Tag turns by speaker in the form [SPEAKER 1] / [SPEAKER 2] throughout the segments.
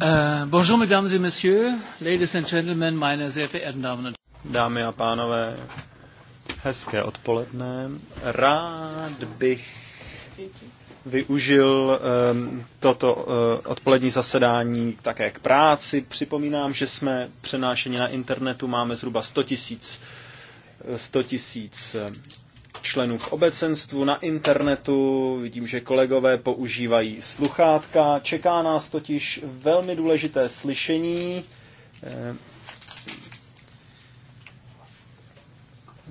[SPEAKER 1] Eh, bonjour, mesdames et messieurs, ladies and gentlemen, meine sehr verehrten
[SPEAKER 2] Damen und Herren. Dámy a pánové, hezké odpoledne. Rád bych využil um, toto uh, odpolední zasedání také k práci. Připomínám, že jsme přenášeni na internetu, máme zhruba 100 000, 100 000 členů v obecenstvu, na internetu, vidím, že kolegové používají sluchátka. Čeká nás totiž velmi důležité slyšení, eh,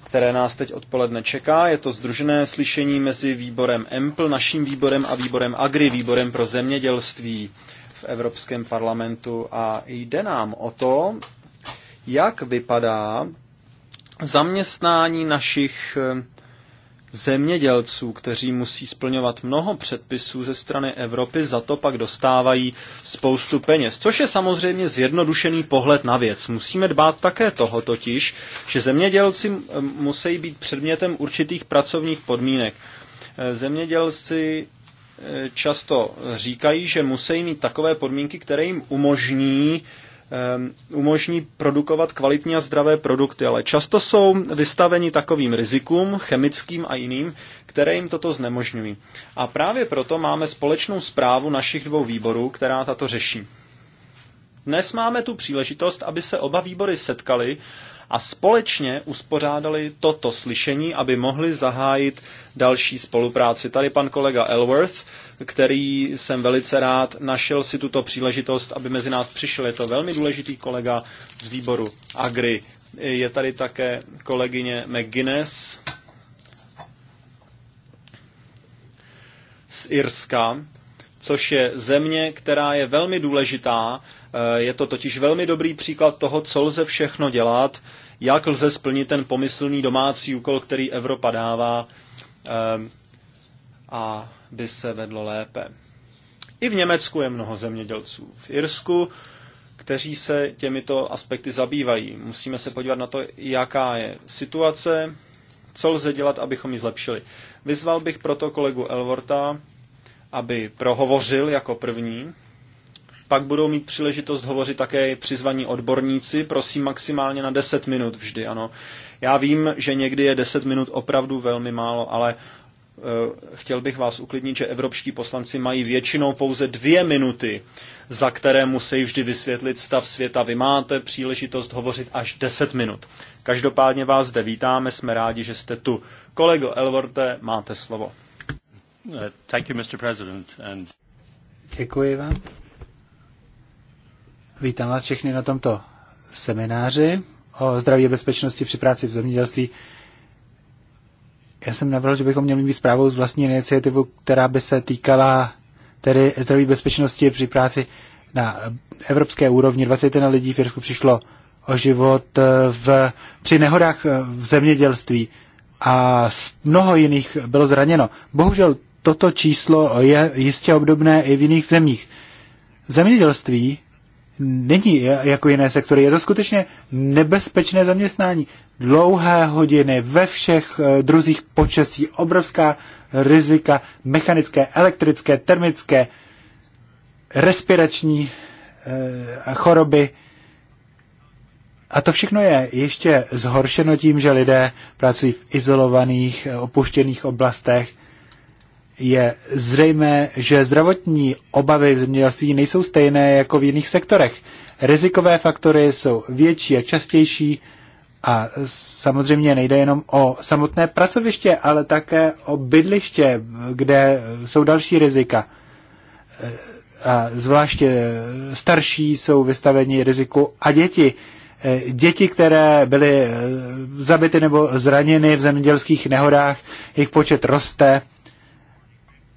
[SPEAKER 2] které nás teď odpoledne čeká. Je to združené slyšení mezi výborem EMPL, naším výborem a výborem AGRI, výborem pro zemědělství v Evropském parlamentu. A jde nám o to, jak vypadá zaměstnání našich eh, zemědělců, kteří musí splňovat mnoho předpisů ze strany Evropy, za to pak dostávají spoustu peněz. Což je samozřejmě zjednodušený pohled na věc. Musíme dbát také toho totiž, že zemědělci musí být předmětem určitých pracovních podmínek. E, zemědělci e, často říkají, že musí mít takové podmínky, které jim umožní Ehm, umožní produkovat kvalitní a zdravé produkty, ale často jsou vystaveni takovým rizikům, chemickým a jiným, které jim toto znemožňují. A právě proto máme společnou zprávu našich dvou výborů, která tato řeší. Dnes máme tu příležitost, aby se oba výbory setkali a společně uspořádali toto slyšení, aby mohli zahájit další spolupráci. Tady pan kolega Elworth který jsem velice rád našel si tuto příležitost, aby mezi nás přišel. Je to velmi důležitý kolega z výboru Agri. Je tady také kolegyně McGuinness z Irska, což je země, která je velmi důležitá. Eh, je to totiž velmi dobrý příklad toho, co lze všechno dělat, jak lze splnit ten pomyslný domácí úkol, který Evropa dává. Ehm, a by se vedlo lépe. I v Německu je mnoho zemědělců. V Irsku kteří se těmito aspekty zabývají. Musíme se podívat na to, jaká je situace, co lze dělat, abychom ji zlepšili. Vyzval bych proto kolegu Elvorta, aby prohovořil jako první. Pak budou mít příležitost hovořit také přizvaní odborníci, prosím maximálně na 10 minut vždy, ano. Já vím, že někdy je 10 minut opravdu velmi málo, ale uh, Eh, chtěl bych vás uklidnit, že evropští poslanci mají většinou pouze dvě minuty, za které musí vždy vysvětlit stav světa. Vy máte příležitost hovořit až deset minut. Každopádně vás zde vítáme, jsme rádi, že jste tu. Kolego Elvorte, máte slovo.
[SPEAKER 1] Eh, thank you, Mr. President, and... Děkuji vám. Vítám vás všechny na tomto semináři o zdraví a bezpečnosti při práci v zemědělství já jsem navrhl, že bychom měli mít zprávu z vlastní iniciativu, která by se týkala tedy zdraví bezpečnosti při práci na evropské úrovni. 21 lidí v Jirsku přišlo o život eh, v, při nehodách eh, v zemědělství a mnoho jiných bylo zraněno. Bohužel toto číslo je jistě obdobné i v jiných zemích. Zemědělství není jako jiné sektory. Je to skutečně nebezpečné zaměstnání. Dlouhé hodiny ve všech eh, druzích počasí, obrovská rizika, mechanické, elektrické, termické, respirační e, choroby. A to všechno je ještě zhoršeno tím, že lidé pracují v izolovaných, eh, opuštěných oblastech – je zřejmé, že zdravotní obavy v zemědělství nejsou stejné jako v jiných sektorech. Rizikové faktory jsou větší a častější a samozřejmě nejde jenom o samotné pracoviště, ale také o bydliště, kde jsou další rizika. A zvláště starší jsou vystaveni riziku a děti. Děti, které byly zabity nebo zraněny v zemědělských nehodách, jejich počet roste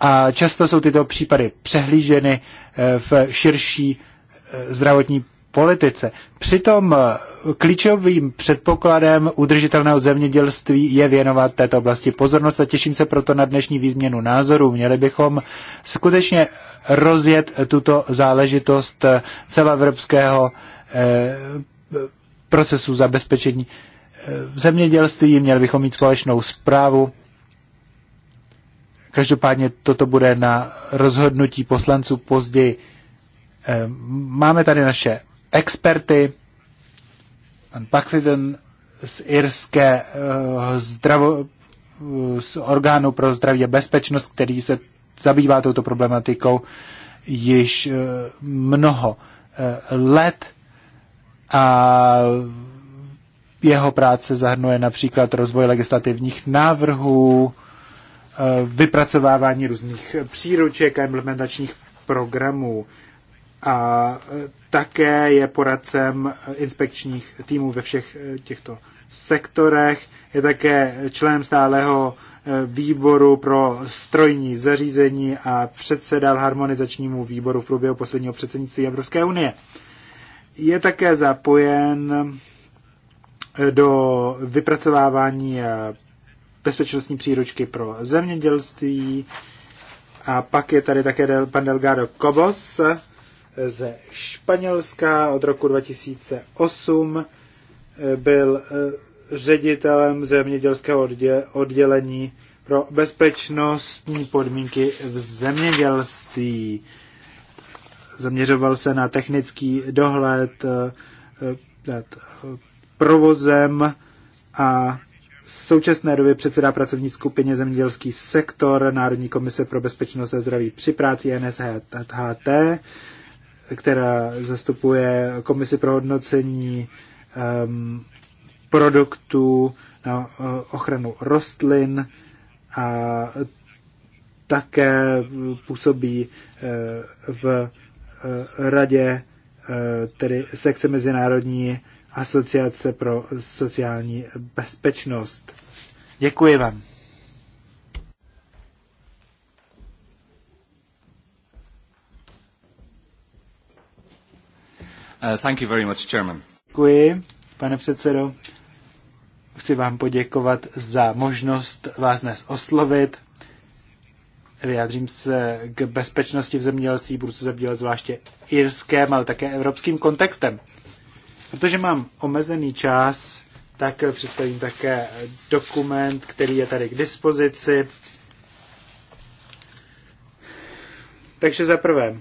[SPEAKER 1] a často jsou tyto případy přehlíženy eh, v širší eh, zdravotní politice. Přitom eh, klíčovým předpokladem udržitelného zemědělství je věnovat této oblasti pozornost a těším se proto na dnešní výzměnu názorů. Měli bychom skutečně rozjet tuto záležitost celoevropského procesu zabezpečení v zemědělství, měli bychom mít společnou zprávu Každopádně toto bude na rozhodnutí poslanců později. Eh, máme tady naše experty, pan Pakliden z Irské eh, zdravo, eh, z orgánu pro zdraví a bezpečnost, který se zabývá touto problematikou již mnoho let a jeho práce zahrnuje například rozvoj legislativních návrhů, Eh, vypracovávání různých příruček a implementačních programů. A eh, také je poradcem inspekčních týmů ve všech eh, těchto sektorech, je také členem stáleho výboru pro strojní zařízení a předsedal harmonizačnímu výboru v průběhu posledního předsednictví Evropské unie. Je také zapojen do vypracovávání bezpečnostní příručky pro zemědělství. A pak je tady také del, pan Delgado Cobos ze Španělska od roku 2008. Eh, byl eh, ředitelem zemědělského oddělení pro bezpečnostní podmínky v zemědělství. Zaměřoval se na technický dohled eh, nad provozem a současné době předseda pracovní skupině Zemědělský sektor Národní komise pro bezpečnost a zdraví při práci NSHT, která zastupuje komisi pro hodnocení um, produktů na eh, ochranu rostlin a také působí eh, v eh, radě, tedy sekce mezinárodní Asociace pro sociální bezpečnost. Děkuji vám. Uh, thank you very much, Chairman. Děkuji, pane předsedo. Chci vám poděkovat za možnost vás dnes oslovit. Vyjádřím se k bezpečnosti v zemědělství, budu se zabývat zvláště irském, ale také evropským kontextem. Protože mám omezený čas, tak představím také dokument, který je tady k dispozici. Takže za prvé,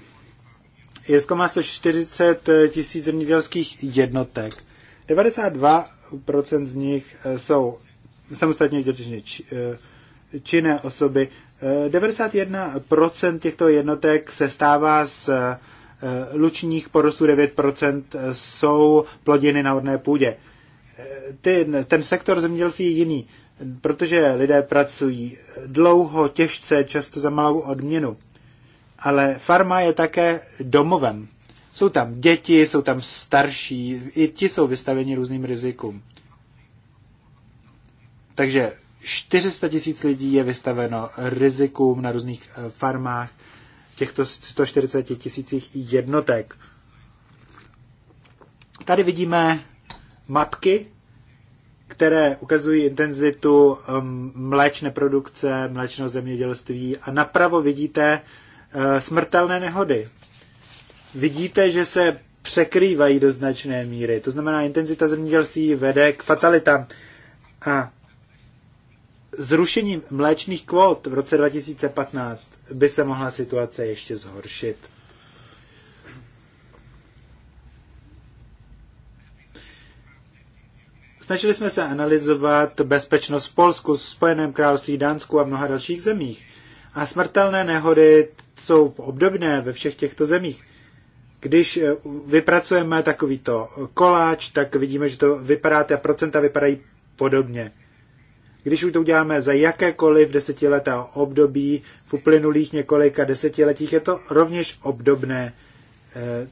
[SPEAKER 1] Jirsko má 140 tisíc zemědělských jednotek. 92% z nich eh, jsou samostatně výdělečně eh, činné osoby. 91% eh, těchto jednotek se stává z Eh, lučních porostů 9% eh, jsou plodiny na orné půdě. Eh, ty, ten sektor zemědělství je jiný, protože lidé pracují dlouho, těžce, často za malou odměnu. Ale farma je také domovem. Jsou tam děti, jsou tam starší, i ti jsou vystaveni různým rizikům. Takže 400 tisíc lidí je vystaveno rizikům na různých farmách těchto 140 tisících jednotek. Tady vidíme mapky, které ukazují intenzitu um, mléčné produkce, mléčného zemědělství a napravo vidíte uh, smrtelné nehody. Vidíte, že se překrývají do značné míry. To znamená, intenzita zemědělství vede k fatalitám. A Zrušením mléčných kvót v roce 2015 by se mohla situace ještě zhoršit. Snažili jsme se analyzovat bezpečnost v Polsku, Spojeném království, Dánsku a mnoha dalších zemích. A smrtelné nehody jsou obdobné ve všech těchto zemích. Když eh, vypracujeme takovýto koláč, tak vidíme, že to vypadá, ta procenta vypadají podobně. Když už to uděláme za jakékoliv desetiletá období, v uplynulých několika desetiletích je to rovněž obdobné. Eh,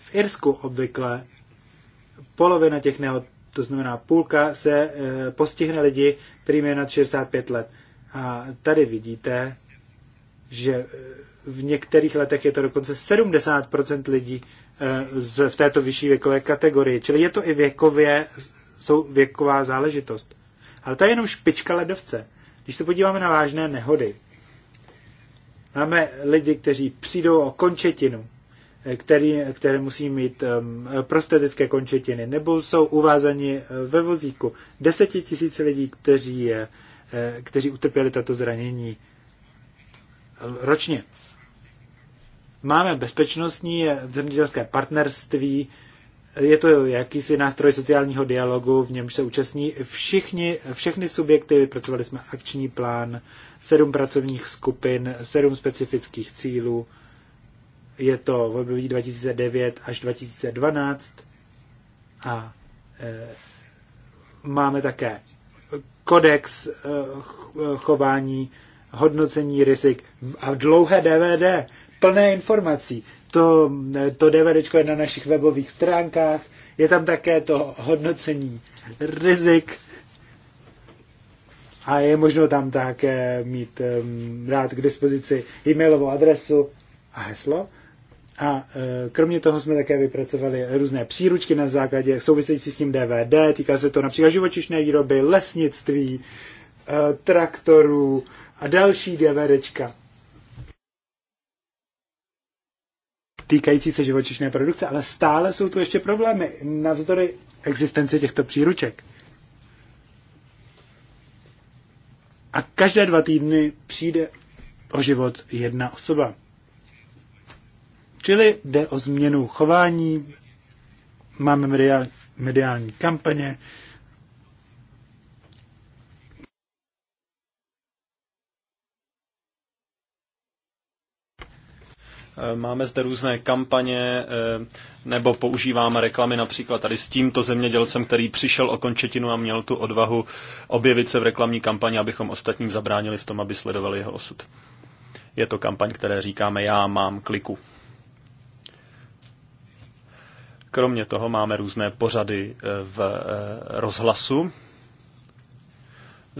[SPEAKER 1] v Irsku obvykle polovina těch nehod, to znamená půlka, se eh, postihne lidi, kterým je nad 65 let. A tady vidíte, že eh, v některých letech je to dokonce 70% lidí z, v této vyšší věkové kategorii. Čili je to i věkově jsou věková záležitost. Ale to je jenom špička ledovce. Když se podíváme na vážné nehody, máme lidi, kteří přijdou o končetinu, eh, který, které musí mít um, prostetické končetiny, nebo jsou uvázani eh, ve vozíku. tisíc lidí, kteří, eh, kteří utrpěli tato zranění ročně. Máme bezpečnostní zemědělské partnerství, je to jakýsi nástroj sociálního dialogu, v němž se účastní všichni, všechny subjekty. Vypracovali jsme akční plán, sedm pracovních skupin, sedm specifických cílů. Je to v období 2009 až 2012 a e, máme také kodex e, chování, hodnocení rizik a dlouhé DVD plné informací to, to DVDčko je na našich webových stránkách, je tam také to hodnocení rizik a je možno tam také mít um, rád k dispozici e-mailovou adresu a heslo. A e, kromě toho jsme také vypracovali různé příručky na základě související s tím DVD, týká se to například živočišné výroby, lesnictví, e, traktorů a další DVDčka. týkající se živočišné produkce, ale stále jsou tu ještě problémy navzdory existenci těchto příruček. A každé dva týdny přijde o život jedna osoba. Čili jde o změnu chování, máme mediální, mediální kampaně,
[SPEAKER 2] Eh, máme zde různé kampaně eh, nebo používáme reklamy například tady s tímto zemědělcem, který přišel o končetinu a měl tu odvahu objevit se v reklamní kampani, abychom ostatním zabránili v tom, aby sledovali jeho osud. Je to kampaň, které říkáme já mám kliku. Kromě toho máme různé pořady eh, v rozhlasu.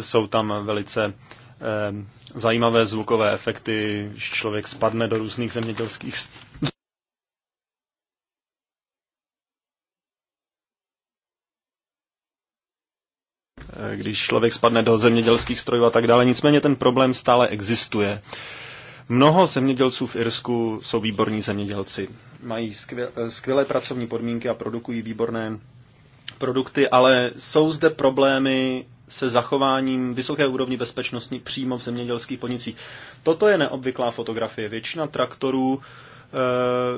[SPEAKER 2] Jsou tam velice Ehm, zajímavé zvukové efekty, když člověk spadne do různých zemědělských eh, když člověk spadne do zemědělských strojů a tak dále. Nicméně ten problém stále existuje. Mnoho zemědělců v Irsku jsou výborní zemědělci. Mají eh, skvělé pracovní podmínky a produkují výborné produkty, ale jsou zde problémy se zachováním vysoké úrovni bezpečnosti přímo v zemědělských podnicích. Toto je neobvyklá fotografie. Většina traktorů e,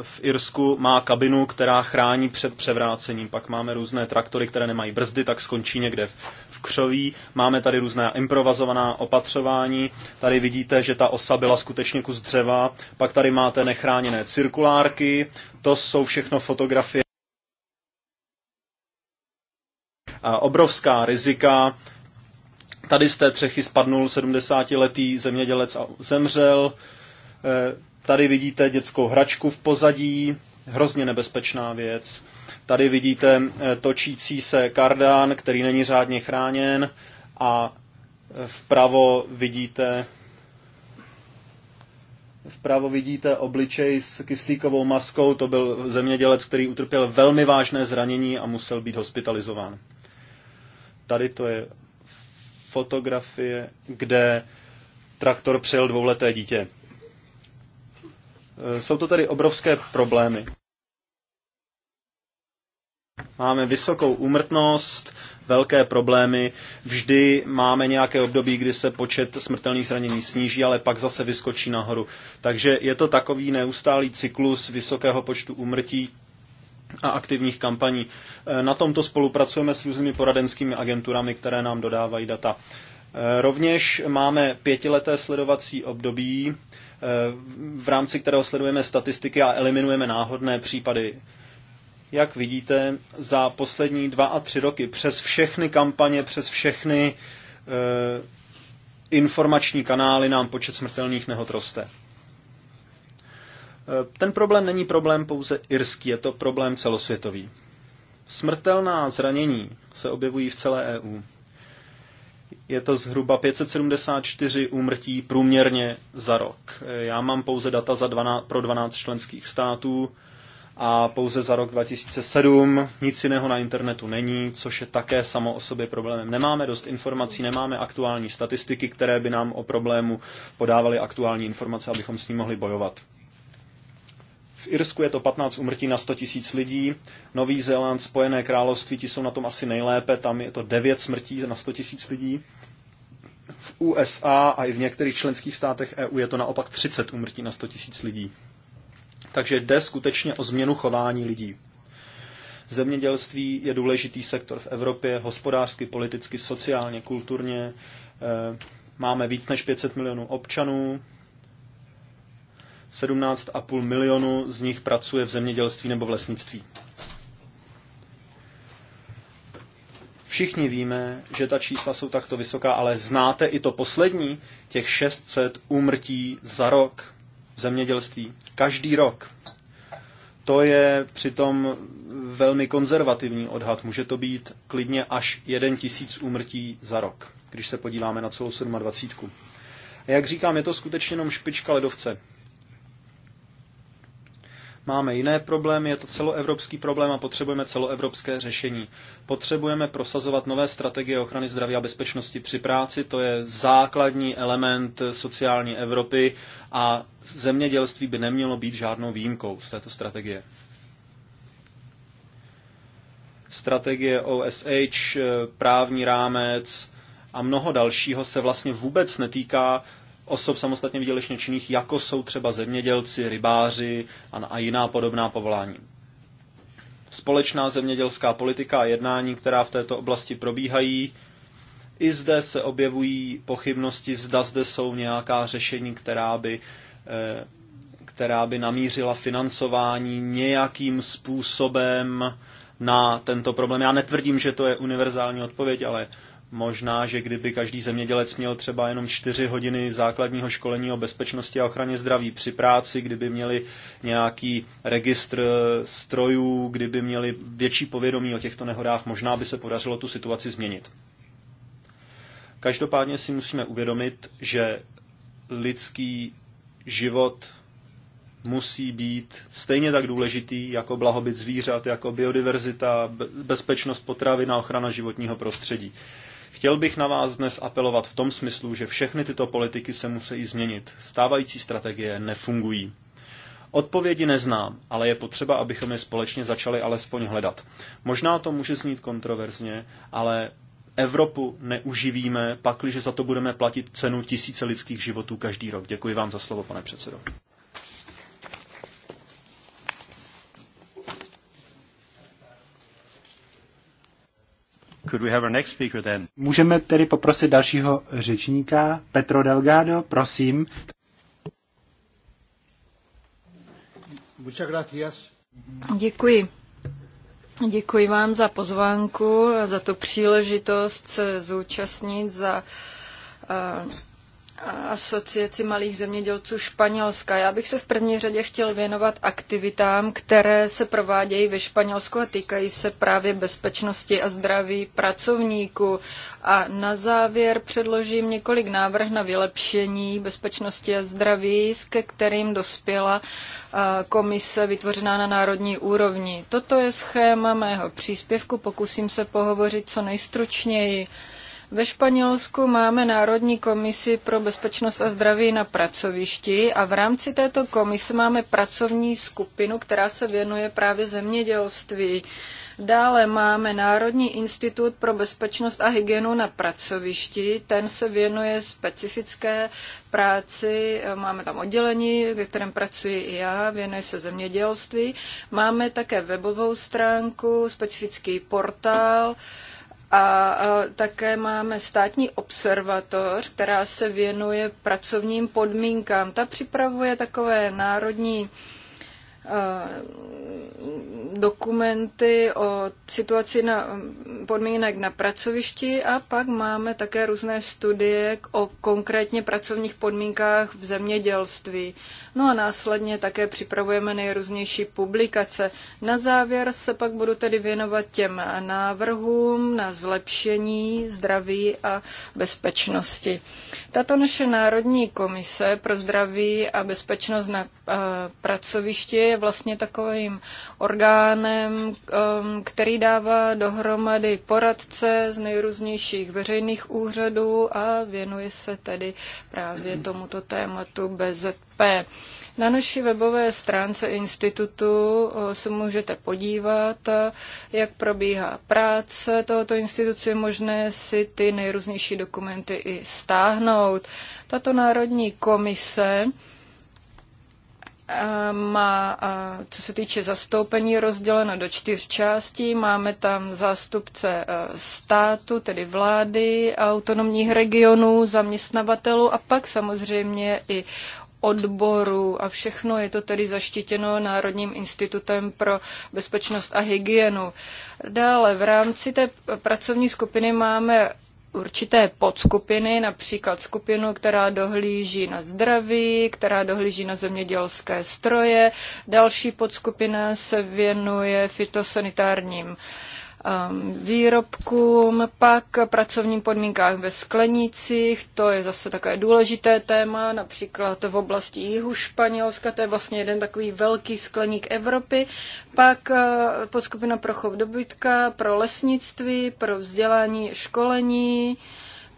[SPEAKER 2] v Irsku má kabinu, která chrání před převrácením. Pak máme různé traktory, které nemají brzdy, tak skončí někde v křoví. Máme tady různá improvizovaná opatřování. Tady vidíte, že ta osa byla skutečně kus dřeva. Pak tady máte nechráněné cirkulárky. To jsou všechno fotografie. Obrovská rizika Tady z té třechy spadnul 70-letý zemědělec a zemřel. Eh, tady vidíte dětskou hračku v pozadí, hrozně nebezpečná věc. Tady vidíte eh, točící se kardán, který není řádně chráněn a eh, vpravo vidíte Vpravo vidíte obličej s kyslíkovou maskou, to byl zemědělec, který utrpěl velmi vážné zranění a musel být hospitalizován. Tady to je fotografie, kde traktor přijel dvouleté dítě. E, jsou to tady obrovské problémy. Máme vysokou úmrtnost, velké problémy. Vždy máme nějaké období, kdy se počet smrtelných zranění sníží, ale pak zase vyskočí nahoru. Takže je to takový neustálý cyklus vysokého počtu úmrtí a aktivních kampaní. Eh, na tomto spolupracujeme s různými poradenskými agenturami, které nám dodávají data. Eh, rovněž máme pětileté sledovací období, eh, v rámci kterého sledujeme statistiky a eliminujeme náhodné případy. Jak vidíte, za poslední dva a tři roky přes všechny kampaně, přes všechny informační kanály nám počet smrtelných nehod roste. Ten problém není problém pouze irský, je to problém celosvětový. Smrtelná zranění se objevují v celé EU. Je to zhruba 574 úmrtí průměrně za rok. Já mám pouze data za 12, pro 12 členských států a pouze za rok 2007. Nic jiného na internetu není, což je také samo o sobě problémem. Nemáme dost informací, nemáme aktuální statistiky, které by nám o problému podávaly aktuální informace, abychom s ním mohli bojovat. V Irsku je to 15 umrtí na 100 tisíc lidí, Nový Zéland, Spojené království, ti jsou na tom asi nejlépe, tam je to 9 smrtí na 100 tisíc lidí. V USA a i v některých členských státech EU je to naopak 30 umrtí na 100 tisíc lidí. Takže jde skutečně o změnu chování lidí. Zemědělství je důležitý sektor v Evropě, hospodářsky, politicky, sociálně, kulturně. Eh, máme víc než 500 milionů občanů, 17,5 milionu z nich pracuje v zemědělství nebo v lesnictví. Všichni víme, že ta čísla jsou takto vysoká, ale znáte i to poslední, těch 600 úmrtí za rok v zemědělství. Každý rok. To je přitom velmi konzervativní odhad. Může to být klidně až 1 tisíc úmrtí za rok, když se podíváme na celou 27. A jak říkám, je to skutečně jenom špička ledovce. Máme jiné problémy, je to celoevropský problém a potřebujeme celoevropské řešení. Potřebujeme prosazovat nové strategie ochrany zdraví a bezpečnosti při práci, to je základní element sociální Evropy a zemědělství by nemělo být žádnou výjimkou z této strategie strategie OSH, eh, právní rámec a mnoho dalšího se vlastně vůbec netýká osob samostatně výdělečně činných, jako jsou třeba zemědělci, rybáři a jiná podobná povolání. Společná zemědělská politika a jednání, která v této oblasti probíhají, i zde se objevují pochybnosti, zda zde jsou nějaká řešení, která by, eh, která by namířila financování nějakým způsobem na tento problém. Já netvrdím, že to je univerzální odpověď, ale Možná, že kdyby každý zemědělec měl třeba jenom čtyři hodiny základního školení o bezpečnosti a ochraně zdraví při práci, kdyby měli nějaký registr eh, strojů, kdyby měli větší povědomí o těchto nehodách, možná by se podařilo tu situaci změnit. Každopádně si musíme uvědomit, že lidský život musí být stejně tak důležitý jako blahobyt zvířat, jako biodiverzita, bezpečnost potravy na ochrana životního prostředí. Chtěl bych na vás dnes apelovat v tom smyslu, že všechny tyto politiky se musí změnit. Stávající strategie nefungují. Odpovědi neznám, ale je potřeba, abychom je společně začali alespoň hledat. Možná to může znít kontroverzně, ale Evropu neuživíme, pakliže za to budeme platit cenu tisíce lidských životů každý rok. Děkuji vám za slovo, pane předsedo. Could we have our next speaker then?
[SPEAKER 1] Můžeme tedy poprosit dalšího řečníka, Petro Delgado, prosím.
[SPEAKER 3] Děkuji. Děkuji vám za pozvánku, za tu příležitost se zúčastnit, za eh, Asociaci malých zemědělců Španělska. Já bych se v první řadě chtěl věnovat aktivitám, které se provádějí ve Španělsku a týkají se právě bezpečnosti a zdraví pracovníků. A na závěr předložím několik návrh na vylepšení bezpečnosti a zdraví, ke kterým dospěla komise vytvořená na národní úrovni. Toto je schéma mého příspěvku, pokusím se pohovořit co nejstručněji. Ve Španělsku máme Národní komisi pro bezpečnost a zdraví na pracovišti a v rámci této komise máme pracovní skupinu, která se věnuje právě zemědělství. Dále máme Národní institut pro bezpečnost a hygienu na pracovišti. Ten se věnuje specifické práci. Máme tam oddělení, ve kterém pracuji i já, věnuje se zemědělství. Máme také webovou stránku, specifický portál. A také máme státní observatoř, která se věnuje pracovním podmínkám. Ta připravuje takové národní dokumenty o situaci na podmínek na pracovišti a pak máme také různé studie o konkrétně pracovních podmínkách v zemědělství. No a následně také připravujeme nejrůznější publikace. Na závěr se pak budu tedy věnovat těm návrhům na zlepšení zdraví a bezpečnosti. Tato naše Národní komise pro zdraví a bezpečnost na eh, pracovišti je vlastně takovým orgánem, eh, který dává dohromady poradce z nejrůznějších veřejných úřadů a věnuje se tedy právě tomuto tématu BZP. Na naší webové stránce institutu se můžete podívat, jak probíhá práce tohoto instituce. Je možné si ty nejrůznější dokumenty i stáhnout. Tato Národní komise má, co se týče zastoupení, rozděleno do čtyř částí. Máme tam zástupce e, státu, tedy vlády, autonomních regionů, zaměstnavatelů a pak samozřejmě i odboru a všechno je to tedy zaštítěno Národním institutem pro bezpečnost a hygienu. Dále v rámci té pracovní skupiny máme určité podskupiny, například skupinu, která dohlíží na zdraví, která dohlíží na zemědělské stroje. Další podskupina se věnuje fitosanitárním uh, Um, výrobkům, pak pracovním podmínkách ve sklenicích, to je zase také důležité téma, například v oblasti jihu Španělska, to je vlastně jeden takový velký skleník Evropy, pak uh, podskupina pro chov dobytka, pro lesnictví, pro vzdělání, školení,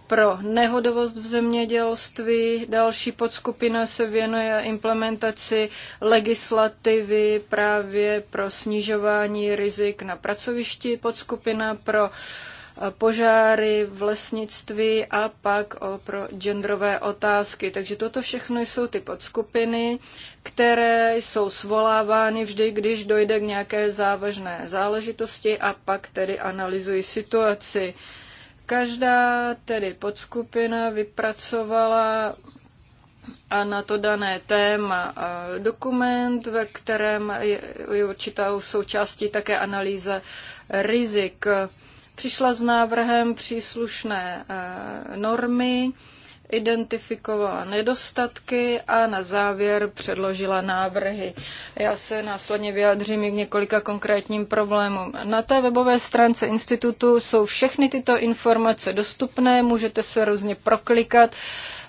[SPEAKER 3] pro nehodovost v zemědělství. Další podskupina se věnuje implementaci legislativy právě pro snižování rizik na pracovišti, podskupina pro eh, požáry v lesnictví a pak o pro genderové otázky. Takže toto všechno jsou ty podskupiny, které jsou svolávány vždy, když dojde k nějaké závažné záležitosti a pak tedy analyzují situaci. Každá tedy podskupina vypracovala a na to dané téma dokument, ve kterém je určitou součástí také analýza rizik. Přišla s návrhem příslušné eh, normy, identifikovala nedostatky a na závěr předložila návrhy. Já se následně vyjádřím i k několika konkrétním problémům. Na té webové stránce institutu jsou všechny tyto informace dostupné, můžete se různě proklikat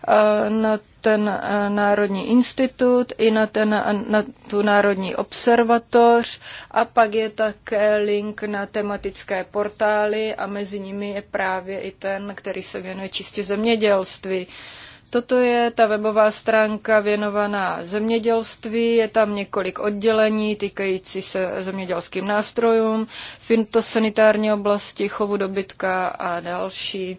[SPEAKER 3] Eh, na ten eh, Národní institut i na, ten, eh, na tu Národní observatoř a pak je také link na tematické portály a mezi nimi je právě i ten, který se věnuje čistě zemědělství. Toto je ta webová stránka věnovaná zemědělství, je tam několik oddělení týkající se zemědělským nástrojům, fintosanitární oblasti, chovu dobytka a další.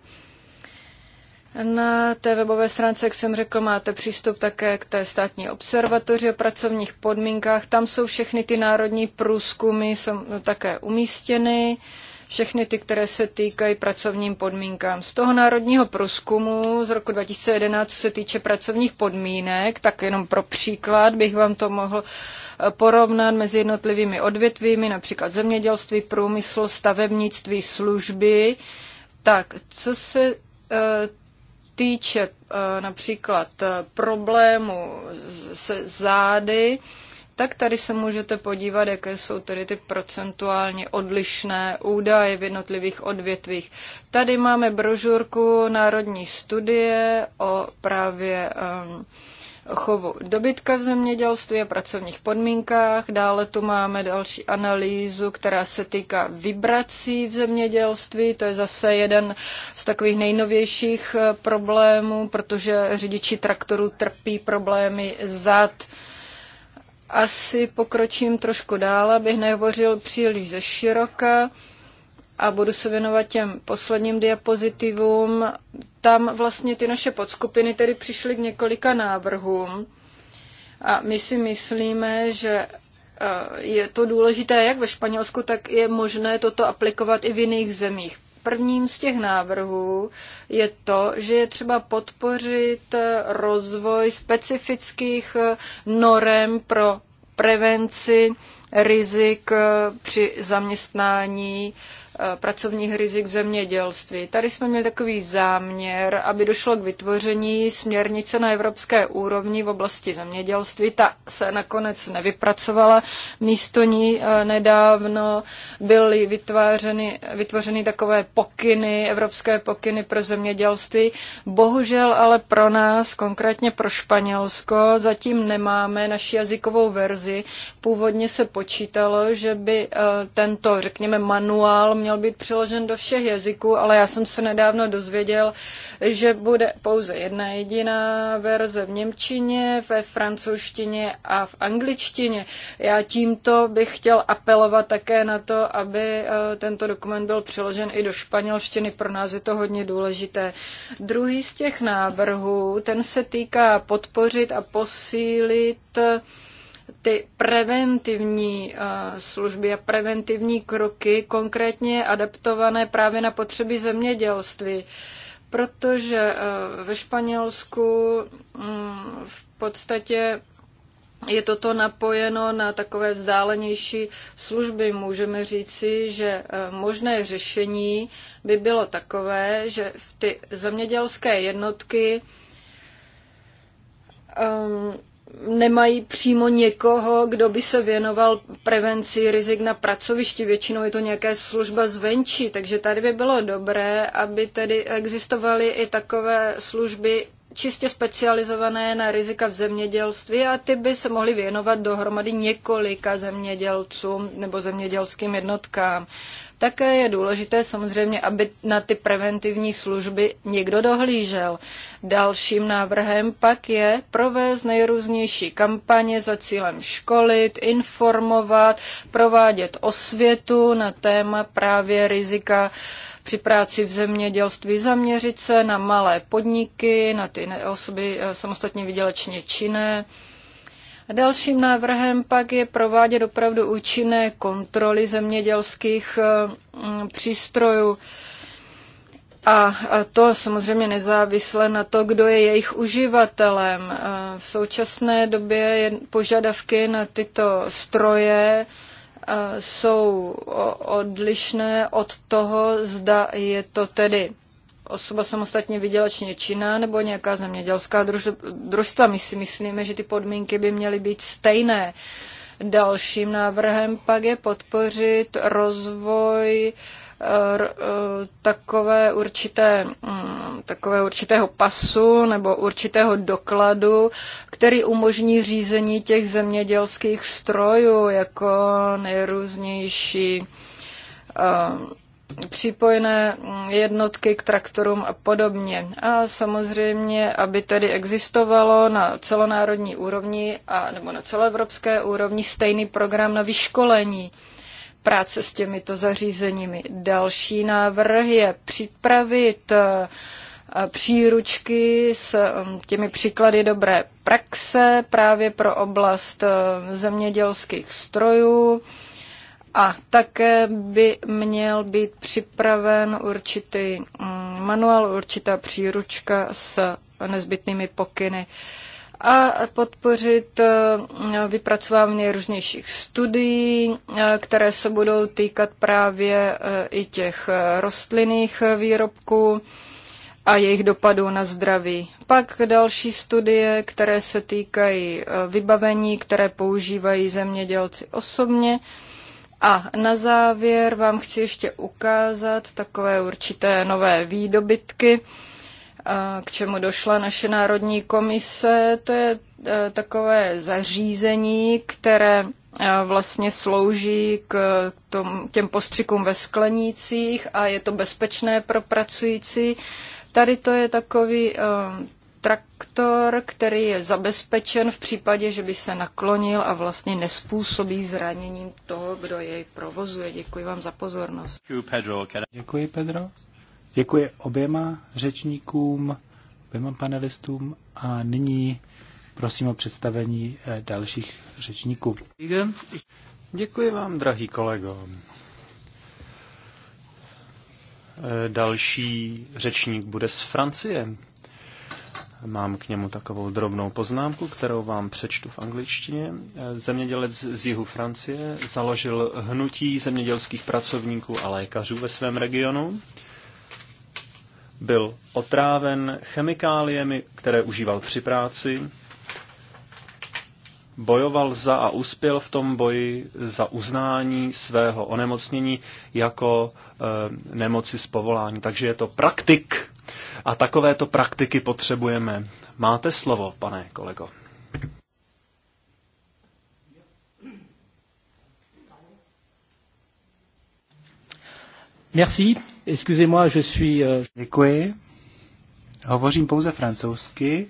[SPEAKER 3] Na té webové stránce, jak jsem řekl, máte přístup také k té státní observatoři o pracovních podmínkách. Tam jsou všechny ty národní průzkumy jsou také umístěny, všechny ty, které se týkají pracovním podmínkám. Z toho národního průzkumu z roku 2011, co se týče pracovních podmínek, tak jenom pro příklad bych vám to mohl eh, porovnat mezi jednotlivými odvětvími, například zemědělství, průmysl, stavebnictví, služby. Tak, co se eh, týče eh, například eh, problému se zády, tak tady se můžete podívat, jaké jsou tedy ty procentuálně odlišné údaje v jednotlivých odvětvích. Tady máme brožurku Národní studie o právě um, chovu dobytka v zemědělství a pracovních podmínkách. Dále tu máme další analýzu, která se týká vibrací v zemědělství. To je zase jeden z takových nejnovějších eh, problémů, protože řidiči traktorů trpí problémy zad. Asi pokročím trošku dál, abych nehovořil příliš ze široka a budu se věnovat těm posledním diapozitivům. Tam vlastně ty naše podskupiny tedy přišly k několika návrhům a my si myslíme, že eh, je to důležité jak ve Španělsku, tak je možné toto aplikovat i v jiných zemích. Prvním z těch návrhů je to, že je třeba podpořit eh, rozvoj specifických eh, norem pro prevenci rizik při zaměstnání Eh, pracovních rizik v zemědělství. Tady jsme měli takový záměr, aby došlo k vytvoření směrnice na evropské úrovni v oblasti zemědělství. Ta se nakonec nevypracovala. Místo ní eh, nedávno byly vytvářeny, vytvořeny takové pokyny, evropské pokyny pro zemědělství. Bohužel ale pro nás, konkrétně pro Španělsko, zatím nemáme naši jazykovou verzi. Původně se počítalo, že by eh, tento, řekněme, manuál měl měl být přeložen do všech jazyků, ale já jsem se nedávno dozvěděl, že bude pouze jedna jediná verze v Němčině, ve francouzštině a v angličtině. Já tímto bych chtěl apelovat také na to, aby eh, tento dokument byl přeložen i do španělštiny. Pro nás je to hodně důležité. Druhý z těch návrhů, ten se týká podpořit a posílit eh, ty preventivní eh, služby a preventivní kroky konkrétně adaptované právě na potřeby zemědělství. Protože eh, ve Španělsku mm, v podstatě je toto napojeno na takové vzdálenější služby. Můžeme říci, že eh, možné řešení by bylo takové, že ty zemědělské jednotky ehm, nemají přímo někoho, kdo by se věnoval prevenci rizik na pracovišti. Většinou je to nějaká služba zvenčí, takže tady by bylo dobré, aby tedy existovaly i takové služby čistě specializované na rizika v zemědělství a ty by se mohly věnovat dohromady několika zemědělcům nebo zemědělským jednotkám. Také je důležité samozřejmě, aby na ty preventivní služby někdo dohlížel. Dalším návrhem pak je provést nejrůznější kampaně za cílem školit, informovat, provádět osvětu na téma právě rizika při práci v zemědělství zaměřit se na malé podniky, na ty osoby eh, samostatně vydělečně činné, Dalším návrhem pak je provádět opravdu účinné kontroly zemědělských eh, mm, přístrojů. A to samozřejmě nezávisle na to, kdo je jejich uživatelem. Eh, v současné době požadavky na tyto stroje eh, jsou odlišné od toho, zda je to tedy osoba samostatně vydělečně činná nebo nějaká zemědělská družstva. My si myslíme, že ty podmínky by měly být stejné. Dalším návrhem pak je podpořit rozvoj eh, eh, takové určité, mm, takové určitého pasu nebo určitého dokladu, který umožní řízení těch zemědělských strojů jako nejrůznější um, připojené mm, jednotky k traktorům a podobně. A samozřejmě, aby tedy existovalo na celonárodní úrovni a, nebo na celoevropské úrovni stejný program na vyškolení práce s těmito zařízeními. Další návrh je připravit eh, příručky s mm, těmi příklady dobré praxe právě pro oblast eh, zemědělských strojů, a také by měl být připraven určitý mm, manuál, určitá příručka s nezbytnými pokyny a podpořit eh, vypracování nejrůznějších studií, eh, které se budou týkat právě eh, i těch rostlinných výrobků a jejich dopadů na zdraví. Pak další studie, které se týkají vybavení, které používají zemědělci osobně a na závěr vám chci ještě ukázat takové určité nové výdobytky, k čemu došla naše Národní komise. To je e, takové zařízení, které e, vlastně slouží k tom, těm postřikům ve sklenících a je to bezpečné pro pracující. Tady to je takový e, traktor, který je zabezpečen v případě, že by se naklonil a vlastně nespůsobí zraněním toho, kdo jej provozuje. Děkuji vám za pozornost.
[SPEAKER 1] Děkuji, Pedro. Děkuji oběma řečníkům, oběma panelistům a nyní prosím o představení eh, dalších řečníků. Děkuji vám, drahý kolego.
[SPEAKER 2] Eh, další řečník bude z Francie. Mám k němu takovou drobnou poznámku, kterou vám přečtu v angličtině. Zemědělec z jihu Francie založil hnutí zemědělských pracovníků a lékařů ve svém regionu. Byl otráven chemikáliemi, které užíval při práci bojoval za a uspěl v tom boji za uznání svého onemocnění jako e, nemoci z povolání. Takže je to praktik a takovéto praktiky potřebujeme. Máte slovo, pane kolego.
[SPEAKER 1] Merci. Excusez-moi, je suis... Euh, Děkuji. Hovořím pouze francouzsky.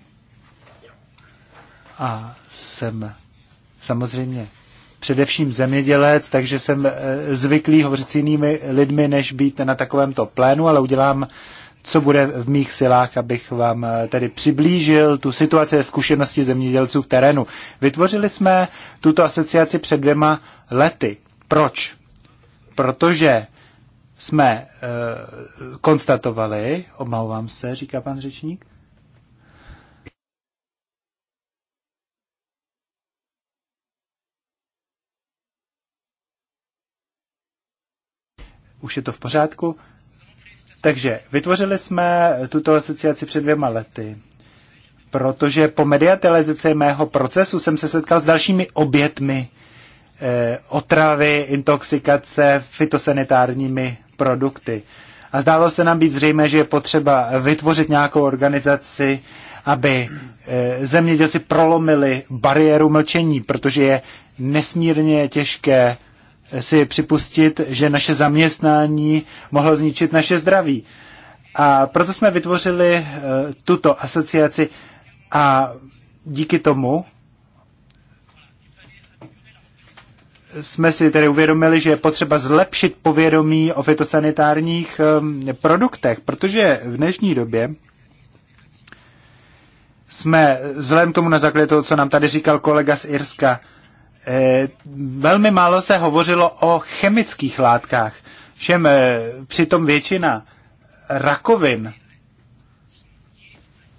[SPEAKER 1] A jsem samozřejmě především zemědělec, takže jsem eh, zvyklý hovořit s jinými lidmi, než být na takovémto plénu, ale udělám, co bude v mých silách, abych vám eh, tedy přiblížil tu situaci a zkušenosti zemědělců v terénu. Vytvořili jsme tuto asociaci před dvěma lety. Proč? Protože jsme e, konstatovali, omlouvám se, říká pan řečník, už je to v pořádku. Takže vytvořili jsme tuto asociaci před dvěma lety, protože po mediatelizaci mého procesu jsem se setkal s dalšími obětmi eh, otravy, intoxikace fitosanitárními produkty. A zdálo se nám být zřejmé, že je potřeba vytvořit nějakou organizaci, aby eh, zemědělci prolomili bariéru mlčení, protože je nesmírně těžké si připustit, že naše zaměstnání mohlo zničit naše zdraví. A proto jsme vytvořili eh, tuto asociaci a díky tomu jsme si tedy uvědomili, že je potřeba zlepšit povědomí o fitosanitárních eh, produktech, protože v dnešní době jsme, vzhledem tomu na základě toho, co nám tady říkal kolega z Irska, Eh, velmi málo se hovořilo o chemických látkách, všem eh, přitom většina rakovin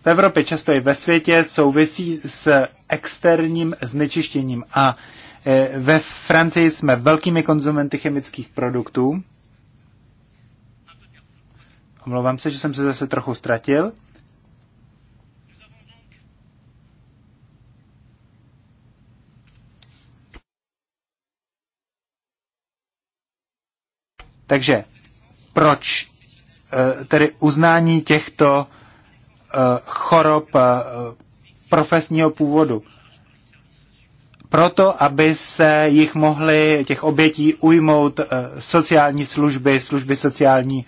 [SPEAKER 1] v Evropě, často i ve světě, souvisí s externím znečištěním. A eh, ve Francii jsme velkými konzumenty chemických produktů. Omlouvám se, že jsem se zase trochu ztratil. Takže proč eh, tedy uznání těchto eh, chorob eh, profesního původu? Proto, aby se jich mohly, těch obětí, ujmout sociální služby, služby sociální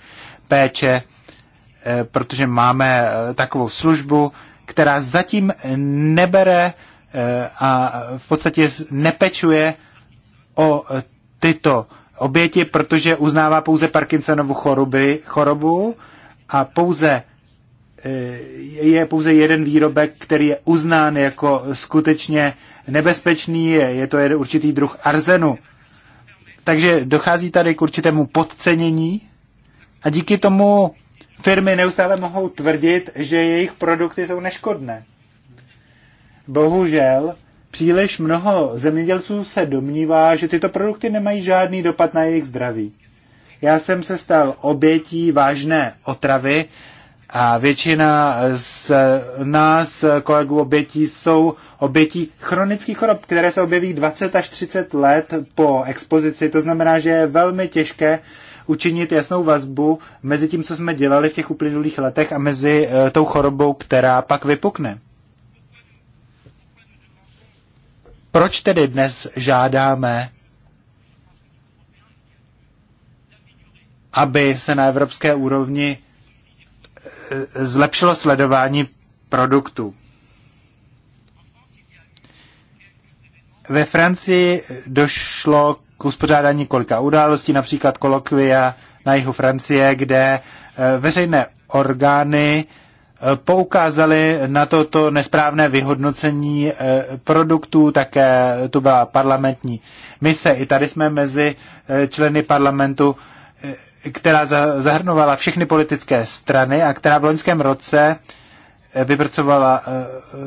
[SPEAKER 1] péče, protože máme takovou službu, která zatím nebere a v podstatě nepečuje o tyto oběti, protože uznává pouze Parkinsonovu choroby, chorobu a pouze eh, je pouze jeden výrobek, který je uznán jako skutečně nebezpečný, je to jeden určitý druh arzenu. Takže dochází tady k určitému podcenění a díky tomu firmy neustále mohou tvrdit, že jejich produkty jsou neškodné. Bohužel příliš mnoho zemědělců se domnívá, že tyto produkty nemají žádný dopad na jejich zdraví. Já jsem se stal obětí vážné otravy a většina z nás, kolegů obětí, jsou obětí chronických chorob, které se objeví 20 až 30 let po expozici. To znamená, že je velmi těžké učinit jasnou vazbu mezi tím, co jsme dělali v těch uplynulých letech a mezi eh, tou chorobou, která pak vypukne. Proč tedy dnes žádáme, aby se na evropské úrovni e, zlepšilo sledování produktů? Ve Francii došlo k uspořádání kolika událostí, například kolokvia na jihu Francie, kde e, veřejné orgány poukázali na toto nesprávné vyhodnocení eh, produktů, také tu byla parlamentní mise. I tady jsme mezi eh, členy parlamentu, eh, která zahrnovala všechny politické strany a která v loňském roce vypracovala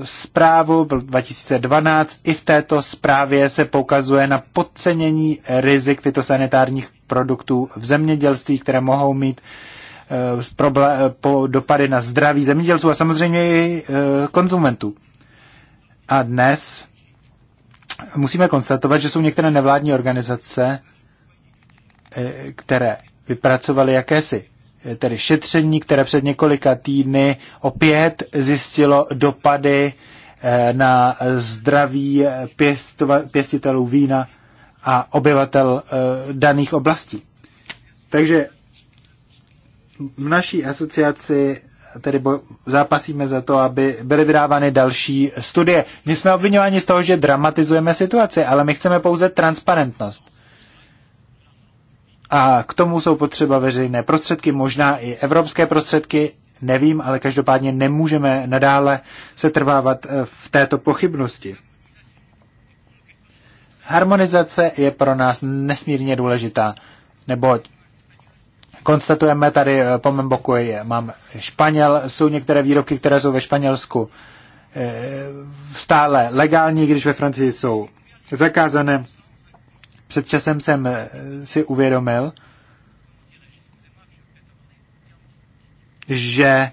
[SPEAKER 1] zprávu 2012. I v této zprávě se poukazuje na podcenění rizik fytosanitárních produktů v zemědělství, které mohou mít Eh, eh, po dopady na zdraví zemědělců a samozřejmě i eh, konzumentů. A dnes musíme konstatovat, že jsou některé nevládní organizace, které vypracovaly jakési tedy šetření, které před několika týdny opět zjistilo dopady na zdraví pěstova, pěstitelů vína a obyvatel daných oblastí. Takže v naší asociaci tedy zápasíme za to, aby byly vydávány další studie. My jsme obvinováni z toho, že dramatizujeme situaci, ale my chceme pouze transparentnost. A k tomu jsou potřeba veřejné prostředky, možná i evropské prostředky, nevím, ale každopádně nemůžeme nadále se trvávat eh, v této pochybnosti. Harmonizace je pro nás nesmírně důležitá, neboť konstatujeme tady eh, po mém boku, je, mám Španěl, jsou některé výroky, které jsou ve Španělsku eh, stále legální, když ve Francii jsou zakázané. Před časem jsem eh, si uvědomil, že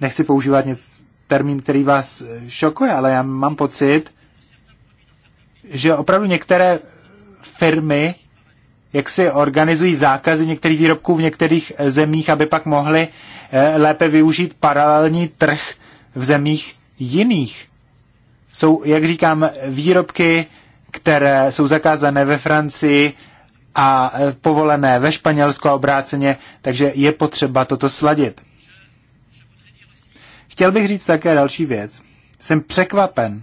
[SPEAKER 1] nechci používat něco termín, který vás šokuje, ale já mám pocit, že opravdu některé firmy jak se organizují zákazy některých výrobků v některých eh, zemích, aby pak mohli eh, lépe využít paralelní trh v zemích jiných. Jsou, jak říkám, výrobky, které jsou zakázané ve Francii a eh, povolené ve Španělsku a obráceně, takže je potřeba toto sladit. Chtěl bych říct také další věc. Jsem překvapen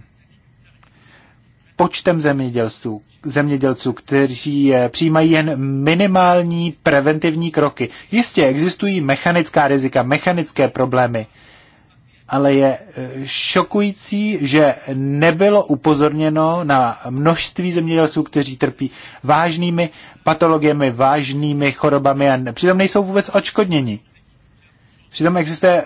[SPEAKER 1] počtem zemědělců, zemědělců, kteří přijímají jen minimální preventivní kroky. Jistě existují mechanická rizika, mechanické problémy, ale je eh, šokující, že nebylo upozorněno na množství zemědělců, kteří trpí vážnými patologiemi, vážnými chorobami a přitom nejsou vůbec očkodněni. Přitom existuje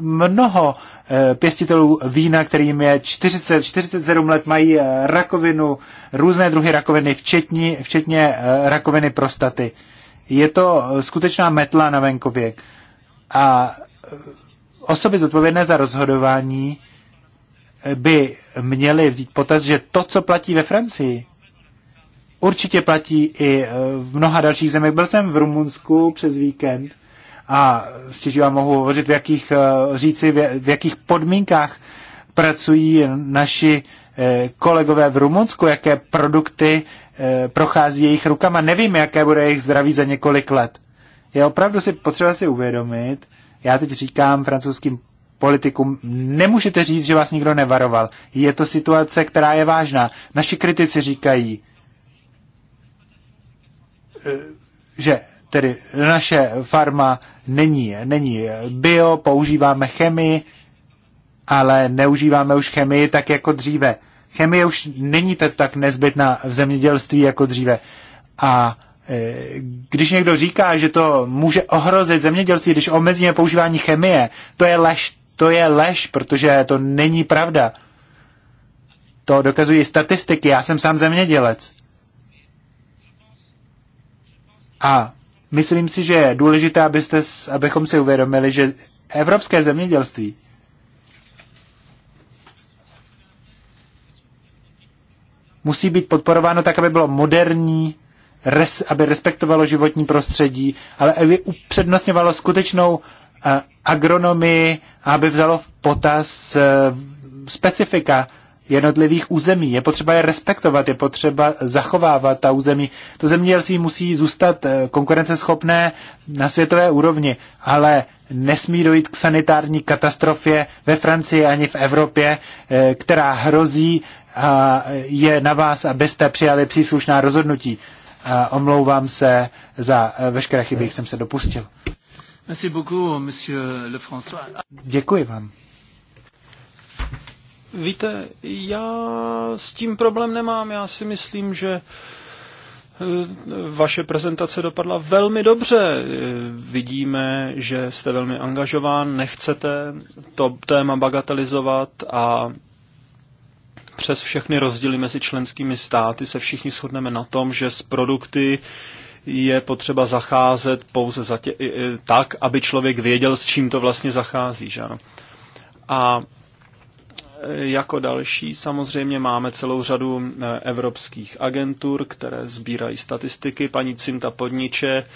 [SPEAKER 1] mnoho eh, pěstitelů vína, kterým je 40, 47 let, mají eh, rakovinu, různé druhy rakoviny, včetně, včetně eh, rakoviny prostaty. Je to skutečná metla na venkově. A osoby zodpovědné za rozhodování by měly vzít potaz, že to, co platí ve Francii, určitě platí i v mnoha dalších zemích. Byl jsem v Rumunsku přes víkend a stěží vám mohu hovořit, v jakých, eh, říci, v jakých podmínkách pracují naši eh, kolegové v Rumunsku, jaké produkty eh, prochází jejich rukama. Nevím, jaké bude jejich zdraví za několik let. Je opravdu si potřeba si uvědomit, já teď říkám francouzským politikům, nemůžete říct, že vás nikdo nevaroval. Je to situace, která je vážná. Naši kritici říkají, že tedy naše farma není, není bio, používáme chemii, ale neužíváme už chemii tak jako dříve. Chemie už není tak nezbytná v zemědělství jako dříve. A e, když někdo říká, že to může ohrozit zemědělství, když omezíme používání chemie, to je lež, to je lež, protože to není pravda. To dokazují statistiky, já jsem sám zemědělec. A myslím si, že je důležité, abyste, abychom si uvědomili, že evropské zemědělství musí být podporováno tak, aby bylo moderní, res, aby respektovalo životní prostředí, ale aby upřednostňovalo skutečnou eh, agronomii, aby vzalo v potaz eh, specifika jednotlivých území. Je potřeba je respektovat, je potřeba zachovávat ta území. To zemědělství musí zůstat eh, konkurenceschopné na světové úrovni, ale nesmí dojít k sanitární katastrofě ve Francii ani v Evropě, eh, která hrozí a je na vás, abyste přijali příslušná rozhodnutí. A omlouvám se za eh, veškeré chyby, jak jsem se dopustil. Merci beaucoup, monsieur François. Děkuji vám.
[SPEAKER 2] Víte, já s tím problém nemám. Já si myslím, že eh, vaše prezentace dopadla velmi dobře. Vidíme, že jste velmi angažován, nechcete to téma bagatelizovat a přes všechny rozdíly mezi členskými státy se všichni shodneme na tom, že s produkty je potřeba zacházet pouze za tě, tak, aby člověk věděl, s čím to vlastně zachází. Že ano? A jako další samozřejmě máme celou řadu eh, evropských agentur, které sbírají statistiky. Paní Cinta Podniče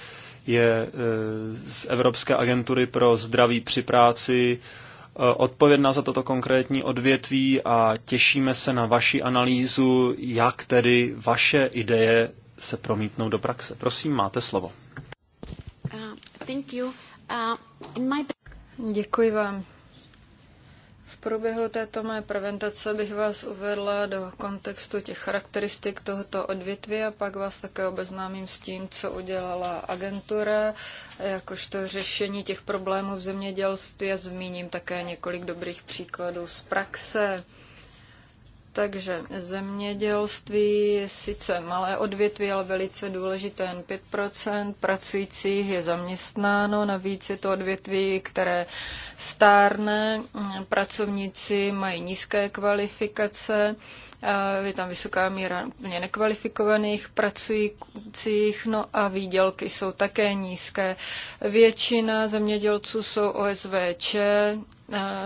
[SPEAKER 2] je eh, z Evropské agentury pro zdraví při práci eh, odpovědná za toto konkrétní odvětví a těšíme se na vaši analýzu, jak tedy vaše ideje se promítnou do praxe. Prosím, máte slovo.
[SPEAKER 3] Uh, thank you. Uh, in my... Děkuji vám průběhu této mé prezentace bych vás uvedla do kontextu těch charakteristik tohoto odvětví a pak vás také obeznámím s tím, co udělala agentura, jakožto řešení těch problémů v zemědělství a zmíním také několik dobrých příkladů z praxe. Takže zemědělství je sice malé odvětví, ale velice důležité. Jen 5% pracujících je zaměstnáno, navíc je to odvětví, které stárne, pracovníci mají nízké kvalifikace Eh, je tam vysoká míra úplně nekvalifikovaných pracujících, no a výdělky jsou také nízké. Většina zemědělců jsou eh, OSVČ,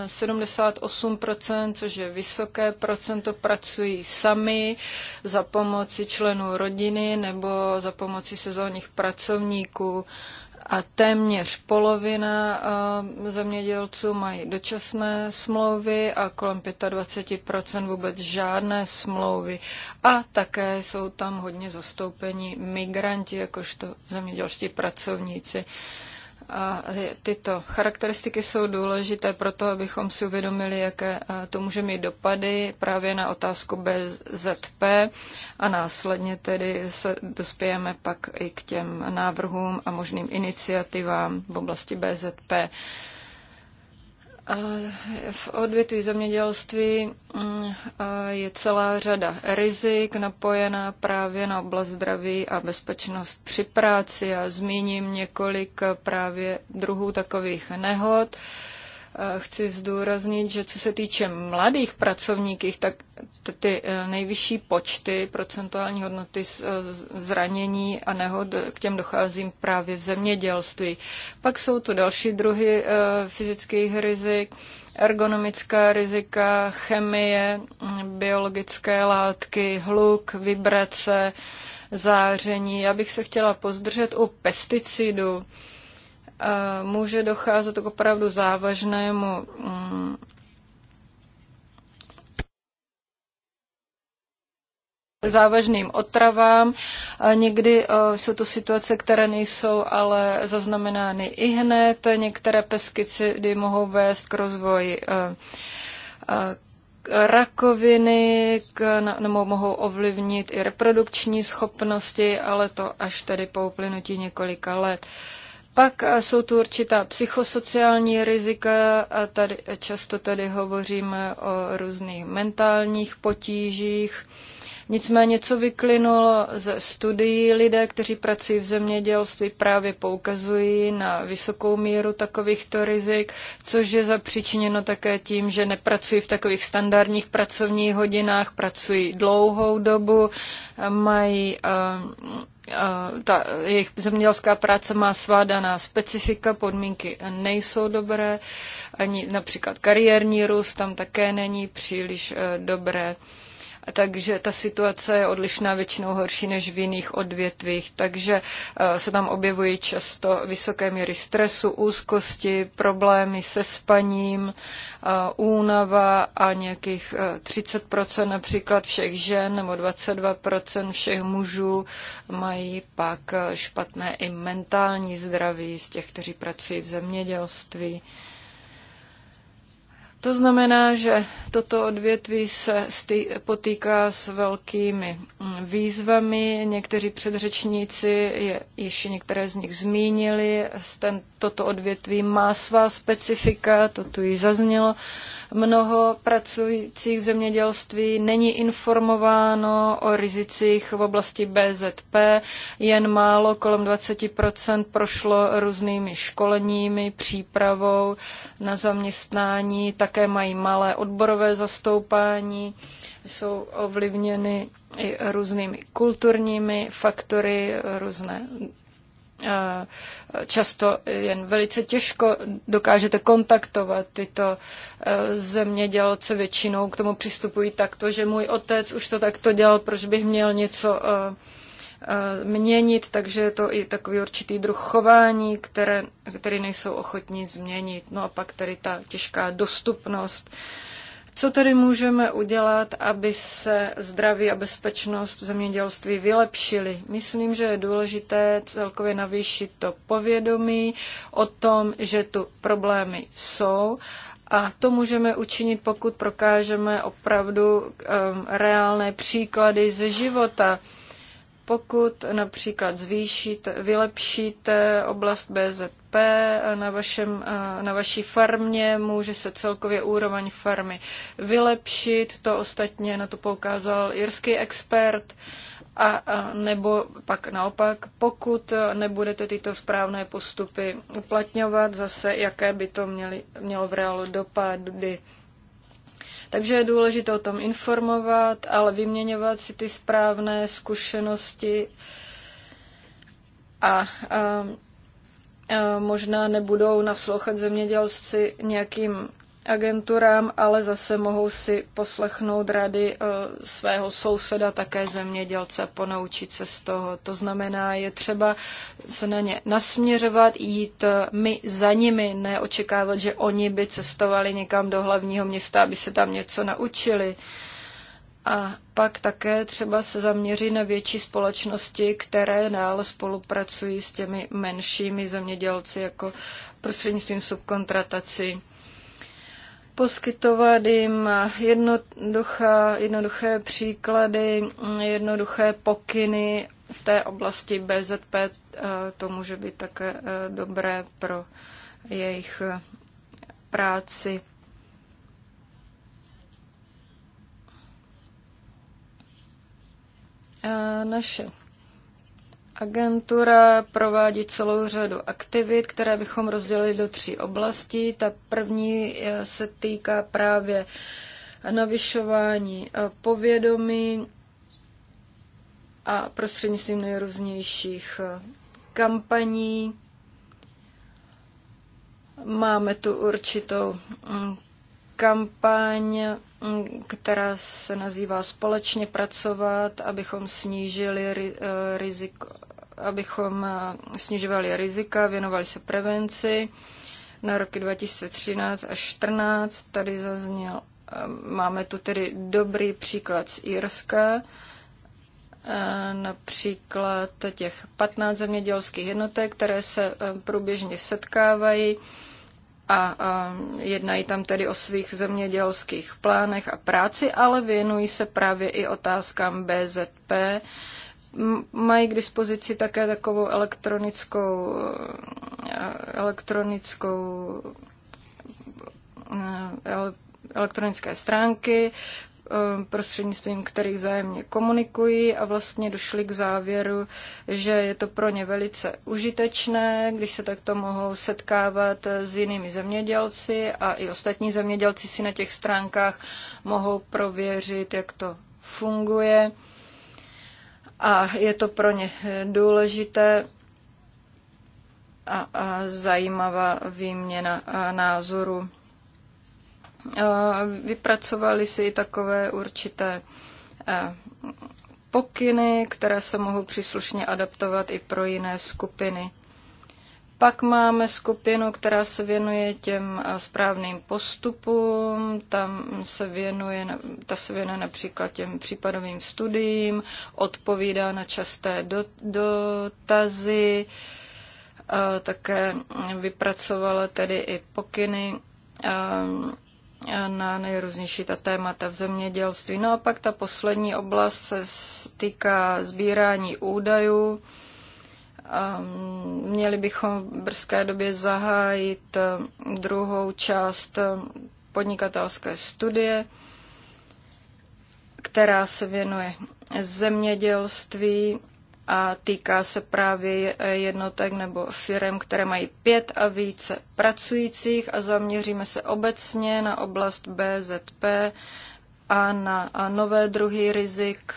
[SPEAKER 3] 78%, což je vysoké procento, pracují sami za pomoci členů rodiny nebo za pomoci sezónních pracovníků a téměř polovina eh, zemědělců mají dočasné smlouvy a kolem 25% vůbec žádné smlouvy. A také jsou tam hodně zastoupení migranti, jakožto zemědělští pracovníci. A tyto charakteristiky jsou důležité pro to, abychom si uvědomili, jaké to může mít dopady právě na otázku BZP a následně tedy se dospějeme pak i k těm návrhům a možným iniciativám v oblasti BZP. V odvětví zemědělství mm, je celá řada rizik napojená právě na oblast zdraví a bezpečnost při práci. Já zmíním několik právě druhů takových nehod chci zdůraznit, že co se týče mladých pracovníků, tak ty e, nejvyšší počty procentuální hodnoty e, zranění a nehod k těm docházím právě v zemědělství. Pak jsou tu další druhy e, fyzických rizik, ergonomická rizika, chemie, biologické látky, hluk, vibrace, záření. Já bych se chtěla pozdržet u pesticidů. Eh, může docházet k opravdu závažnému mm, závažným otravám. Eh, někdy eh, jsou to situace, které nejsou ale zaznamenány i hned. Některé pesticidy mohou vést k rozvoji rakoviny, k, nebo mohou ovlivnit i reprodukční schopnosti, ale to až tedy po uplynutí několika let. Uh, pak eh, jsou tu určitá psychosociální rizika a tady, eh, často tady hovoříme o různých mentálních potížích. Nicméně, co vyklinulo ze studií, lidé, kteří pracují v zemědělství, právě poukazují na vysokou míru takovýchto rizik, což je zapříčiněno také tím, že nepracují v takových standardních pracovních hodinách, pracují dlouhou dobu, mají eh, Eh, ta jejich zemědělská práce má svá daná specifika, podmínky nejsou dobré, ani například kariérní růst tam také není příliš eh, dobré takže ta situace je odlišná většinou horší než v jiných odvětvích, takže eh, se tam objevují často vysoké míry stresu, úzkosti, problémy se spaním, eh, únava a nějakých 30% eh, například všech žen nebo 22% všech mužů mají pak špatné i mentální zdraví z těch, kteří pracují v zemědělství. To znamená, že toto odvětví se potýká s velkými mm, výzvami. Někteří předřečníci je, ještě některé z nich zmínili. Ten, toto odvětví má svá specifika, to tu i zaznělo. Mnoho pracujících v zemědělství není informováno o rizicích v oblasti BZP, jen málo, kolem 20% prošlo různými školeními, přípravou na zaměstnání, také mají malé odborové zastoupání jsou ovlivněny i různými kulturními faktory, různé Eh, často jen velice těžko dokážete kontaktovat tyto eh, zemědělce. Většinou k tomu přistupují takto, že můj otec už to takto dělal, proč bych měl něco eh, měnit, takže je to i takový určitý druh chování, které, který nejsou ochotní změnit. No a pak tedy ta těžká dostupnost uh, co tedy můžeme udělat, aby se zdraví a bezpečnost v zemědělství vylepšily? Myslím, že je důležité celkově navýšit to povědomí o tom, že tu problémy jsou a to můžeme učinit, pokud prokážeme opravdu um, reálné příklady ze života. Pokud například zvýšíte, vylepšíte oblast BZP na, vašem, eh, na vaší farmě, může se celkově úroveň farmy vylepšit. To ostatně na to poukázal jirský expert. A, a nebo pak naopak, pokud nebudete tyto správné postupy uplatňovat, zase jaké by to měly, mělo v reálu dopady. Takže je důležité o tom informovat, ale vyměňovat si ty správné zkušenosti a, a možná nebudou naslouchat zemědělci nějakým agenturám, ale zase mohou si poslechnout rady eh, svého souseda, také zemědělce, ponaučit se z toho. To znamená, je třeba se na ně nasměřovat, jít eh, my za nimi, neočekávat, že oni by cestovali někam do hlavního města, aby se tam něco naučili. A pak také třeba se zaměří na větší společnosti, které dále spolupracují s těmi menšími zemědělci jako prostřednictvím subkontratací poskytovat jim jednoduchá, jednoduché příklady, jednoduché pokyny v té oblasti BZP. Eh, to může být také eh, dobré pro jejich eh, práci. Naše Agentura provádí celou řadu aktivit, které bychom rozdělili do tří oblastí. Ta první eh, se týká právě navyšování eh, povědomí a prostřednictvím nejrůznějších eh, kampaní. Máme tu určitou mm, kampaň, mm, která se nazývá Společně pracovat, abychom snížili riziko abychom eh, snižovali rizika, věnovali se prevenci. Na roky 2013 až 2014 tady zazněl, eh, máme tu tedy dobrý příklad z Irska, eh, například těch 15 zemědělských jednotek, které se průběžně setkávají a, a jednají tam tedy o svých zemědělských plánech a práci, ale věnují se právě i otázkám BZP, mají k dispozici také takovou elektronickou, elektronickou eh, elektronické stránky, eh, prostřednictvím kterých vzájemně komunikují a vlastně došli k závěru, že je to pro ně velice užitečné, když se takto mohou setkávat s jinými zemědělci a i ostatní zemědělci si na těch stránkách mohou prověřit, jak to funguje a je to pro ně důležité a, a zajímavá výměna názoru. Vypracovali si i takové určité pokyny, které se mohou příslušně adaptovat i pro jiné skupiny. Pak máme skupinu, která se věnuje těm eh, správným postupům, tam se věnuje, ta se věnuje například těm případovým studiím, odpovídá na časté dotazy, eh, také vypracovala tedy i pokyny eh, na nejrůznější ta témata v zemědělství. No a pak ta poslední oblast se týká sbírání údajů Měli bychom v brzké době zahájit eh, druhou část eh, podnikatelské studie, která se věnuje zemědělství a týká se právě jednotek nebo firm, které mají pět a více pracujících a zaměříme se obecně na oblast BZP a na nové druhy rizik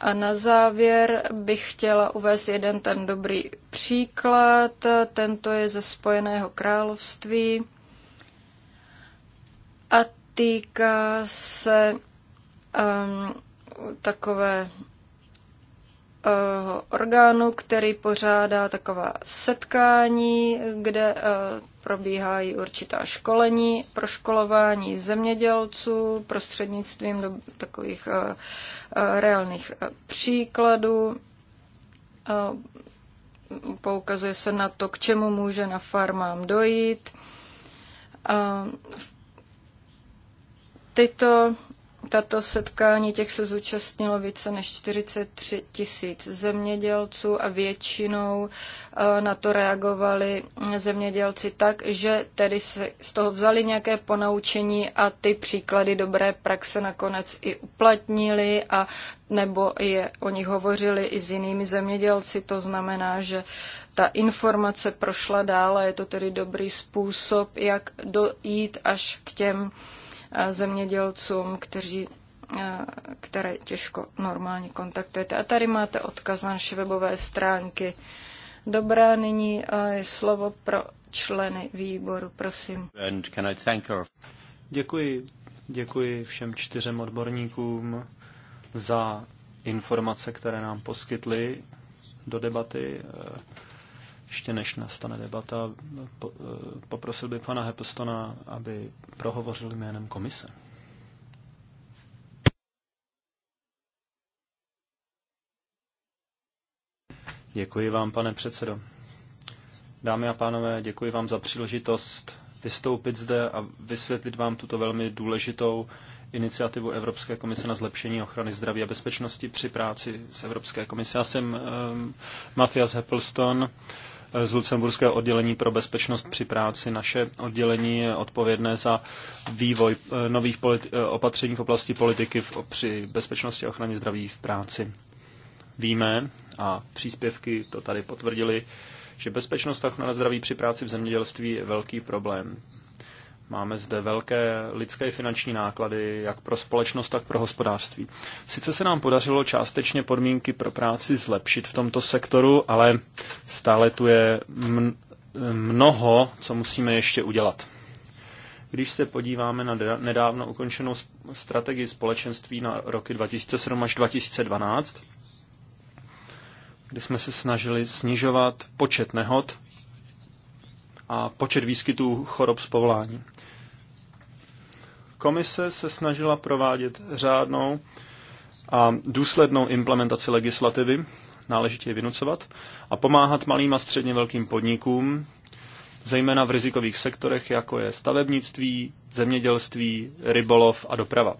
[SPEAKER 3] a na závěr bych chtěla uvést jeden ten dobrý příklad. Tento je ze Spojeného království a týká se um, takové Eh, orgánu, který pořádá taková setkání, kde eh, probíhají určitá školení, pro školování zemědělců prostřednictvím do takových eh, reálných příkladů. Poukazuje se na to, k čemu může na farmám dojít. Tyto tato setkání těch se zúčastnilo více než 43 tisíc zemědělců a většinou eh, na to reagovali zemědělci tak, že tedy se z toho vzali nějaké ponaučení a ty příklady dobré praxe nakonec i uplatnili a nebo je o nich hovořili i s jinými zemědělci. To znamená, že ta informace prošla dál a je to tedy dobrý způsob, jak dojít až k těm Eh, zemědělcům, kteří eh, které těžko normálně kontaktujete. A tady máte odkaz na naše webové stránky. Dobrá, nyní eh, je slovo pro členy výboru, prosím.
[SPEAKER 2] And can I thank her? Děkuji. Děkuji všem čtyřem odborníkům za informace, které nám poskytli do debaty ještě než nastane debata, po, eh, poprosil bych pana Hepstona, aby prohovořil jménem komise. Děkuji vám, pane předsedo. Dámy a pánové, děkuji vám za příležitost vystoupit zde a vysvětlit vám tuto velmi důležitou iniciativu Evropské komise na zlepšení ochrany zdraví a bezpečnosti při práci s Evropské komise. Já jsem um, eh, Matthias Heppelston, z Lucemburského oddělení pro bezpečnost při práci. Naše oddělení je odpovědné za vývoj eh, nových eh, opatření v oblasti politiky v, při bezpečnosti a ochraně zdraví v práci. Víme, a příspěvky to tady potvrdili, že bezpečnost a ochrana zdraví při práci v zemědělství je velký problém. Máme zde velké lidské finanční náklady, jak pro společnost, tak pro hospodářství. Sice se nám podařilo částečně podmínky pro práci zlepšit v tomto sektoru, ale stále tu je mnoho, co musíme ještě udělat. Když se podíváme na nedávno ukončenou strategii společenství na roky 2007 až 2012, kdy jsme se snažili snižovat počet nehod a počet výskytů chorob z povolání. Komise se snažila provádět řádnou a důslednou implementaci legislativy, náležitě je vynucovat, a pomáhat malým a středně velkým podnikům, zejména v rizikových sektorech, jako je stavebnictví, zemědělství, rybolov a doprava.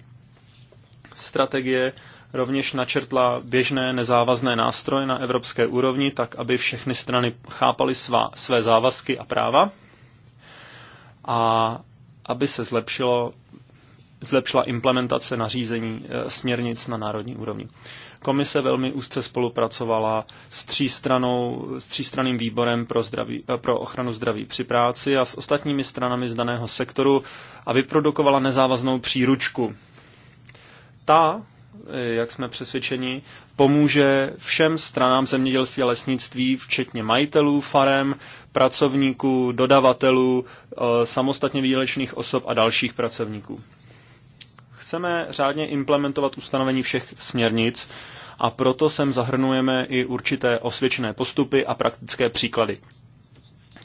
[SPEAKER 2] Strategie rovněž načrtla běžné nezávazné nástroje na evropské úrovni, tak aby všechny strany chápaly svá, své závazky a práva a aby se zlepšilo zlepšila implementace nařízení eh, směrnic na národní úrovni. Komise velmi úzce spolupracovala s, třístranou, s třístranným výborem pro, zdraví, eh, pro ochranu zdraví při práci a s ostatními stranami z daného sektoru a vyprodukovala nezávaznou příručku. Ta, eh, jak jsme přesvědčeni, pomůže všem stranám zemědělství a lesnictví, včetně majitelů farem, pracovníků, dodavatelů, samostatně výdělečných osob a dalších pracovníků. Chceme řádně implementovat ustanovení všech směrnic a proto sem zahrnujeme i určité osvědčené postupy a praktické příklady.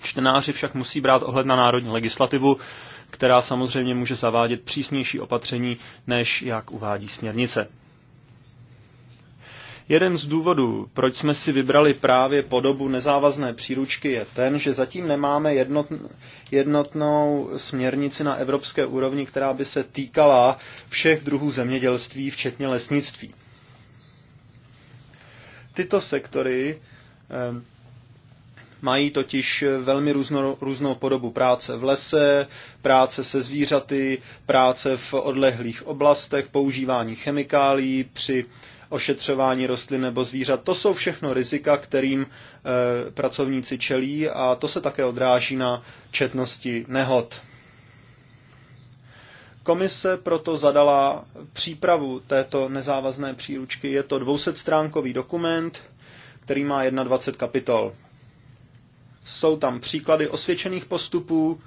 [SPEAKER 2] Čtenáři však musí brát ohled na národní legislativu, která samozřejmě může zavádět přísnější opatření, než jak uvádí směrnice. Jeden z důvodů, proč jsme si vybrali právě podobu nezávazné příručky, je ten, že zatím nemáme jednotnou směrnici na evropské úrovni, která by se týkala všech druhů zemědělství, včetně lesnictví. Tyto sektory ehm, mají totiž velmi různo, různou podobu práce v lese, práce se zvířaty, práce v odlehlých oblastech, používání chemikálií při ošetřování rostlin nebo zvířat. To jsou všechno rizika, kterým eh, pracovníci čelí a to se také odráží na četnosti nehod. Komise proto zadala přípravu této nezávazné příručky. Je to 200-stránkový dokument, který má 21 kapitol. Jsou tam příklady osvědčených postupů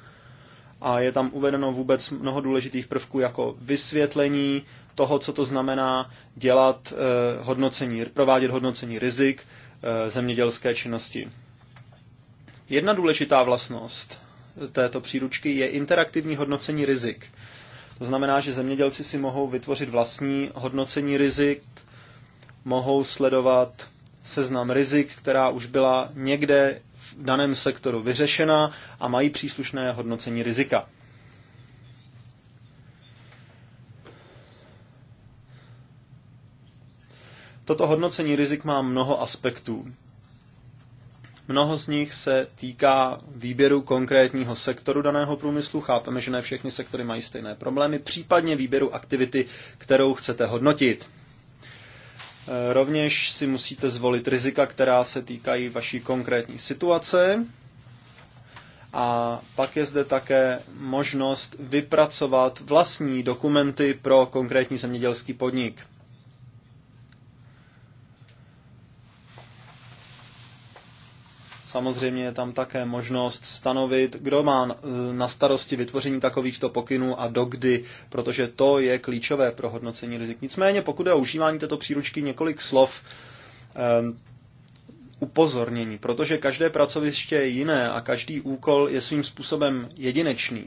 [SPEAKER 2] a je tam uvedeno vůbec mnoho důležitých prvků jako vysvětlení, toho, co to znamená dělat eh, hodnocení, provádět hodnocení rizik eh, zemědělské činnosti. Jedna důležitá vlastnost této příručky je interaktivní hodnocení rizik. To znamená, že zemědělci si mohou vytvořit vlastní hodnocení rizik, mohou sledovat seznam rizik, která už byla někde v daném sektoru vyřešena a mají příslušné hodnocení rizika. Toto hodnocení rizik má mnoho aspektů. Mnoho z nich se týká výběru konkrétního sektoru daného průmyslu. Chápeme, že ne všechny sektory mají stejné problémy, případně výběru aktivity, kterou chcete hodnotit. E, rovněž si musíte zvolit rizika, která se týkají vaší konkrétní situace. A pak je zde také možnost vypracovat vlastní dokumenty pro konkrétní zemědělský podnik. Samozřejmě je tam také možnost stanovit, kdo má na starosti vytvoření takovýchto pokynů a dokdy, protože to je klíčové pro hodnocení rizik. Nicméně, pokud je o užívání této příručky několik slov, um, upozornění, protože každé pracoviště je jiné a každý úkol je svým způsobem jedinečný.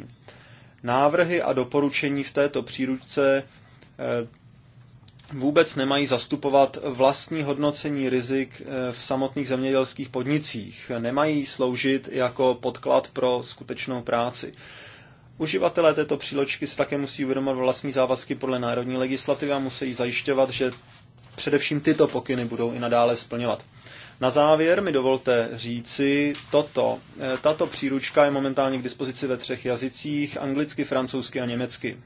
[SPEAKER 2] Návrhy a doporučení v této příručce ehm, vůbec nemají zastupovat vlastní hodnocení rizik eh, v samotných zemědělských podnicích. Nemají sloužit jako podklad pro skutečnou práci. Uživatelé této příločky se také musí uvědomovat vlastní závazky podle národní legislativy a musí zajišťovat, že především tyto pokyny budou i nadále splňovat. Na závěr mi dovolte říci toto. Eh, tato příručka je momentálně k dispozici ve třech jazycích, anglicky, francouzsky a německy.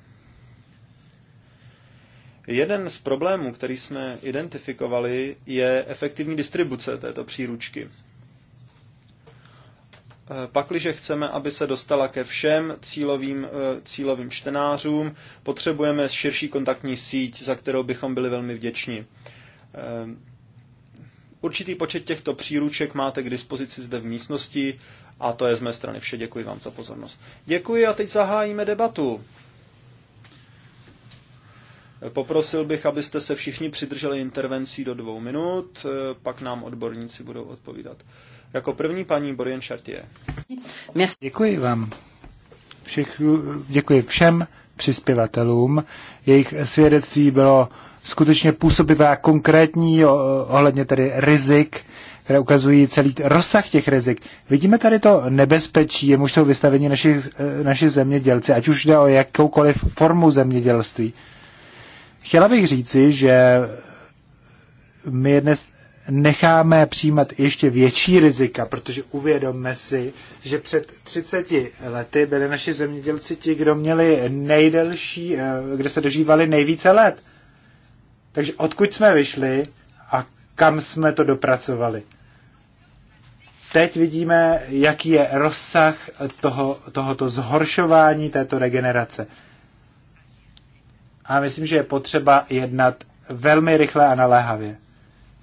[SPEAKER 2] Jeden z problémů, který jsme identifikovali, je efektivní distribuce této příručky. Eh, pakliže chceme, aby se dostala ke všem cílovým, eh, cílovým čtenářům, potřebujeme širší kontaktní síť, za kterou bychom byli velmi vděční. Eh, určitý počet těchto příruček máte k dispozici zde v místnosti a to je z mé strany vše. Děkuji vám za pozornost. Děkuji a teď zahájíme debatu. Poprosil bych, abyste se všichni přidrželi intervencí do dvou minut, eh, pak nám odborníci budou odpovídat. Jako první paní Borjen Chartier.
[SPEAKER 1] Děkuji vám. Všech, děkuji všem přispěvatelům. Jejich svědectví bylo skutečně působivé a konkrétní ohledně tedy rizik, které ukazují celý rozsah těch rizik. Vidíme tady to nebezpečí, jemuž jsou vystaveni naši, eh, naši zemědělci, ať už jde o jakoukoliv formu zemědělství. Chtěla bych říci, že my dnes necháme přijímat ještě větší rizika, protože uvědomme si, že před 30 lety byli naši zemědělci ti, kdo měli nejdelší, eh, kde se dožívali nejvíce let. Takže odkud jsme vyšli a kam jsme to dopracovali? Teď vidíme, jaký je rozsah toho, tohoto zhoršování této regenerace. A myslím, že je potřeba jednat velmi rychle a naléhavě.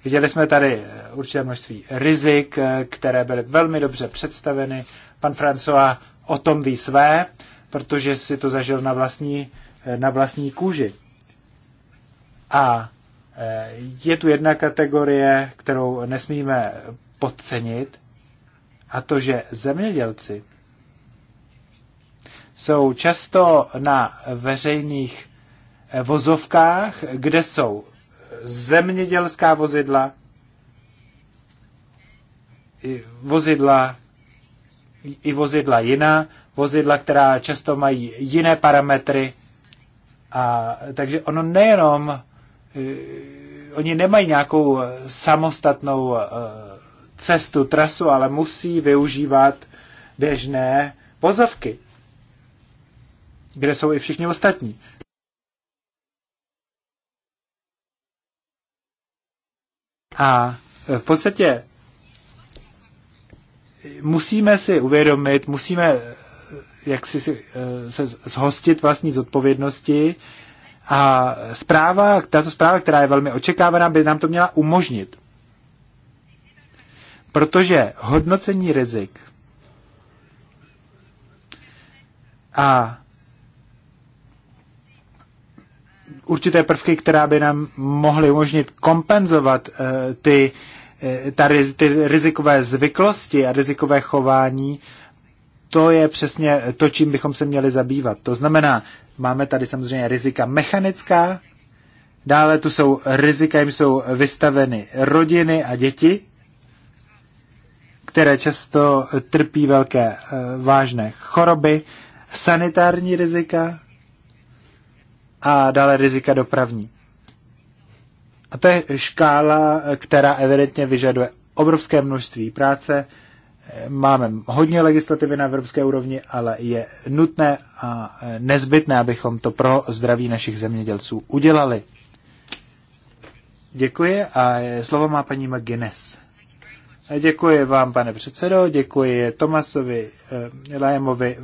[SPEAKER 1] Viděli jsme tady eh, určité množství rizik, eh, které byly velmi dobře představeny. Pan François o tom ví své, protože si to zažil na vlastní, eh, na vlastní kůži. A je tu jedna kategorie, kterou nesmíme podcenit, a to, že zemědělci jsou často na veřejných vozovkách, kde jsou zemědělská vozidla, vozidla i vozidla jiná, vozidla, která často mají jiné parametry. A, takže ono nejenom, e, oni nemají nějakou samostatnou e, cestu, trasu, ale musí využívat běžné vozovky, kde jsou i všichni ostatní. A e, v podstatě musíme si uvědomit, musíme e, jak si, e, se zhostit vlastní zodpovědnosti a zpráva, tato zpráva, která je velmi očekávaná, by nám to měla umožnit. Protože hodnocení rizik a určité prvky, která by nám mohly umožnit kompenzovat eh, ty, eh, ta, ty rizikové zvyklosti a rizikové chování, to je přesně to, čím bychom se měli zabývat. To znamená, máme tady samozřejmě rizika mechanická, dále tu jsou rizika, jim jsou vystaveny rodiny a děti, které často trpí velké eh, vážné choroby, sanitární rizika, a dále rizika dopravní. A to je škála, která evidentně vyžaduje obrovské množství práce. Máme hodně legislativy na evropské úrovni, ale je nutné a nezbytné, abychom to pro zdraví našich zemědělců udělali. Děkuji a slovo má paní McGuinness. Děkuji vám, pane předsedo, děkuji Tomasovi eh, Lajemovi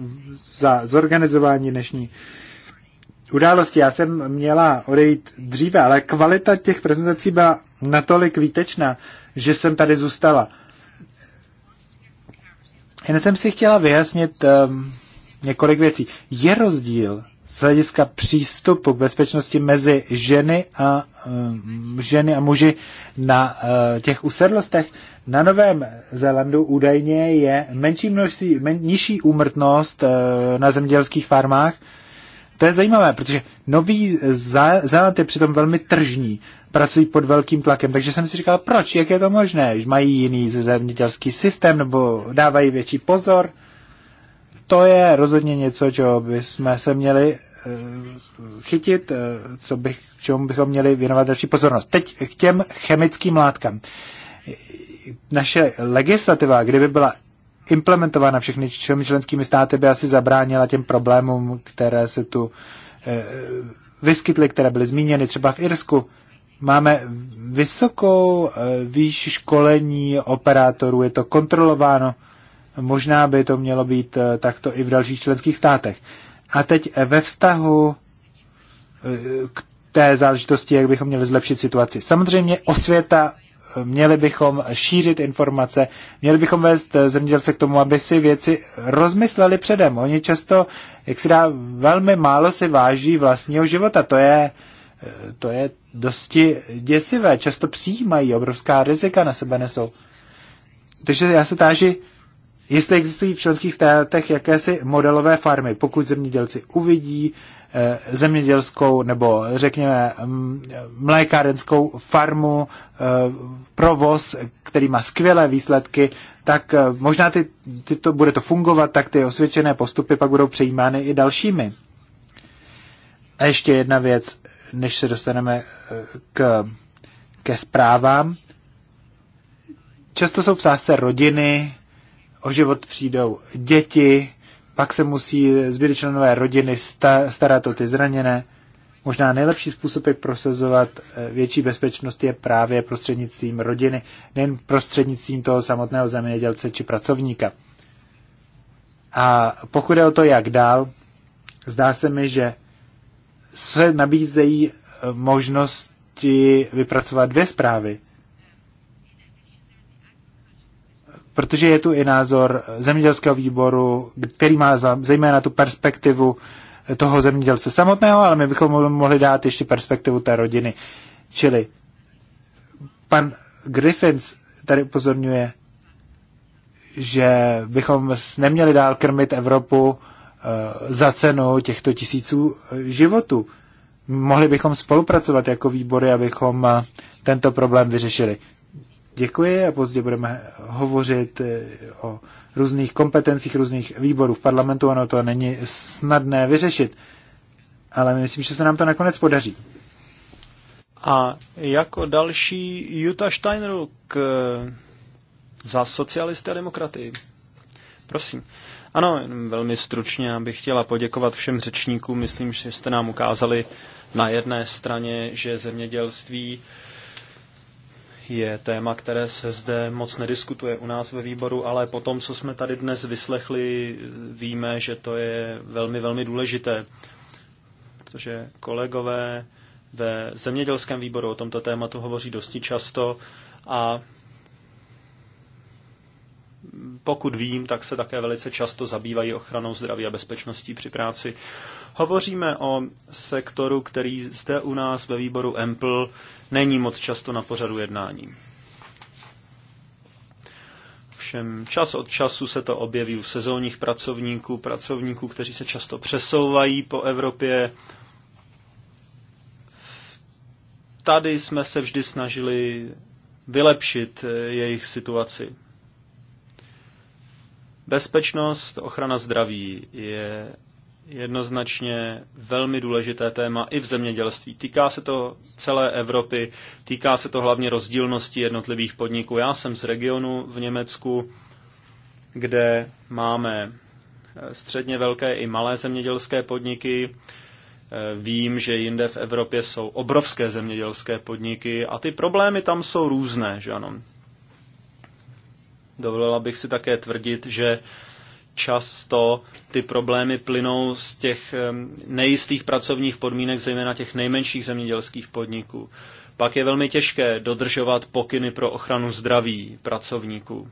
[SPEAKER 1] za zorganizování dnešní události. Já jsem měla odejít dříve, ale kvalita těch prezentací byla natolik výtečná, že jsem tady zůstala. Jen jsem si chtěla vyjasnit um, několik věcí. Je rozdíl z hlediska přístupu k bezpečnosti mezi ženy a, um, ženy a muži na uh, těch usedlostech. Na Novém Zélandu údajně je menší množství, men, nižší úmrtnost uh, na zemědělských farmách uh, to je zajímavé, protože Nový Zéland je přitom velmi tržní, pracují pod velkým tlakem, takže jsem si říkal, proč, jak je to možné, že mají jiný zemědělský systém nebo dávají větší pozor. To je rozhodně něco, čeho bychom se měli eh, chytit, eh, co bych, čemu bychom měli věnovat další pozornost. Teď k těm chemickým látkám. Naše legislativa, kdyby byla implementována všechny členskými státy, by asi zabránila těm problémům, které se tu eh, vyskytly, které byly zmíněny třeba v Irsku. Máme vysokou eh, výš školení operátorů, je to kontrolováno, možná by to mělo být eh, takto i v dalších členských státech. A teď ve vztahu k té záležitosti, jak bychom měli zlepšit situaci. Samozřejmě osvěta měli bychom šířit informace, měli bychom vést eh, zemědělce k tomu, aby si věci rozmysleli předem. Oni často, jak si dá, velmi málo si váží vlastního života. To je, eh, to je dosti děsivé. Často přijímají obrovská rizika na sebe nesou. Takže já se táži, jestli existují v členských státech jakési modelové farmy. Pokud zemědělci uvidí, Eh, zemědělskou nebo řekněme mm, mlékárenskou farmu, eh, provoz, který má skvělé výsledky, tak eh, možná ty, ty to, bude to fungovat, tak ty osvědčené postupy pak budou přejímány i dalšími. A ještě jedna věc, než se dostaneme k, ke zprávám. Často jsou v sázce rodiny, o život přijdou děti, pak se musí zbylí členové rodiny starat o ty zraněné. Možná nejlepší způsob, jak prosazovat eh, větší bezpečnost, je právě prostřednictvím rodiny, nejen prostřednictvím toho samotného zemědělce či pracovníka. A pokud je o to, jak dál, zdá se mi, že se nabízejí eh, možnosti vypracovat dvě zprávy. protože je tu i názor zemědělského výboru, který má za, zejména tu perspektivu toho zemědělce samotného, ale my bychom mohli dát ještě perspektivu té rodiny. Čili pan Griffins tady upozorňuje, že bychom neměli dál krmit Evropu eh, za cenu těchto tisíců eh, životů. Mohli bychom spolupracovat jako výbory, abychom eh, tento problém vyřešili děkuji a později budeme hovořit eh, o různých kompetencích různých výborů v parlamentu. Ono to není snadné vyřešit, ale myslím, že se nám to nakonec podaří.
[SPEAKER 2] A jako další Jutta Steinruck eh, za socialisty a demokraty. Prosím. Ano, velmi stručně bych chtěla poděkovat všem řečníkům. Myslím, že jste nám ukázali na jedné straně, že zemědělství je téma, které se zde moc nediskutuje u nás ve výboru, ale po tom, co jsme tady dnes vyslechli, víme, že to je velmi, velmi důležité, protože kolegové ve zemědělském výboru o tomto tématu hovoří dosti často a pokud vím, tak se také velice často zabývají ochranou zdraví a bezpečností při práci. Hovoříme o sektoru, který zde u nás ve výboru EMPL není moc často na pořadu jednání. Všem čas od času se to objeví u sezónních pracovníků, pracovníků, kteří se často přesouvají po Evropě. Tady jsme se vždy snažili vylepšit jejich situaci. Bezpečnost, ochrana zdraví je jednoznačně velmi důležité téma i v zemědělství. Týká se to celé Evropy, týká se to hlavně rozdílnosti jednotlivých podniků. Já jsem z regionu v Německu, kde máme eh, středně velké i malé zemědělské podniky. Eh, vím, že jinde v Evropě jsou obrovské zemědělské podniky a ty problémy tam jsou různé, že ano. Dovolila bych si také tvrdit, že často ty problémy plynou z těch nejistých pracovních podmínek, zejména těch nejmenších zemědělských podniků. Pak je velmi těžké dodržovat pokyny pro ochranu zdraví pracovníků.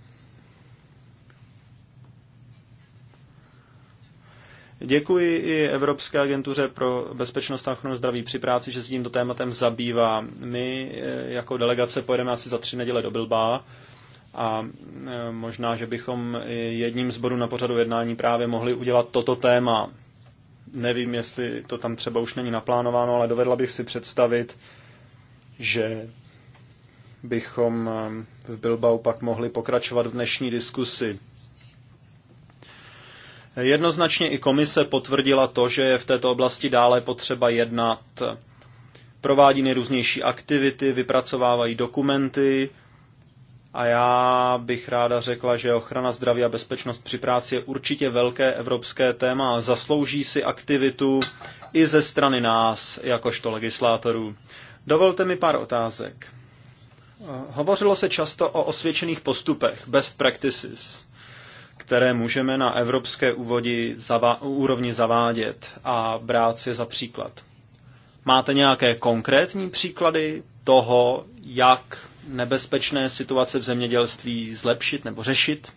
[SPEAKER 2] Děkuji i Evropské agentuře pro bezpečnost a ochranu zdraví při práci, že se tímto tématem zabývá. My eh, jako delegace pojedeme asi za tři neděle do Bilba a e, možná, že bychom jedním z bodů na pořadu jednání právě mohli udělat toto téma. Nevím, jestli to tam třeba už není naplánováno, ale dovedla bych si představit, že bychom e, v Bilbao pak mohli pokračovat v dnešní diskusi. Jednoznačně i komise potvrdila to, že je v této oblasti dále potřeba jednat. Provádí nejrůznější aktivity, vypracovávají dokumenty, a já bych ráda řekla, že ochrana zdraví a bezpečnost při práci je určitě velké evropské téma a zaslouží si aktivitu i ze strany nás, jakožto legislátorů. Dovolte mi pár otázek. Hovořilo se často o osvědčených postupech, best practices, které můžeme na evropské úvodi zavá- úrovni zavádět a brát si za příklad. Máte nějaké konkrétní příklady toho, jak nebezpečné situace v zemědělství zlepšit nebo řešit.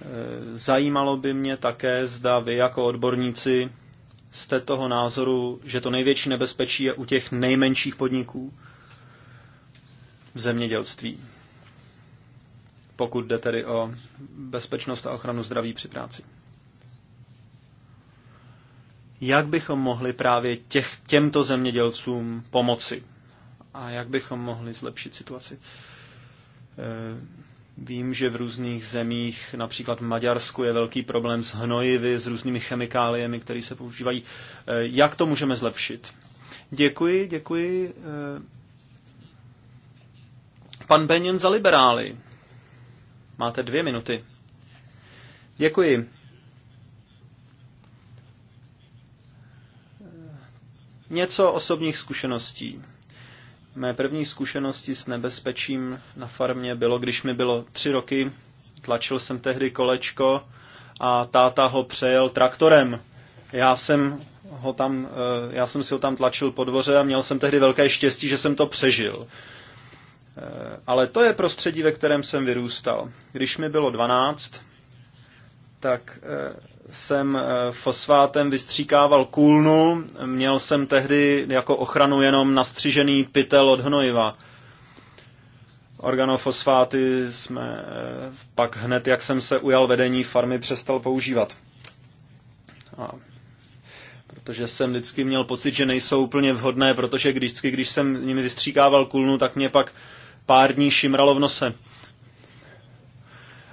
[SPEAKER 2] Eh, zajímalo by mě také, zda vy jako odborníci jste toho názoru, že to největší nebezpečí je u těch nejmenších podniků v zemědělství, pokud jde tedy o bezpečnost a ochranu zdraví při práci jak bychom mohli právě těch, těmto zemědělcům pomoci a jak bychom mohli zlepšit situaci. Eh, vím, že v různých zemích, například v Maďarsku, je velký problém s hnojivy, s různými chemikáliemi, které se používají. Eh, jak to můžeme zlepšit? Děkuji, děkuji. Eh, pan Benjen za liberály. Máte dvě minuty. Děkuji. Něco osobních zkušeností. Mé první zkušenosti s nebezpečím na farmě bylo, když mi bylo tři roky, tlačil jsem tehdy kolečko a táta ho přejel traktorem. Já jsem, ho tam, eh, já jsem si ho tam tlačil po dvoře a měl jsem tehdy velké štěstí, že jsem to přežil. Eh, ale to je prostředí, ve kterém jsem vyrůstal. Když mi bylo 12, tak eh, jsem eh, fosfátem vystříkával kůlnu, měl jsem tehdy jako ochranu jenom nastřižený pytel od hnojiva. Organofosfáty jsme eh, pak hned, jak jsem se ujal vedení farmy, přestal používat. A protože jsem vždycky měl pocit, že nejsou úplně vhodné, protože vždycky, když jsem nimi vystříkával kůlnu, tak mě pak pár dní šimralo v nose.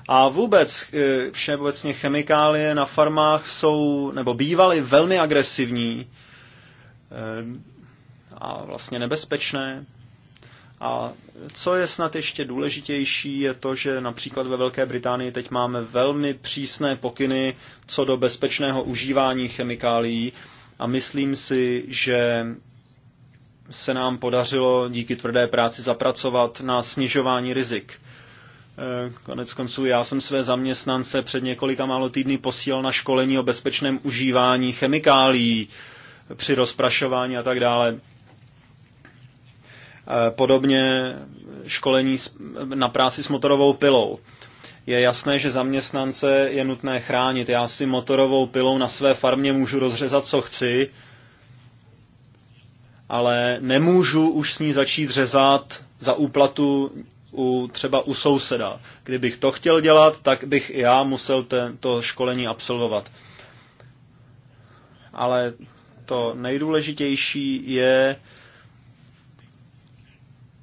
[SPEAKER 2] A vůbec eh, všeobecně chemikálie na farmách jsou, nebo bývaly velmi agresivní eh, a vlastně nebezpečné. A co je snad ještě důležitější, je to, že například ve Velké Británii teď máme velmi přísné pokyny co do bezpečného užívání chemikálií a myslím si, že se nám podařilo díky tvrdé práci zapracovat na snižování rizik. Eh, konec konců já jsem své zaměstnance před několika málo týdny posílal na školení o bezpečném užívání chemikálií při rozprašování a tak dále. Eh, podobně školení na práci s motorovou pilou. Je jasné, že zaměstnance je nutné chránit. Já si motorovou pilou na své farmě můžu rozřezat, co chci, ale nemůžu už s ní začít řezat za úplatu u, třeba u souseda. Kdybych to chtěl dělat, tak bych i já musel ten, to školení absolvovat. Ale to nejdůležitější je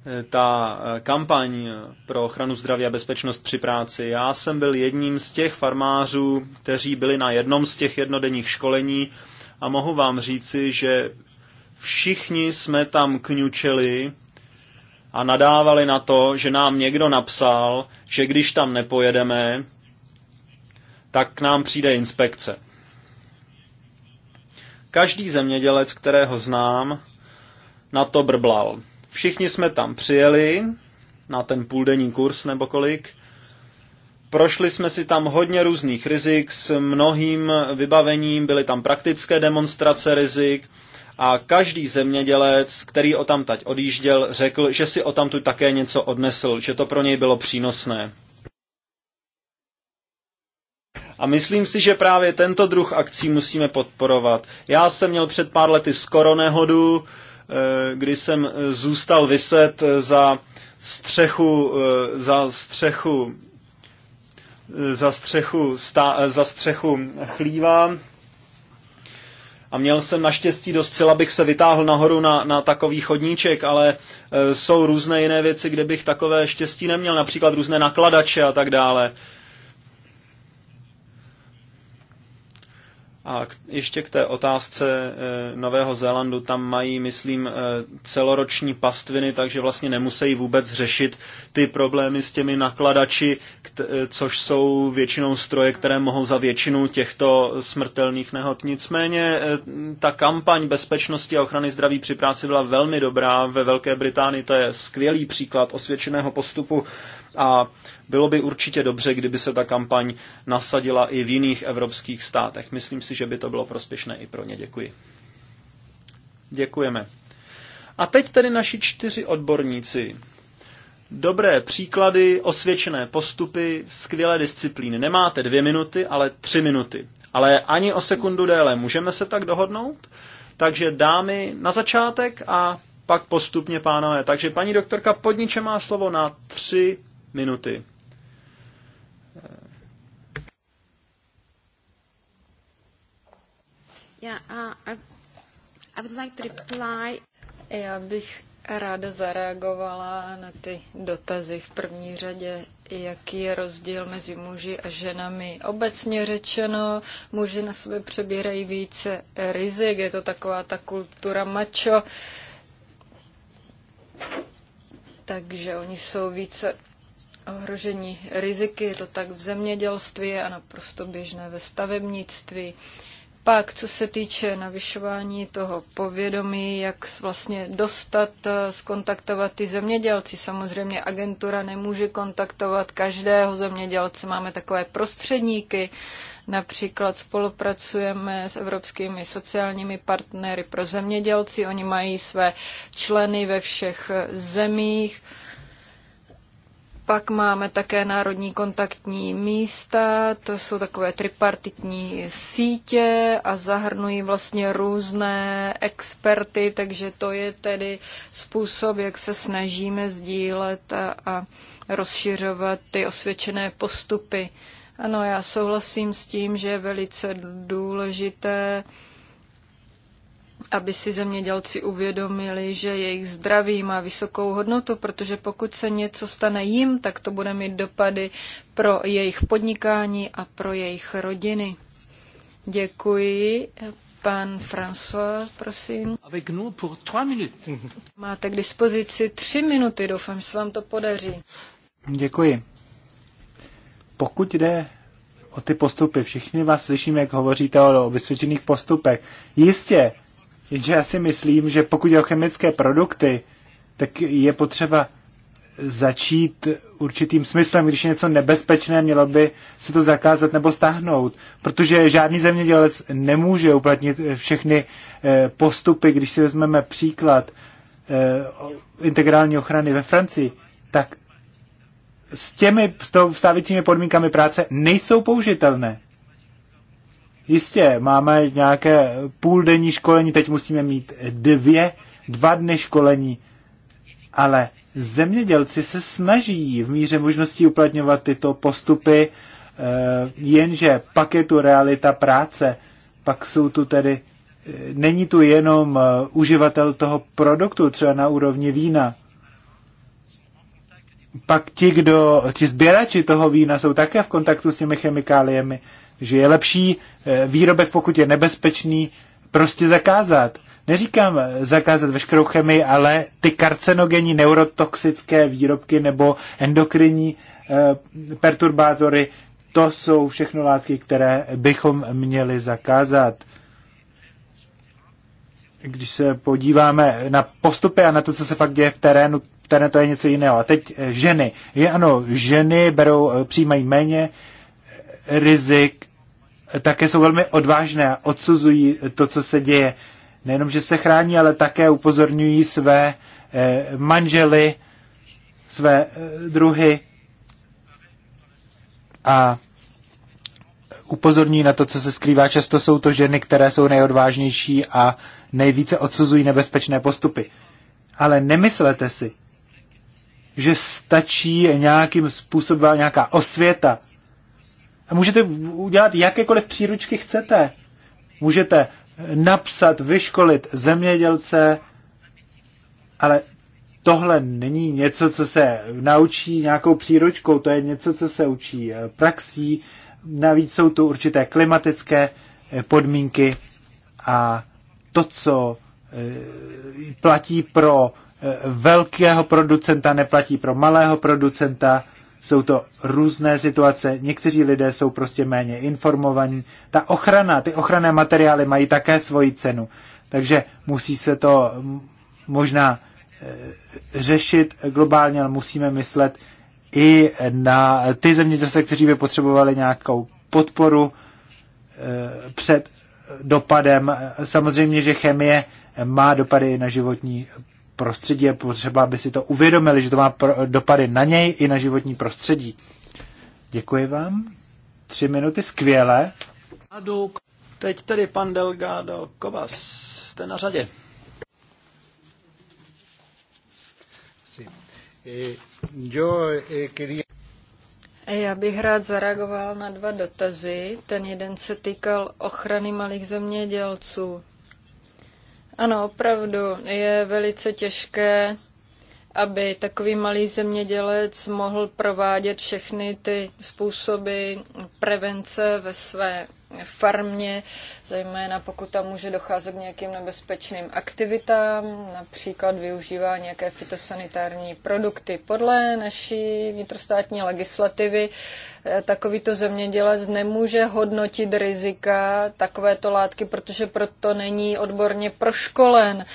[SPEAKER 2] eh, ta eh, kampaň eh, pro ochranu zdraví a bezpečnost při práci. Já jsem byl jedním z těch farmářů, kteří byli na jednom z těch jednodenních školení a mohu vám říci, že všichni jsme tam kňučeli a nadávali na to, že nám někdo napsal, že když tam nepojedeme, tak k nám přijde inspekce. Každý zemědělec, kterého znám, na to brblal. Všichni jsme tam přijeli na ten půldenní kurz nebo kolik. Prošli jsme si tam hodně různých rizik s mnohým vybavením, byly tam praktické demonstrace rizik, a každý zemědělec, který o tamtať odjížděl, řekl, že si o tamtu také něco odnesl, že to pro něj bylo přínosné. A myslím si, že právě tento druh akcí musíme podporovat. Já jsem měl před pár lety skoro nehodu, eh, kdy jsem eh, zůstal vyset eh, za střechu, za střechu, za střechu, za střechu chlíva a měl jsem naštěstí dost sil, abych se vytáhl nahoru na, na takový chodníček, ale e, jsou různé jiné věci, kde bych takové štěstí neměl, například různé nakladače a tak dále. A ještě k té otázce eh, Nového Zélandu, tam mají, myslím, eh, celoroční pastviny, takže vlastně nemusí vůbec řešit ty problémy s těmi nakladači, eh, což jsou většinou stroje, které mohou za většinu těchto smrtelných nehod. Nicméně ta kampaň bezpečnosti a ochrany zdraví při práci byla velmi dobrá ve Velké Británii, to je skvělý příklad osvědčeného postupu a bylo by určitě dobře, kdyby se ta kampaň nasadila i v jiných evropských státech. Myslím si, že by to bylo prospěšné i pro ně. Děkuji. Děkujeme. A teď tedy naši čtyři odborníci. Dobré příklady, osvědčené postupy, skvělé disciplíny. Nemáte dvě minuty, ale tři minuty. Ale ani o sekundu déle. Můžeme se tak dohodnout? Takže dámy na začátek a pak postupně pánové. Takže paní doktorka Podniče má slovo na tři minuty.
[SPEAKER 3] Uh, reply. Já bych ráda zareagovala na ty dotazy v první řadě, jaký je rozdíl mezi muži a ženami. Obecně řečeno, muži na sebe přebírají více rizik, je to taková ta kultura macho, takže oni jsou více ohrožení riziky, je to tak v zemědělství a naprosto běžné ve stavebnictví. Uh, pak, co se týče navyšování toho povědomí, jak vlastně dostat, eh, skontaktovat ty zemědělci. Samozřejmě agentura nemůže kontaktovat každého zemědělce, máme takové prostředníky, Například spolupracujeme s evropskými sociálními partnery pro zemědělci, oni mají své členy ve všech eh, zemích pak máme také národní kontaktní místa, to jsou takové tripartitní sítě a zahrnují vlastně různé experty, takže to je tedy způsob, jak se snažíme sdílet a, a rozšiřovat ty osvědčené postupy. Ano, já souhlasím s tím, že je velice důležité aby si zemědělci uvědomili, že jejich zdraví má vysokou hodnotu, protože pokud se něco stane jim, tak to bude mít dopady pro jejich podnikání a pro jejich rodiny. Děkuji. Pan François, prosím. Avec nous pour trois minutes. Máte k dispozici tři minuty, doufám, že se vám to podaří.
[SPEAKER 1] Děkuji. Pokud jde o ty postupy, všichni vás slyšíme, jak hovoříte o vysvětlených postupech. Jistě, Jenže já si myslím, že pokud je o chemické produkty, tak je potřeba začít určitým smyslem, když je něco nebezpečné, mělo by se to zakázat nebo stáhnout, protože žádný zemědělec nemůže uplatnit eh, všechny eh, postupy, když si vezmeme příklad eh, integrální ochrany ve Francii, tak s těmi stávajícími podmínkami práce nejsou použitelné. Jistě, máme nějaké půl denní školení, teď musíme mít dvě, dva dny školení, ale zemědělci se snaží v míře možností uplatňovat tyto postupy, eh, jenže pak je tu realita práce, pak jsou tu tedy, eh, není tu jenom eh, uživatel toho produktu, třeba na úrovni vína, pak ti, kdo, ti sběrači toho vína jsou také v kontaktu s těmi chemikáliemi, že je lepší eh, výrobek, pokud je nebezpečný, prostě zakázat. Neříkám eh, zakázat veškerou chemii, ale ty karcenogenní neurotoxické výrobky nebo endokrinní eh, perturbátory, to jsou všechno látky, které bychom měli zakázat. Když se podíváme na postupy a na to, co se fakt děje v terénu, terén to je něco jiného. A teď ženy. Je ano, ženy berou, přijímají méně rizik také jsou velmi odvážné a odsuzují to, co se děje. Nejenom, že se chrání, ale také upozorňují své eh, manžely, své eh, druhy a upozorní na to, co se skrývá. Často jsou to ženy, které jsou nejodvážnější a nejvíce odsuzují nebezpečné postupy. Ale nemyslete si, že stačí nějakým způsobem nějaká osvěta, a můžete udělat jakékoliv příručky chcete. Můžete napsat, vyškolit zemědělce, ale tohle není něco, co se naučí nějakou příručkou, to je něco, co se učí eh, praxí. Navíc jsou tu určité klimatické eh, podmínky a to, co eh, platí pro velkého producenta, neplatí pro malého producenta jsou to různé situace, někteří lidé jsou prostě méně informovaní. Ta ochrana, ty ochranné materiály mají také svoji cenu, takže musí se to možná e, řešit globálně, ale musíme myslet i na ty zemědělce, kteří by potřebovali nějakou podporu e, před dopadem. Samozřejmě, že chemie má dopady na životní prostředí je potřeba, aby si to uvědomili, že to má dopady na něj i na životní prostředí. Děkuji vám. Tři minuty, skvěle.
[SPEAKER 2] Teď tedy pan Delgado Kovas,
[SPEAKER 1] jste na řadě. Eh, eh,
[SPEAKER 3] Já bych rád zareagoval na dva dotazy. Ten jeden se týkal ochrany malých zemědělců. Ano, opravdu je velice těžké, aby takový malý zemědělec mohl provádět všechny ty způsoby prevence ve své farmě, zejména pokud tam může docházet k nějakým nebezpečným aktivitám, například využívá nějaké fitosanitární produkty. Podle naší vnitrostátní legislativy eh, takovýto zemědělec nemůže hodnotit rizika takovéto látky, protože proto není odborně proškolen.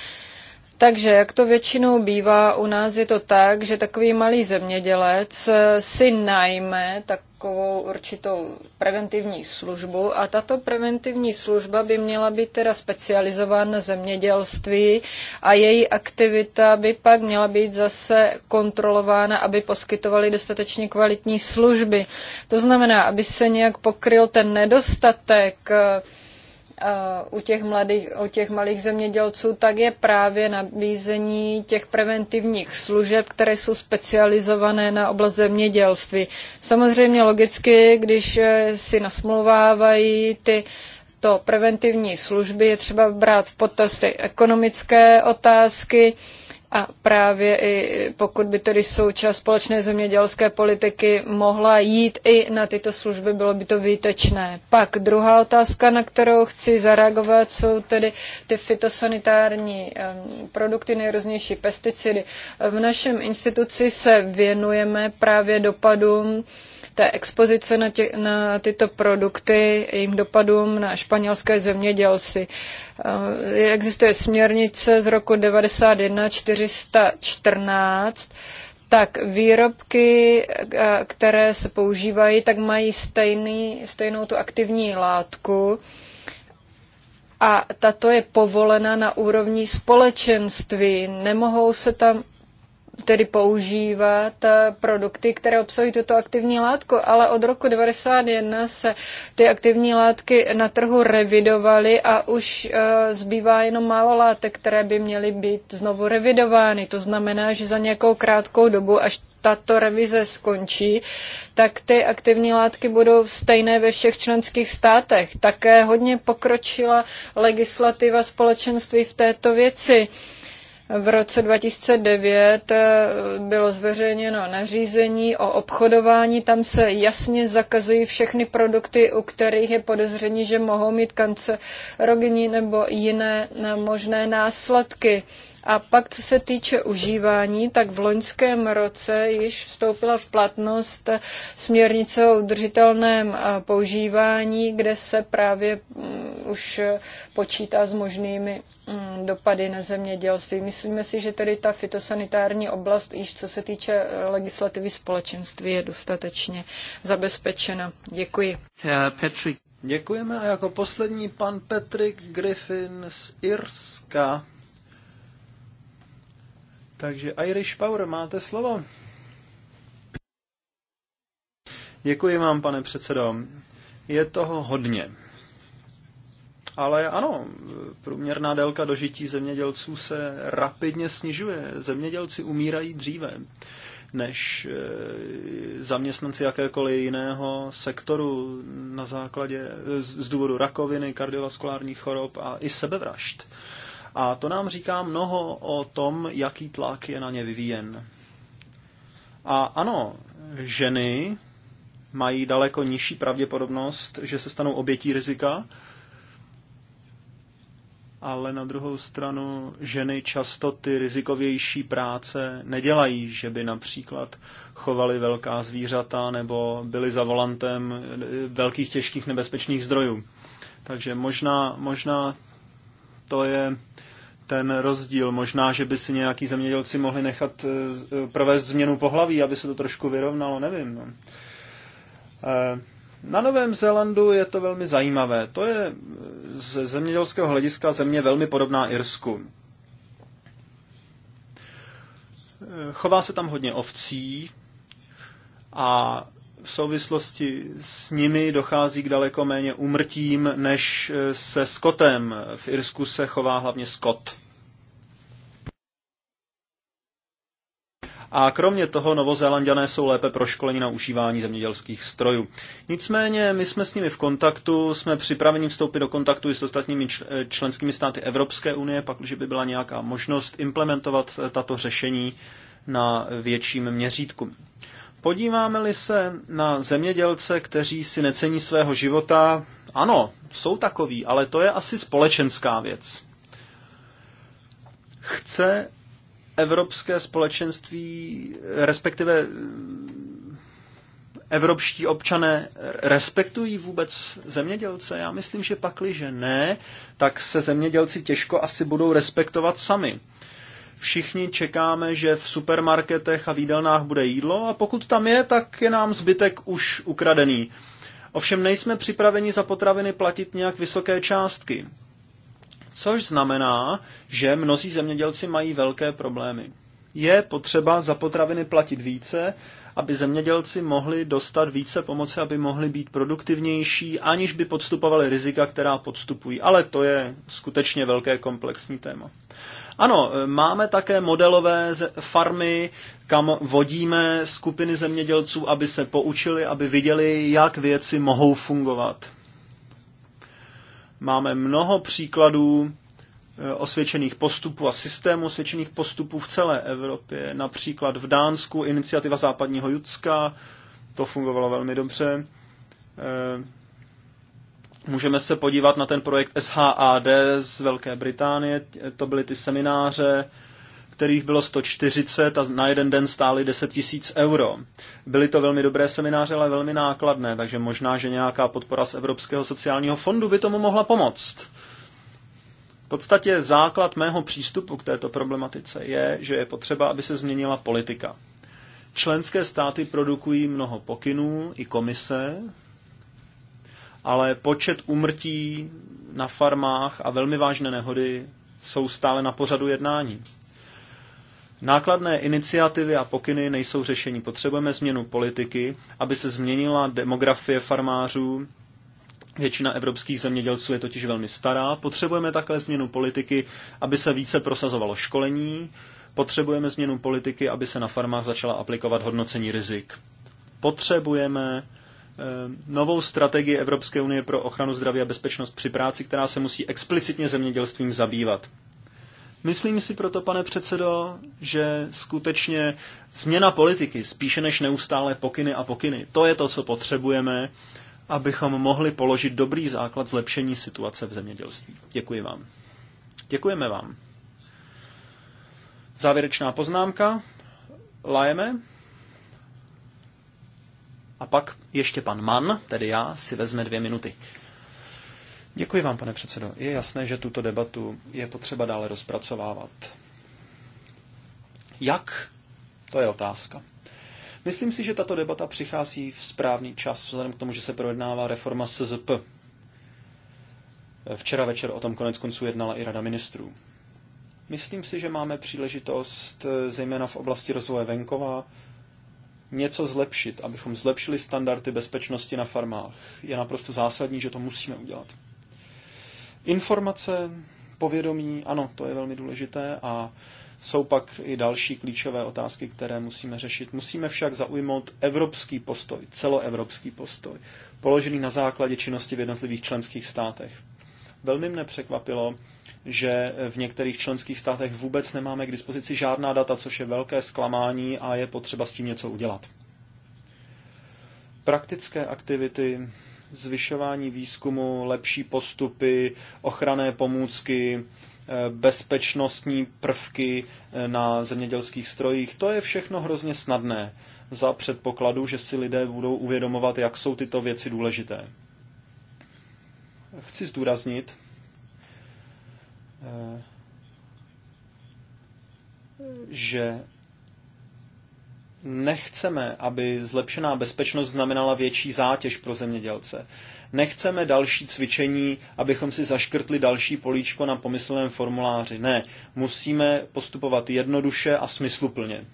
[SPEAKER 3] Takže jak to většinou bývá, u nás je to tak, že takový malý zemědělec eh, si najme takovou určitou preventivní službu a tato preventivní služba by měla být teda specializována na zemědělství a její aktivita by pak měla být zase kontrolována, aby poskytovali dostatečně kvalitní služby. To znamená, aby se nějak pokryl ten nedostatek uh, u těch, mladých, u těch malých zemědělců, tak je právě nabízení těch preventivních služeb, které jsou specializované na oblast zemědělství. Samozřejmě logicky, když eh, si nasmluvávají ty to preventivní služby, je třeba brát v potaz ty ekonomické otázky, a právě i pokud by tedy součást společné zemědělské politiky mohla jít i na tyto služby, bylo by to výtečné. Pak druhá otázka, na kterou chci zareagovat, jsou tedy ty fitosanitární produkty, nejrůznější pesticidy. V našem instituci se věnujeme právě dopadům té expozice na, tě, na tyto produkty, jejím dopadům na španělské zemědělci. Eh, existuje směrnice z roku 91 414, tak výrobky, eh, které se používají, tak mají stejný, stejnou tu aktivní látku a tato je povolena na úrovni společenství. Nemohou se tam tedy používat eh, produkty, které obsahují tuto aktivní látku, ale od roku 1991 se ty aktivní látky na trhu revidovaly a už eh, zbývá jenom málo látek, které by měly být znovu revidovány. To znamená, že za nějakou krátkou dobu, až tato revize skončí, tak ty aktivní látky budou stejné ve všech členských státech. Také hodně pokročila legislativa společenství v této věci. Uh, v roce 2009 eh, bylo zveřejněno nařízení o obchodování, tam se jasně zakazují všechny produkty, u kterých je podezření, že mohou mít kancerogenní nebo jiné eh, možné následky. A pak, co se týče užívání, tak v loňském roce již vstoupila v platnost směrnice o udržitelném používání, kde se právě mm, už počítá s možnými mm, dopady na zemědělství. Myslíme si, že tedy ta fitosanitární oblast, již co se týče e, legislativy společenství, je dostatečně zabezpečena. Děkuji.
[SPEAKER 2] Patrick. Děkujeme a jako poslední pan Patrick Griffin z Irska. Takže Irish Power, máte slovo. Děkuji vám, pane předsedo. Je toho hodně. Ale ano, průměrná délka dožití zemědělců se rapidně snižuje. Zemědělci umírají dříve než eh, zaměstnanci jakékoliv jiného sektoru na základě z důvodu rakoviny, kardiovaskulárních chorob a i sebevražd. A to nám říká mnoho o tom, jaký tlak je na ně vyvíjen. A ano, ženy mají daleko nižší pravděpodobnost, že se stanou obětí rizika, ale na druhou stranu ženy často ty rizikovější práce nedělají, že by například chovali velká zvířata nebo byli za volantem velkých těžkých nebezpečných zdrojů. Takže možná, možná to je ten rozdíl. Možná, že by si nějaký zemědělci mohli nechat eh, eh, provést změnu pohlaví, aby se to trošku vyrovnalo, nevím. No. Eh, na Novém Zélandu je to velmi zajímavé. To je z zemědělského hlediska země velmi podobná Irsku. Chová se tam hodně ovcí a v souvislosti s nimi dochází k daleko méně umrtím než eh, se skotem. V Irsku se chová hlavně skot. A kromě toho novozélandané jsou lépe proškoleni na užívání zemědělských strojů. Nicméně my jsme s nimi v kontaktu, jsme připraveni vstoupit do kontaktu i s ostatními eh, členskými státy Evropské unie, pak, už by byla nějaká možnost implementovat eh, tato řešení na větším měřítku. Podíváme-li se na zemědělce, kteří si necení svého života, ano, jsou takoví, ale to je asi společenská věc. Chce evropské společenství, respektive eh, evropští občané respektují vůbec zemědělce? Já myslím, že pakli, že ne, tak se zemědělci těžko asi budou respektovat sami. Všichni čekáme, že v supermarketech a výdelnách bude jídlo a pokud tam je, tak je nám zbytek už ukradený. Ovšem nejsme připraveni za potraviny platit nějak vysoké částky. Což znamená, že mnozí zemědělci mají velké problémy. Je potřeba za potraviny platit více, aby zemědělci mohli dostat více pomoci, aby mohli být produktivnější, aniž by podstupovali rizika, která podstupují. Ale to je skutečně velké komplexní téma. Ano, e, máme také modelové farmy, kam vodíme skupiny zemědělců, aby se poučili, aby viděli, jak věci mohou fungovat. Máme mnoho příkladů e, osvědčených postupů a systémů, osvědčených postupů v celé Evropě. Například v Dánsku iniciativa západního Judska, to fungovalo velmi dobře. E, Můžeme se podívat na ten projekt SHAD z Velké Británie, to byly ty semináře, kterých bylo 140 a na jeden den stály 10 tisíc euro. Byly to velmi dobré semináře, ale velmi nákladné, takže možná, že nějaká podpora z Evropského sociálního fondu by tomu mohla pomoct. V podstatě základ mého přístupu k této problematice je, že je potřeba, aby se změnila politika. Členské státy produkují mnoho pokynů i komise, ale počet umrtí na farmách a velmi vážné nehody jsou stále na pořadu jednání. Nákladné iniciativy a pokyny nejsou řešení. Potřebujeme změnu politiky, aby se změnila demografie farmářů. Většina evropských zemědělců je totiž velmi stará. Potřebujeme také změnu politiky, aby se více prosazovalo školení. Potřebujeme změnu politiky, aby se na farmách začala aplikovat hodnocení rizik. Potřebujeme Eh, novou strategii Evropské unie pro ochranu zdraví a bezpečnost při práci, která se musí explicitně zemědělstvím zabývat. Myslím si proto, pane předsedo, že skutečně změna politiky, spíše než neustále pokyny a pokyny, to je to, co potřebujeme, abychom mohli položit dobrý základ zlepšení situace v zemědělství. Děkuji vám. Děkujeme vám. Závěrečná poznámka. Lajeme. A pak ještě pan Mann, tedy já, si vezme dvě minuty. Děkuji vám, pane předsedo. Je jasné, že tuto debatu je potřeba dále rozpracovávat. Jak? To je otázka. Myslím si, že tato debata přichází v správný čas, vzhledem k tomu, že se projednává reforma SZP. Včera večer o tom konec konců jednala i Rada ministrů. Myslím si, že máme příležitost, zejména v oblasti rozvoje venkova, něco zlepšit, abychom zlepšili standardy bezpečnosti na farmách, je naprosto zásadní, že to musíme udělat. Informace, povědomí, ano, to je velmi důležité a jsou pak i další klíčové otázky, které musíme řešit. Musíme však zaujmout evropský postoj, celoevropský postoj, položený na základě činnosti v jednotlivých členských státech. Velmi mne překvapilo, že v některých členských státech vůbec nemáme k dispozici žádná data, což je velké zklamání a je potřeba s tím něco udělat. Praktické aktivity, zvyšování výzkumu, lepší postupy, ochranné pomůcky, eh, bezpečnostní prvky eh, na zemědělských strojích. To je všechno hrozně snadné za předpokladu, že si lidé budou uvědomovat, jak jsou tyto věci důležité. Chci zdůraznit, Eh, že nechceme, aby zlepšená bezpečnost znamenala větší zátěž pro zemědělce. Nechceme další cvičení, abychom si zaškrtli další políčko na pomyslném formuláři. Ne, musíme postupovat jednoduše a smysluplně.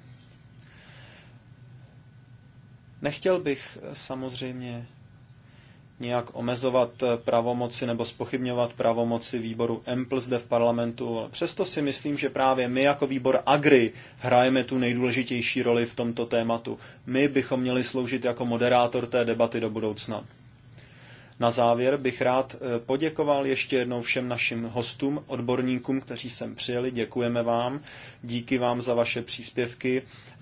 [SPEAKER 2] Nechtěl bych eh, samozřejmě nějak omezovat eh, pravomoci nebo spochybňovat pravomoci výboru EMPL zde v parlamentu. Přesto si myslím, že právě my jako výbor AGRI hrajeme tu nejdůležitější roli v tomto tématu. My bychom měli sloužit jako moderátor té debaty do budoucna. Na závěr bych rád eh, poděkoval ještě jednou všem našim hostům, odborníkům, kteří sem přijeli. Děkujeme vám, díky vám za vaše příspěvky. Eh,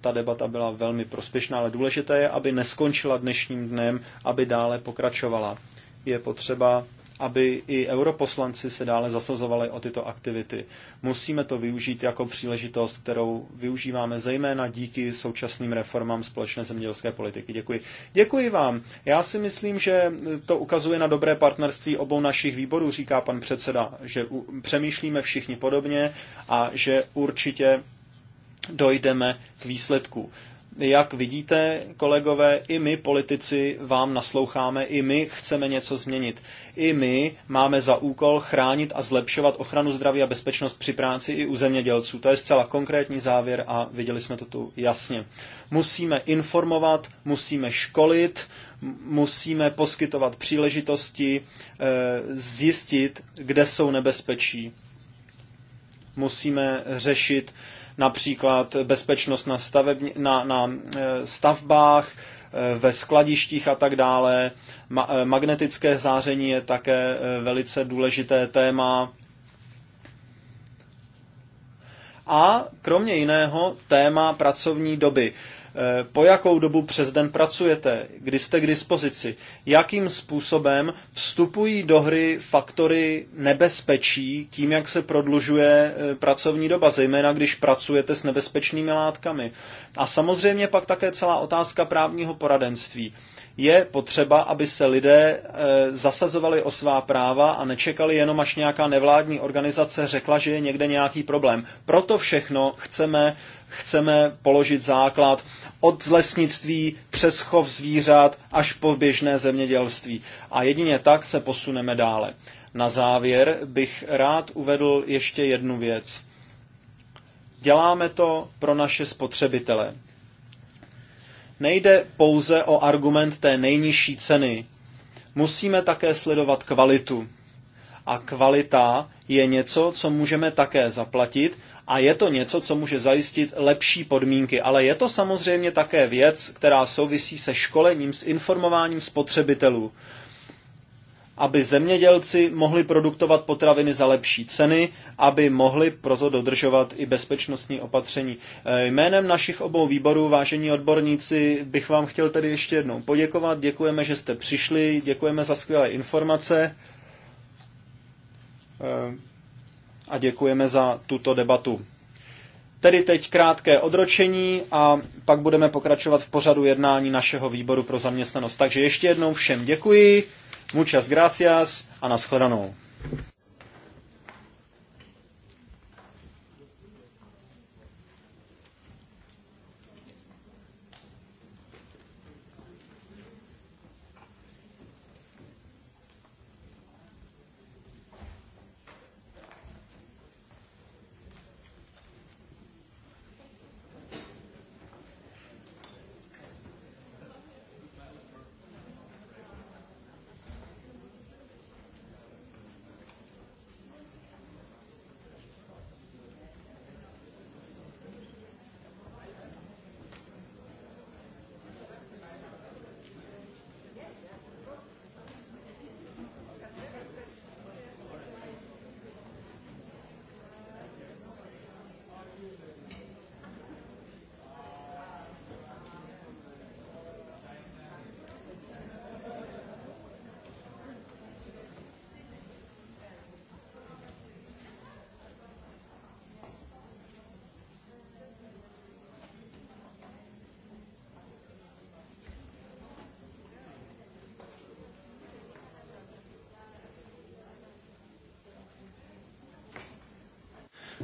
[SPEAKER 2] ta debata byla velmi prospěšná, ale důležité je, aby neskončila dnešním dnem, aby dále pokračovala. Je potřeba aby i europoslanci se dále zasazovali o tyto aktivity. Musíme to využít jako příležitost, kterou využíváme zejména díky současným reformám společné zemědělské politiky. Děkuji. Děkuji vám. Já si myslím, že to ukazuje na dobré partnerství obou našich výborů, říká pan předseda, že přemýšlíme všichni podobně a že určitě dojdeme k výsledku. Jak vidíte, kolegové, i my, politici, vám nasloucháme, i my chceme něco změnit. I my máme za úkol chránit a zlepšovat ochranu zdraví a bezpečnost při práci i u zemědělců. To je zcela konkrétní závěr a viděli jsme to tu jasně. Musíme informovat, musíme školit, musíme poskytovat příležitosti, eh, zjistit, kde jsou nebezpečí. Musíme řešit například bezpečnost na, stavebni, na, na e, stavbách, e, ve skladištích a tak dále. Ma- e, magnetické záření je také velice důležité téma. A kromě jiného téma pracovní doby. Eh, po jakou dobu přes den pracujete, kdy jste k dispozici, jakým způsobem vstupují do hry faktory nebezpečí tím, jak se prodlužuje eh, pracovní doba, zejména když pracujete s nebezpečnými látkami. A samozřejmě pak také celá otázka právního poradenství je potřeba, aby se lidé eh, zasazovali o svá práva a nečekali jenom, až nějaká nevládní organizace řekla, že je někde nějaký problém. Proto všechno chceme, chceme položit základ od lesnictví přes chov zvířat až po běžné zemědělství. A jedině tak se posuneme dále. Na závěr bych rád uvedl ještě jednu věc. Děláme to pro naše spotřebitele. Nejde pouze o argument té nejnižší ceny. Musíme také sledovat kvalitu. A kvalita je něco, co můžeme také zaplatit, a je to něco, co může zajistit lepší podmínky. Ale je to samozřejmě také věc, která souvisí se školením, s informováním spotřebitelů, aby zemědělci mohli produktovat potraviny za lepší ceny, aby mohli proto dodržovat i bezpečnostní opatření. Eh, jménem našich obou výborů, vážení odborníci, bych vám chtěl tedy ještě jednou poděkovat. Děkujeme, že jste přišli, děkujeme za skvělé informace eh, a děkujeme za tuto debatu. Tedy teď krátké odročení a pak budeme pokračovat v pořadu jednání našeho výboru pro zaměstnanost. Takže ještě jednou všem děkuji, muchas gracias a nashledanou.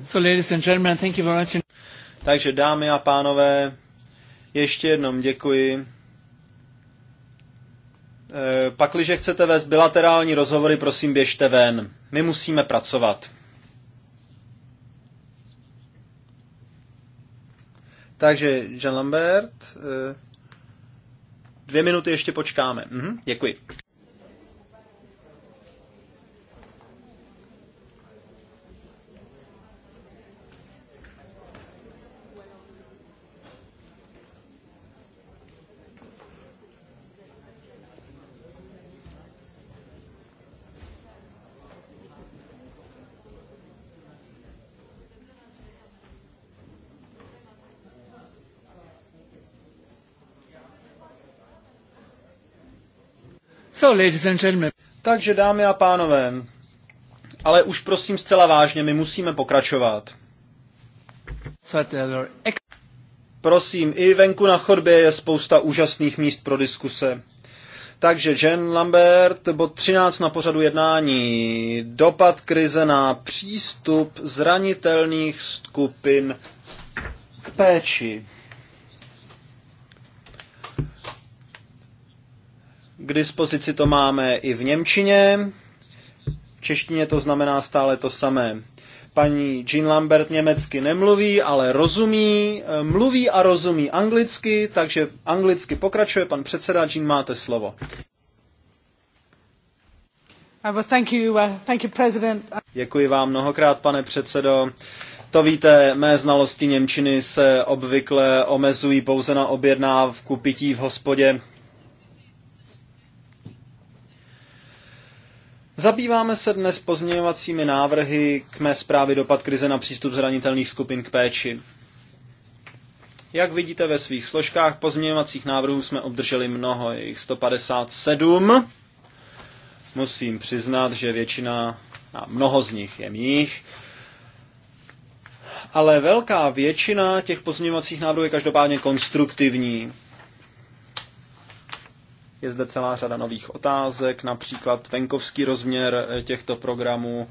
[SPEAKER 1] So, ladies and gentlemen, thank you very much.
[SPEAKER 2] Takže dámy a pánové, ještě jednou děkuji. E, pakliže chcete vést bilaterální rozhovory, prosím běžte ven. My musíme pracovat. Takže Jean Lambert, eh, dvě minuty ještě počkáme. Mhm, děkuji. So, ladies and gentlemen. Takže dámy a pánové, ale už prosím zcela vážně, my musíme pokračovat. Prosím, i venku na chodbě je spousta úžasných míst pro diskuse. Takže Jen Lambert, bod 13 na pořadu jednání. Dopad krize na přístup zranitelných skupin k péči. K dispozici to máme i v Němčině. V češtině to znamená stále to samé. Paní Jean Lambert německy nemluví, ale rozumí, e, mluví a rozumí anglicky, takže anglicky pokračuje pan předseda. Jean, máte slovo.
[SPEAKER 3] Uh, uh,
[SPEAKER 2] Děkuji vám mnohokrát, pane předsedo. To víte, mé znalosti Němčiny se obvykle omezují pouze na objednávku pití v hospodě Zabýváme se dnes pozměňovacími návrhy k mé zprávě dopad krize na přístup zranitelných skupin k péči. Jak vidíte ve svých složkách pozměňovacích návrhů jsme obdrželi mnoho, jich 157. Musím přiznat, že většina, a mnoho z nich je mých, ale velká většina těch pozměňovacích návrhů je každopádně konstruktivní. Je zde celá řada nových otázek, například venkovský rozměr eh, těchto programů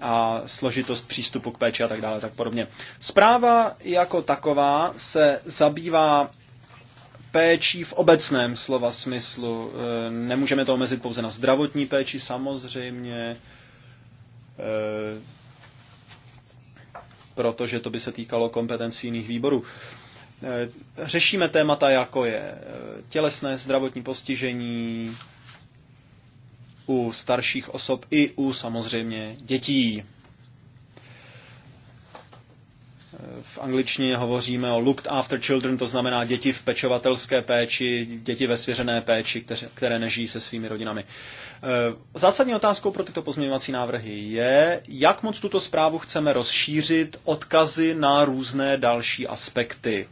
[SPEAKER 2] a složitost přístupu k péči a tak dále, tak podobně. Zpráva jako taková se zabývá péčí v obecném slova smyslu. Eh, nemůžeme to omezit pouze na zdravotní péči, samozřejmě, eh, protože to by se týkalo kompetencí jiných výborů. Eh, řešíme témata, jako je eh, tělesné zdravotní postižení u starších osob i u samozřejmě dětí. Eh, v angličtině hovoříme o looked after children, to znamená děti v pečovatelské péči, děti ve svěřené péči, které nežijí se svými rodinami. Zásadní otázkou pro tyto pozměňovací návrhy je, jak moc tuto zprávu chceme rozšířit odkazy na různé další aspekty.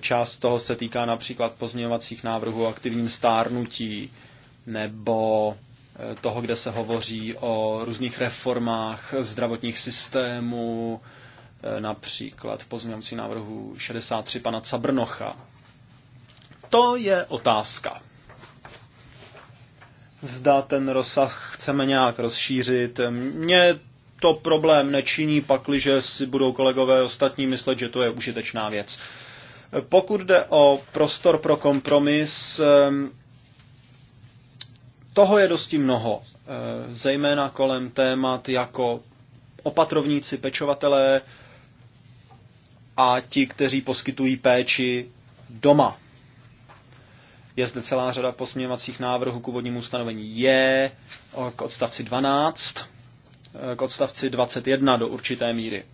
[SPEAKER 2] Část toho se týká například pozměňovacích návrhů o aktivním stárnutí nebo eh, toho, kde se hovoří o různých reformách zdravotních systémů, eh, například v pozměňovací návrhu 63 pana Cabrnocha. To je otázka. Zda ten rozsah chceme nějak rozšířit. Mně to problém nečiní, pakliže si budou kolegové ostatní myslet, že to je užitečná věc. Pokud jde o prostor pro kompromis, ehm, toho je dosti mnoho, ehm, zejména kolem témat jako opatrovníci, pečovatelé a ti, kteří poskytují péči doma. Je zde celá řada posměvacích návrhů k úvodnímu ustanovení je eh, k odstavci 12, eh, k odstavci 21 do určité míry.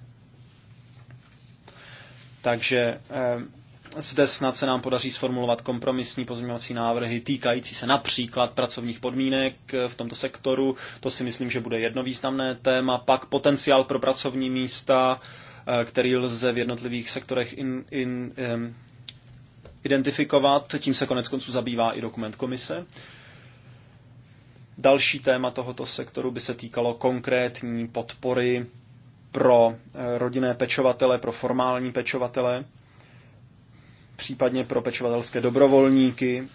[SPEAKER 2] Takže ehm, zde snad se nám podaří sformulovat kompromisní pozměňovací návrhy týkající se například pracovních podmínek eh, v tomto sektoru. To si myslím, že bude jedno významné téma. Pak potenciál pro pracovní místa, eh, který lze v jednotlivých sektorech in, in, um, identifikovat. Tím se konec konců zabývá i dokument komise. Další téma tohoto sektoru by se týkalo konkrétní podpory pro eh, rodinné pečovatele, pro formální pečovatele případně pro pečovatelské dobrovolníky.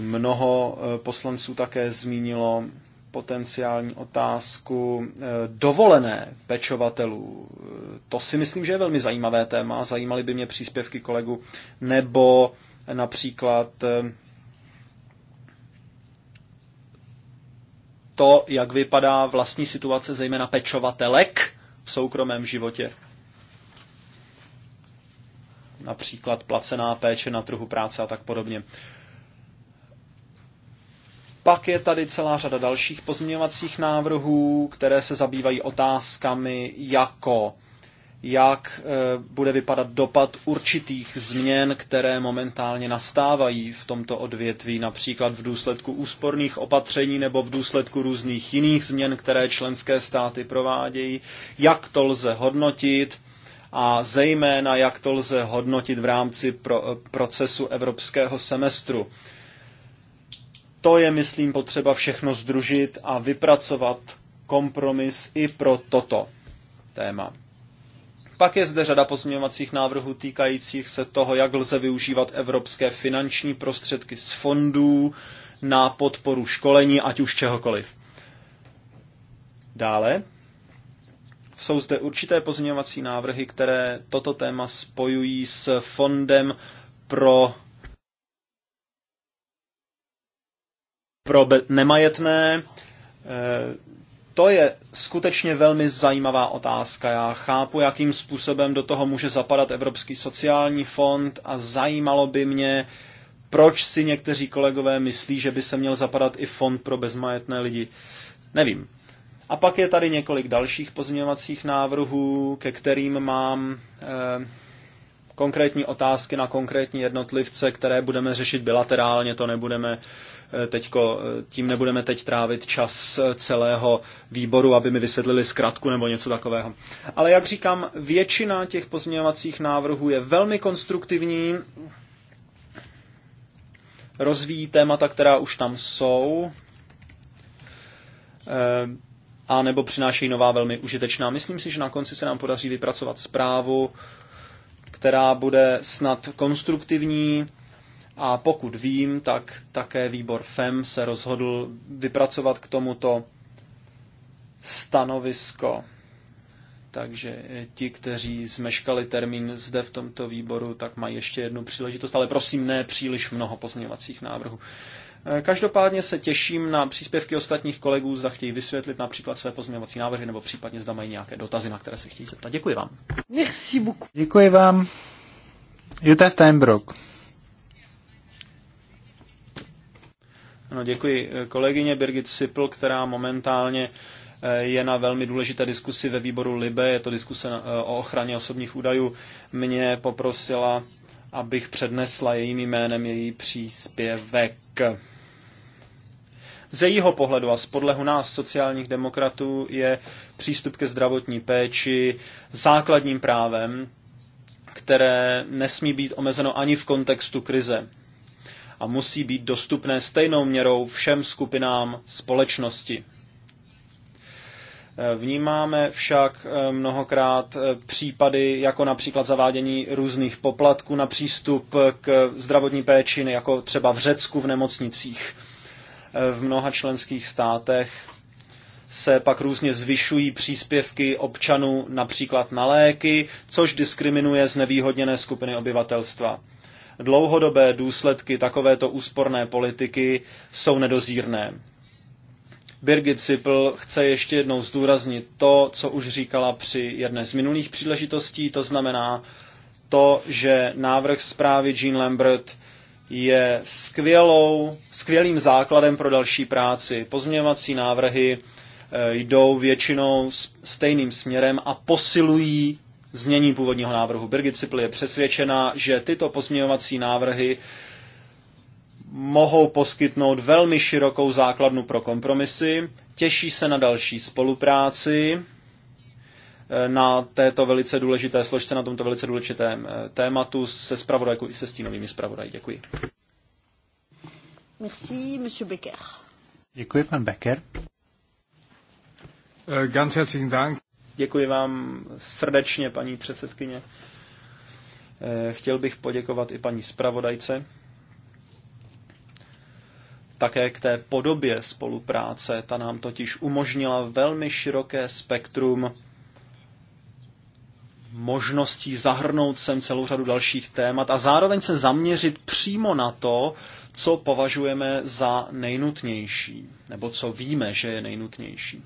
[SPEAKER 2] Mnoho eh, poslanců také zmínilo potenciální otázku eh, dovolené pečovatelů. Eh, to si myslím, že je velmi zajímavé téma. Zajímaly by mě příspěvky kolegu. Nebo například to, jak vypadá vlastní situace zejména pečovatelek v soukromém životě například placená péče na trhu práce a tak podobně. Pak je tady celá řada dalších pozměňovacích návrhů, které se zabývají otázkami jako jak e, bude vypadat dopad určitých změn, které momentálně nastávají v tomto odvětví, například v důsledku úsporných opatření nebo v důsledku různých jiných změn, které členské státy provádějí, jak to lze hodnotit, a zejména jak to lze hodnotit v rámci pro, procesu evropského semestru. To je, myslím, potřeba všechno združit a vypracovat kompromis i pro toto téma. Pak je zde řada pozměňovacích návrhů týkajících se toho, jak lze využívat evropské finanční prostředky z fondů na podporu školení, ať už čehokoliv. Dále jsou zde určité pozměňovací návrhy, které toto téma spojují s fondem pro pro nemajetné. E, to je skutečně velmi zajímavá otázka. Já chápu, jakým způsobem do toho může zapadat Evropský sociální fond a zajímalo by mě, proč si někteří kolegové myslí, že by se měl zapadat i fond pro bezmajetné lidi. Nevím. A pak je tady několik dalších pozměňovacích návrhů, ke kterým mám eh, konkrétní otázky na konkrétní jednotlivce, které budeme řešit bilaterálně, to nebudeme eh, teďko, eh, tím nebudeme teď trávit čas celého výboru, aby mi vysvětlili zkratku nebo něco takového. Ale jak říkám, většina těch pozměňovacích návrhů je velmi konstruktivní, rozvíjí témata, která už tam jsou a nebo přinášejí nová velmi užitečná. Myslím si, že na konci se nám podaří vypracovat zprávu, která bude snad konstruktivní a pokud vím, tak také výbor FEM se rozhodl vypracovat k tomuto stanovisko. Takže ti, kteří zmeškali termín zde v tomto výboru, tak mají ještě jednu příležitost, ale prosím ne příliš mnoho pozměňovacích návrhů. Eh, každopádně se těším na příspěvky ostatních kolegů, zda chtějí vysvětlit například své pozměňovací návrhy nebo případně zda mají nějaké dotazy, na které se chtějí zeptat. Děkuji vám.
[SPEAKER 3] Merci
[SPEAKER 1] beaucoup. Děkuji vám. Jutta Steinbrock.
[SPEAKER 2] Ano, děkuji eh, kolegyně Birgit Sipl, která momentálně eh, je na velmi důležité diskusi ve výboru LIBE, je to diskuse o ochraně osobních údajů, mě poprosila, abych přednesla jejím jménem její příspěvek. Ze jeho pohledu a z podlehu nás, sociálních demokratů, je přístup ke zdravotní péči základním právem, které nesmí být omezeno ani v kontextu krize a musí být dostupné stejnou měrou všem skupinám společnosti. Vnímáme však eh, mnohokrát eh, případy, jako například zavádění různých poplatků na přístup k zdravotní péči, jako třeba v Řecku v nemocnicích. V mnoha členských státech se pak různě zvyšují příspěvky občanů například na léky, což diskriminuje znevýhodněné skupiny obyvatelstva. Dlouhodobé důsledky takovéto úsporné politiky jsou nedozírné. Birgit Sipl chce ještě jednou zdůraznit to, co už říkala při jedné z minulých příležitostí, to znamená to, že návrh zprávy Jean Lambert je skvělou, skvělým základem pro další práci. Pozměňovací návrhy eh, jdou většinou stejným směrem a posilují znění původního návrhu. Birgit Cipl je přesvědčena, že tyto pozměňovací návrhy mohou poskytnout velmi širokou základnu pro kompromisy, těší se na další spolupráci Eh, na této velice důležité složce, na tomto velice důležitém eh, tématu se zpravodajkou i se stínovými zpravodají. Děkuji.
[SPEAKER 3] Merci, monsieur Becker.
[SPEAKER 1] Děkuji, pan Becker. Eh,
[SPEAKER 3] ganz herzlichen Dank.
[SPEAKER 2] Děkuji vám srdečně, paní předsedkyně. Chtěl bych poděkovat i paní zpravodajce. Také k té podobě spolupráce, ta nám totiž umožnila velmi široké spektrum možností zahrnout sem celou řadu dalších témat a zároveň se zaměřit přímo na to, co považujeme za nejnutnější, nebo co víme, že je nejnutnější.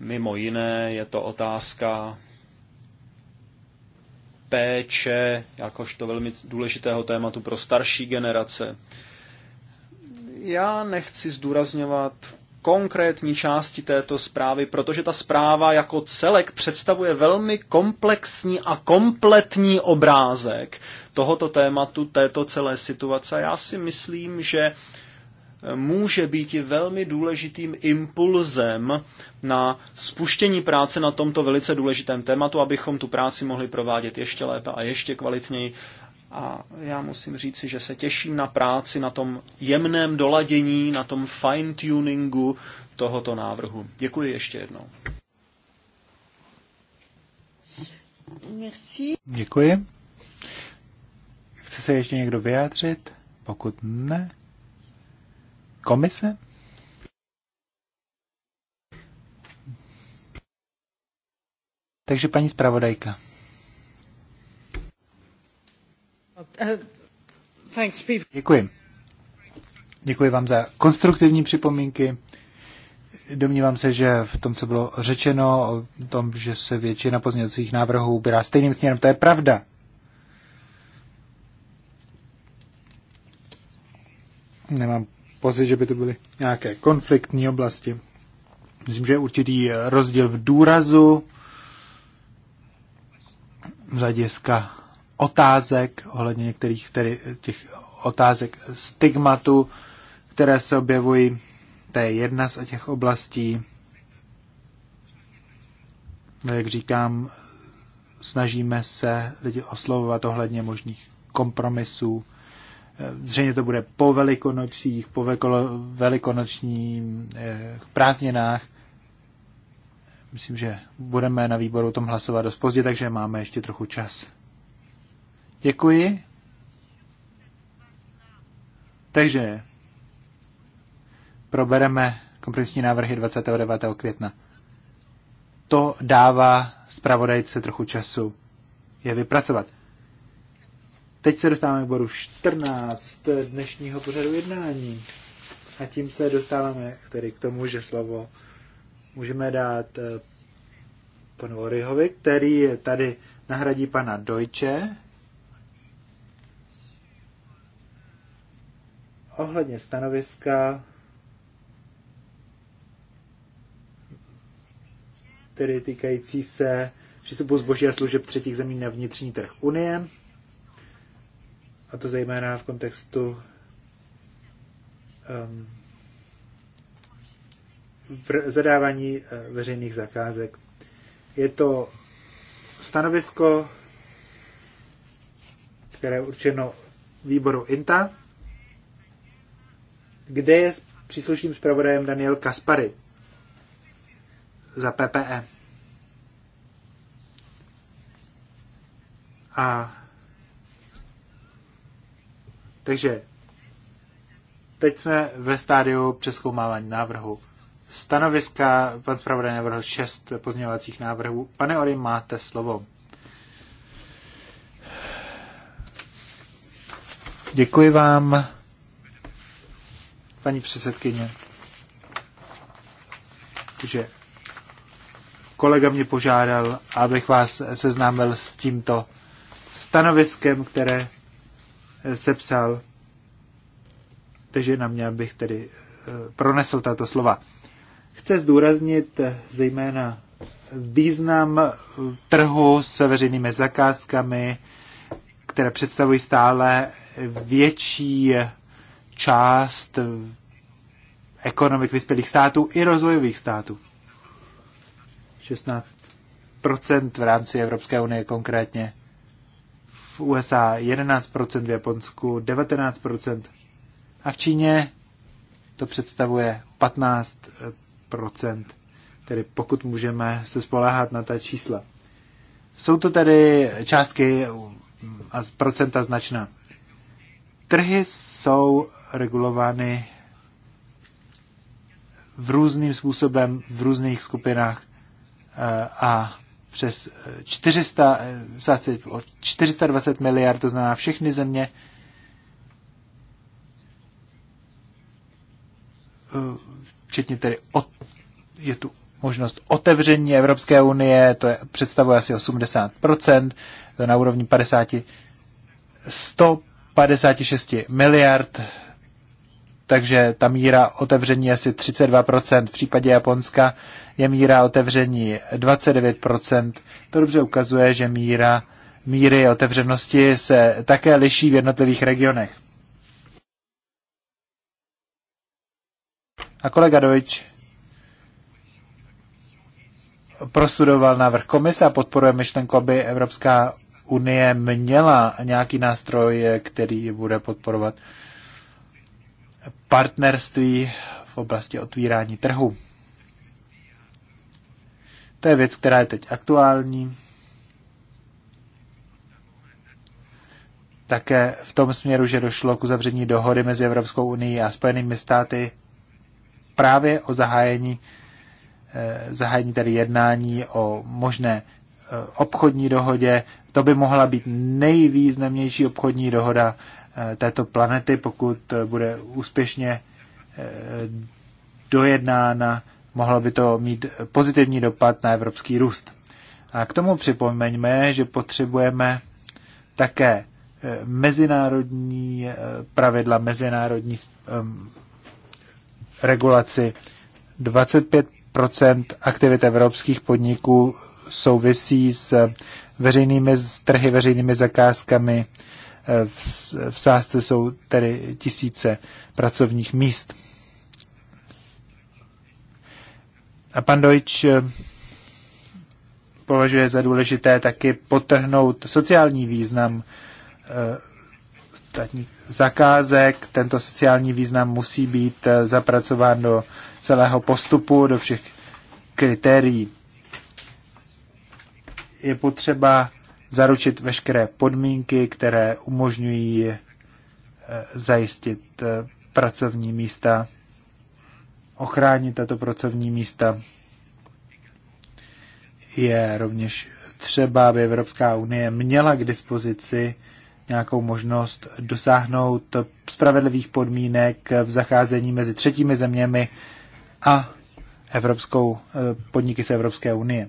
[SPEAKER 2] Mimo jiné je to otázka péče, jakožto velmi důležitého tématu pro starší generace. Já nechci zdůrazňovat konkrétní části této zprávy, protože ta zpráva jako celek představuje velmi komplexní a kompletní obrázek tohoto tématu, této celé situace. Já si myslím, že může být i velmi důležitým impulzem na spuštění práce na tomto velice důležitém tématu, abychom tu práci mohli provádět ještě lépe a ještě kvalitněji a já musím říci, že se těším na práci na tom jemném doladění, na tom fine-tuningu tohoto návrhu. Děkuji ještě jednou.
[SPEAKER 3] Merci.
[SPEAKER 1] Děkuji. Chce se ještě někdo vyjádřit? Pokud ne, komise? Takže paní zpravodajka. Uh, Děkuji. Děkuji vám za konstruktivní připomínky. Domnívám se, že v tom, co bylo řečeno o tom, že se většina pozměňovacích návrhů ubírá stejným směrem, to je pravda. Nemám pocit, že by to byly nějaké konfliktní oblasti. Myslím, že je určitý rozdíl v důrazu z hlediska otázek, ohledně některých tedy, eh, těch otázek stigmatu, které se objevují. To je jedna z těch oblastí. Jak říkám, snažíme se lidi oslovovat ohledně možných kompromisů. Eh, zřejmě to bude po velikonočních, po velikonočních eh, prázdninách. Myslím, že budeme na výboru o tom hlasovat dost pozdě, takže máme ještě trochu čas. Děkuji. Takže probereme kompromisní návrhy 29. května. To dává zpravodajce trochu času je vypracovat. Teď se dostáváme k bodu 14 dnešního pořadu jednání. A tím se dostáváme tedy k tomu, že slovo můžeme dát eh, panu Oryhovi, který tady nahradí pana Dojče, ohledně stanoviska, tedy týkající se přístupu zboží a služeb třetích zemí na vnitřní trh Unie, a to zejména v kontextu um, v zadávání eh, veřejných zakázek. Je to stanovisko, které je určeno výboru INTA, kde je příslušným zpravodajem Daniel Kaspary za PPE. A takže teď jsme ve stádiu přeskoumávání návrhu. Stanoviska, pan zpravodaj navrhl šest pozměňovacích návrhů. Pane Ory, máte slovo. Děkuji vám paní předsedkyně, že kolega mě požádal, abych vás seznámil s tímto stanoviskem, které sepsal. Takže na mě bych tedy eh, pronesl tato slova. Chce zdůraznit eh, zejména význam eh, trhu s veřejnými zakázkami, které představují stále větší část ekonomik vyspělých států i rozvojových států. 16 v rámci Evropské unie konkrétně. V USA 11 v Japonsku 19 a v Číně to představuje 15 tedy pokud můžeme se spoléhat na ta čísla. Jsou to tedy částky a procenta značná. Trhy jsou regulovány v různým způsobem v různých skupinách eh, a přes 400, eh, 420 eh, miliard, to znamená všechny země, včetně tedy od, je tu možnost otevření Evropské unie, to je, představuje asi 80%, to na úrovni 50, 156 miliard takže ta míra otevření je asi 32%, v případě Japonska je míra otevření 29%. To dobře ukazuje, že míra, míry otevřenosti se také liší v jednotlivých regionech. A kolega Dojč prostudoval návrh komise a podporuje myšlenku, aby Evropská unie měla nějaký nástroj, který bude podporovat uh, partnerství v oblasti otvírání trhu. To je věc, která je teď aktuální. Také v tom směru, že došlo k uzavření dohody mezi Evropskou unii a Spojenými státy právě o zahájení, eh, zahájení tedy jednání o možné eh, obchodní dohodě. To by mohla být nejvýznamnější obchodní dohoda Eh, této planety, pokud eh, bude úspěšně eh, dojednána, mohlo by to mít pozitivní dopad na evropský růst. A k tomu připomeňme, že potřebujeme také mezinárodní pravidla, mezinárodní regulaci. 25 aktivit evropských podniků souvisí s veřejnými trhy, veřejnými zakázkami, v, v sázce jsou tedy tisíce pracovních míst. A pan Dojč eh, považuje za důležité taky potrhnout sociální význam eh, státních zakázek. Tento sociální význam musí být eh, zapracován do celého postupu, do všech kritérií. Je potřeba zaručit veškeré podmínky, které umožňují eh, zajistit eh, pracovní místa, ochránit tato pracovní místa. Je rovněž třeba, aby Evropská unie měla k dispozici nějakou možnost dosáhnout spravedlivých podmínek v zacházení mezi třetími zeměmi a evropskou, eh, podniky z Evropské unie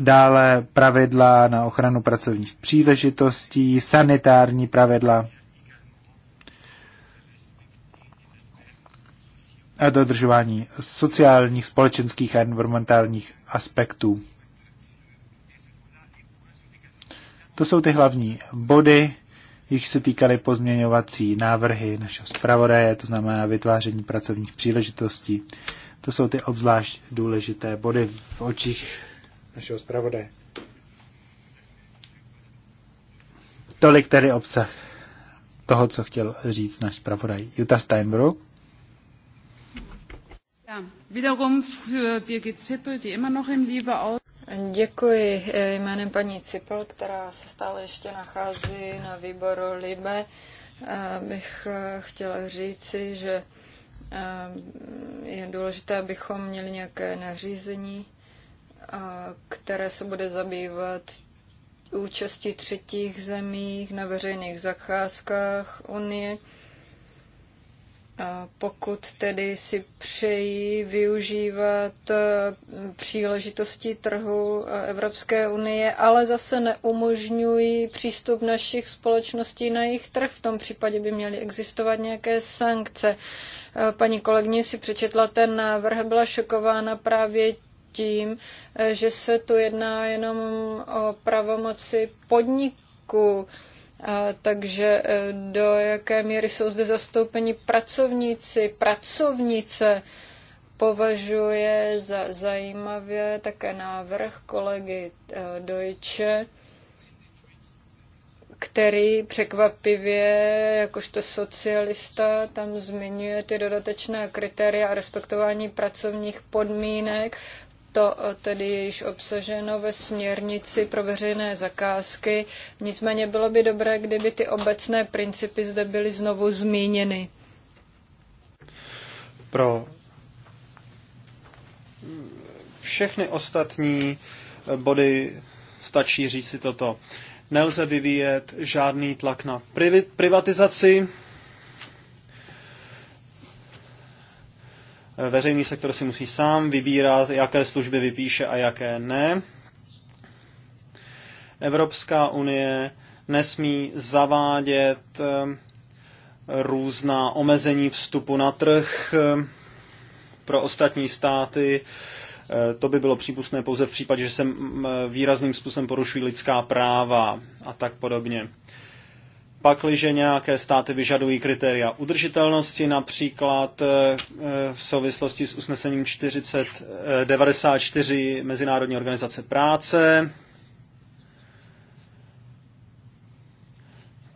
[SPEAKER 1] dále pravidla na ochranu pracovních příležitostí, sanitární pravidla a dodržování sociálních, společenských a environmentálních aspektů. To jsou ty hlavní body, jich se týkaly pozměňovací návrhy našeho zpravodaje, to znamená vytváření pracovních příležitostí. To jsou ty obzvlášť důležité body v očích našeho zpravodaje. Tolik tedy obsah toho, co chtěl říct náš zpravodaj Jutta Steinbrück.
[SPEAKER 3] Äh, Děkuji eh, jménem paní Cipel, která se stále ještě nachází na výboru Libe. Eh, bych eh, chtěla říci, že je důležité, abychom měli nějaké nařízení které se bude zabývat účastí třetích zemích na veřejných zakázkách Unie. A pokud tedy si přejí využívat e, příležitosti trhu e, Evropské unie, ale zase neumožňují přístup našich společností na jejich trh, v tom případě by měly existovat nějaké sankce. E, paní kolegyně si přečetla ten návrh, byla šokována právě tím, eh, že se tu jedná jenom o pravomoci podniku, takže eh, do jaké míry jsou zde zastoupeni pracovníci, pracovnice, považuje za zajímavě také návrh kolegy eh, Deutsche, který překvapivě, jakožto socialista, tam zmiňuje ty dodatečné kritéria a respektování pracovních podmínek to eh, tedy je již obsaženo ve směrnici pro veřejné zakázky. Nicméně bylo by dobré, kdyby ty obecné principy zde byly znovu zmíněny.
[SPEAKER 1] Pro
[SPEAKER 2] všechny ostatní eh, body stačí říci toto. Nelze vyvíjet žádný tlak na privatizaci, Veřejný sektor si musí sám vybírat, jaké služby vypíše a jaké ne. Evropská unie nesmí zavádět eh, různá omezení vstupu na trh eh, pro ostatní státy. Eh, to by bylo přípustné pouze v případě, že se mm, výrazným způsobem porušují lidská práva a tak podobně. Pakliže nějaké státy vyžadují kritéria udržitelnosti, například eh, v souvislosti s usnesením 40, eh, Mezinárodní organizace práce,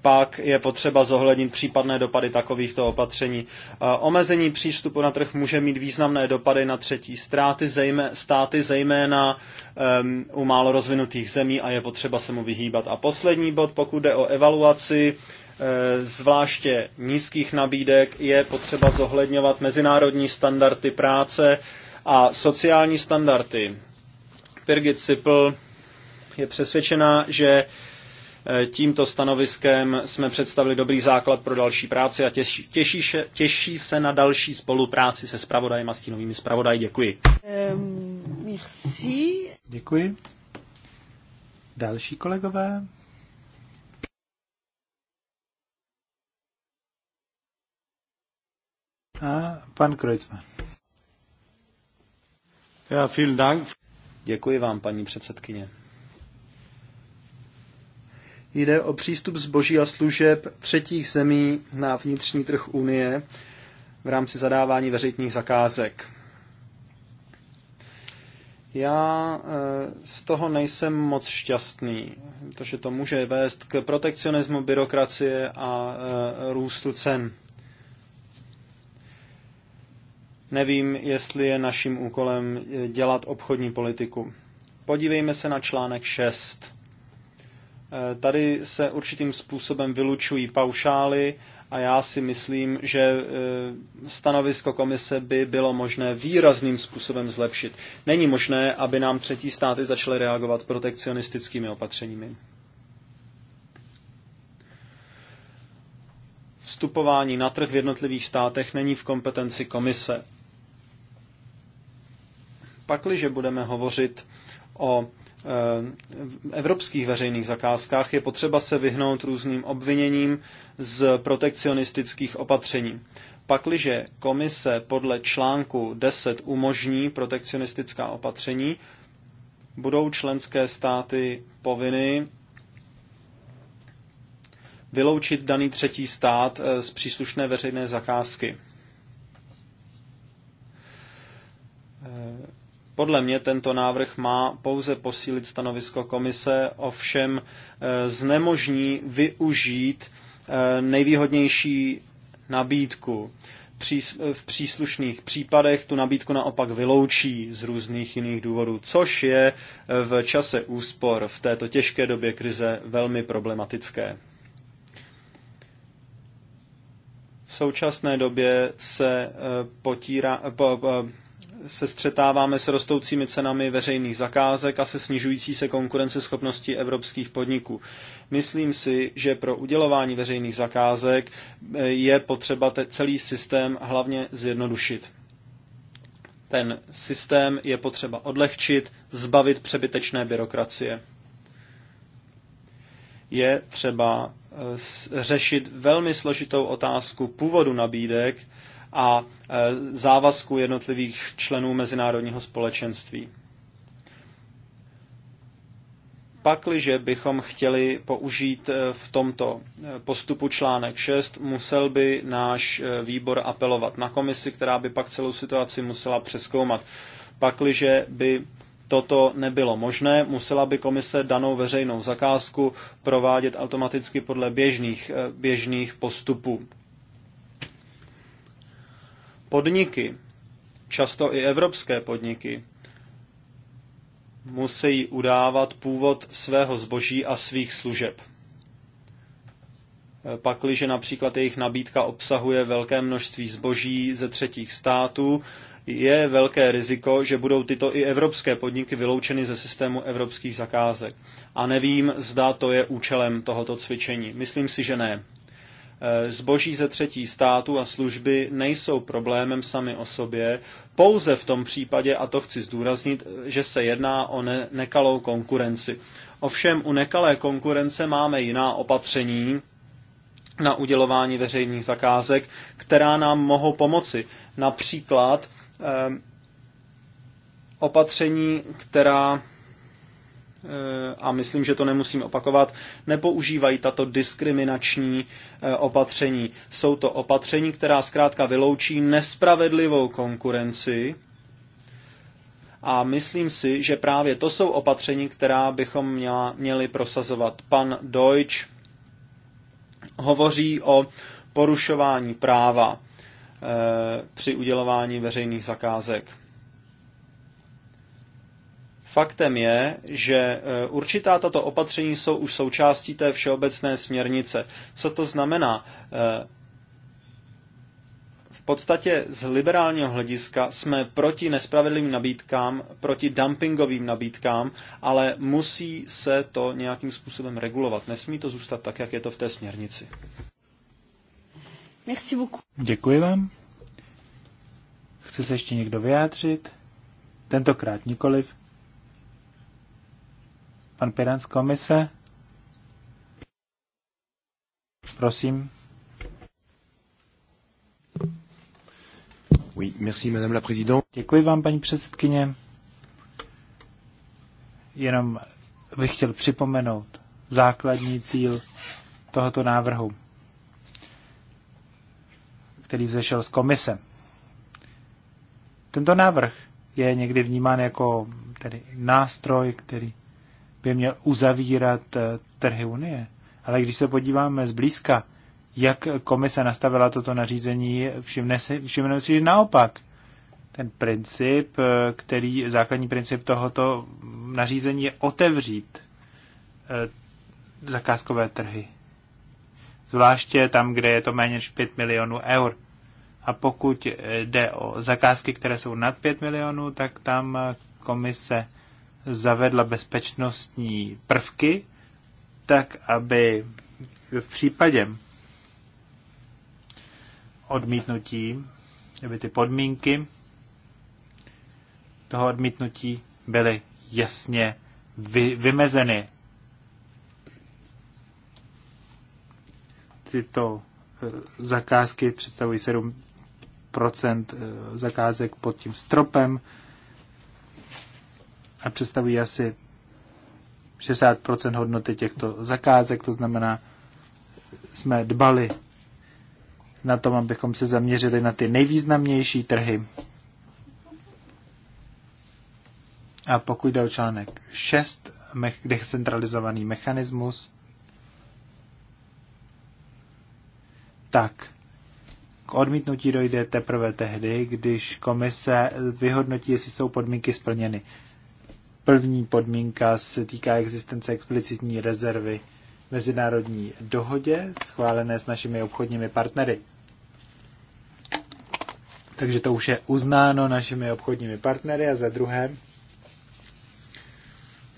[SPEAKER 2] pak je potřeba zohlednit případné dopady takovýchto opatření. Eh, omezení přístupu na trh může mít významné dopady na třetí ztráty, zejmé, státy, zejména um, u málo rozvinutých zemí a je potřeba se mu vyhýbat. A poslední bod, pokud jde o evaluaci, eh, zvláště nízkých nabídek je potřeba zohledňovat mezinárodní standardy práce a sociální standardy. Birgit Sipl je přesvědčená, že Eh, tímto stanoviskem jsme představili dobrý základ pro další práci a těší, těší, se, těší se na další spolupráci se spravodajem a tím spravodaji. Děkuji.
[SPEAKER 1] Um, merci. Děkuji. Další kolegové. A pan Kreutzmann.
[SPEAKER 2] Ja, vielen Dank. Děkuji vám, paní předsedkyně. Jde o přístup zboží a služeb třetích zemí na vnitřní trh Unie v rámci zadávání veřejných zakázek. Já eh, z toho nejsem moc šťastný, protože to může vést k protekcionismu, byrokracie a eh, růstu cen. Nevím, jestli je naším úkolem eh, dělat obchodní politiku. Podívejme se na článek 6. Eh, tady se určitým způsobem vylučují paušály a já si myslím, že eh, stanovisko komise by bylo možné výrazným způsobem zlepšit. Není možné, aby nám třetí státy začaly reagovat protekcionistickými opatřeními. Vstupování na trh v jednotlivých státech není v kompetenci komise. Pakliže budeme hovořit o Eh, evropských veřejných zakázkách, je potřeba se vyhnout různým obviněním z protekcionistických opatření. Pakliže komise podle článku 10 umožní protekcionistická opatření, budou členské státy povinny vyloučit daný třetí stát eh, z příslušné veřejné zakázky. Eh, podle mě tento návrh má pouze posílit stanovisko komise, ovšem eh, znemožní využít eh, nejvýhodnější nabídku. V příslušných případech tu nabídku naopak vyloučí z různých jiných důvodů, což je eh, v čase úspor v této těžké době krize velmi problematické. V současné době se potírá, po, po, se střetáváme s rostoucími cenami veřejných zakázek a se snižující se konkurenceschopností evropských podniků. Myslím si, že pro udělování veřejných zakázek eh, je potřeba celý systém hlavně zjednodušit. Ten systém je potřeba odlehčit, zbavit přebytečné byrokracie. Je třeba eh, řešit velmi složitou otázku původu nabídek, a e, závazků jednotlivých členů mezinárodního společenství. Pakliže bychom chtěli použít e, v tomto e, postupu článek 6, musel by náš výbor apelovat na komisi, která by pak celou situaci musela přeskoumat. Pakliže by toto nebylo možné, musela by komise danou veřejnou zakázku provádět automaticky podle běžných, běžných postupů podniky, často i evropské podniky, musí udávat původ svého zboží a svých služeb. Pakliže například jejich nabídka obsahuje velké množství zboží ze třetích států, je velké riziko, že budou tyto i evropské podniky vyloučeny ze systému evropských zakázek. A nevím, zda to je účelem tohoto cvičení. Myslím si, že ne. Eh, zboží ze třetí státu a služby nejsou problémem sami o sobě, pouze v tom případě, a to chci zdůraznit, eh, že se jedná o ne- nekalou konkurenci. Ovšem u nekalé konkurence máme jiná opatření, na udělování veřejných zakázek, která nám mohou pomoci. Například eh, opatření, která Eh, a myslím, že to nemusím opakovat, nepoužívají tato diskriminační eh, opatření. Jsou to opatření, která zkrátka vyloučí nespravedlivou konkurenci a myslím si, že právě to jsou opatření, která bychom měla, měli prosazovat. Pan Deutsch hovoří o porušování práva eh, při udělování veřejných zakázek. Faktem je, že e, určitá tato opatření jsou už součástí té všeobecné směrnice. Co to znamená? E, v podstatě z liberálního hlediska jsme proti nespravedlivým nabídkám, proti dumpingovým nabídkám, ale musí se to nějakým způsobem regulovat. Nesmí to zůstat tak, jak je to v té směrnici.
[SPEAKER 1] Děkuji vám. Chce se ještě někdo vyjádřit? Tentokrát nikoliv. Pan Pirán z komise? Prosím. Oui, merci, madame la Děkuji vám, paní předsedkyně. Jenom bych chtěl připomenout základní cíl tohoto návrhu, který vzešel z komise. Tento návrh je někdy vnímán jako tedy nástroj, který by měl uzavírat eh, trhy Unie. Ale když se podíváme zblízka, jak komise nastavila toto nařízení, všimne si, si, že naopak ten princip, eh, který, základní princip tohoto nařízení je otevřít eh, zakázkové trhy. Zvláště tam, kde je to méně než 5 milionů eur. A pokud jde o zakázky, které jsou nad 5 milionů, tak tam komise zavedla bezpečnostní prvky, tak aby v případě odmítnutí, aby ty podmínky toho odmítnutí byly jasně vy, vymezeny. Tyto eh, zakázky představují 7 eh, zakázek pod tím stropem a představují asi 60% hodnoty těchto zakázek, to znamená, jsme dbali na tom, abychom se zaměřili na ty nejvýznamnější trhy. A pokud jde o článek 6, decentralizovaný mechanismus, tak k odmítnutí dojde teprve tehdy, když komise vyhodnotí, jestli jsou podmínky splněny. První podmínka se týká existence explicitní rezervy mezinárodní dohodě schválené s našimi obchodními partnery. Takže to už je uznáno našimi obchodními partnery. A za druhé,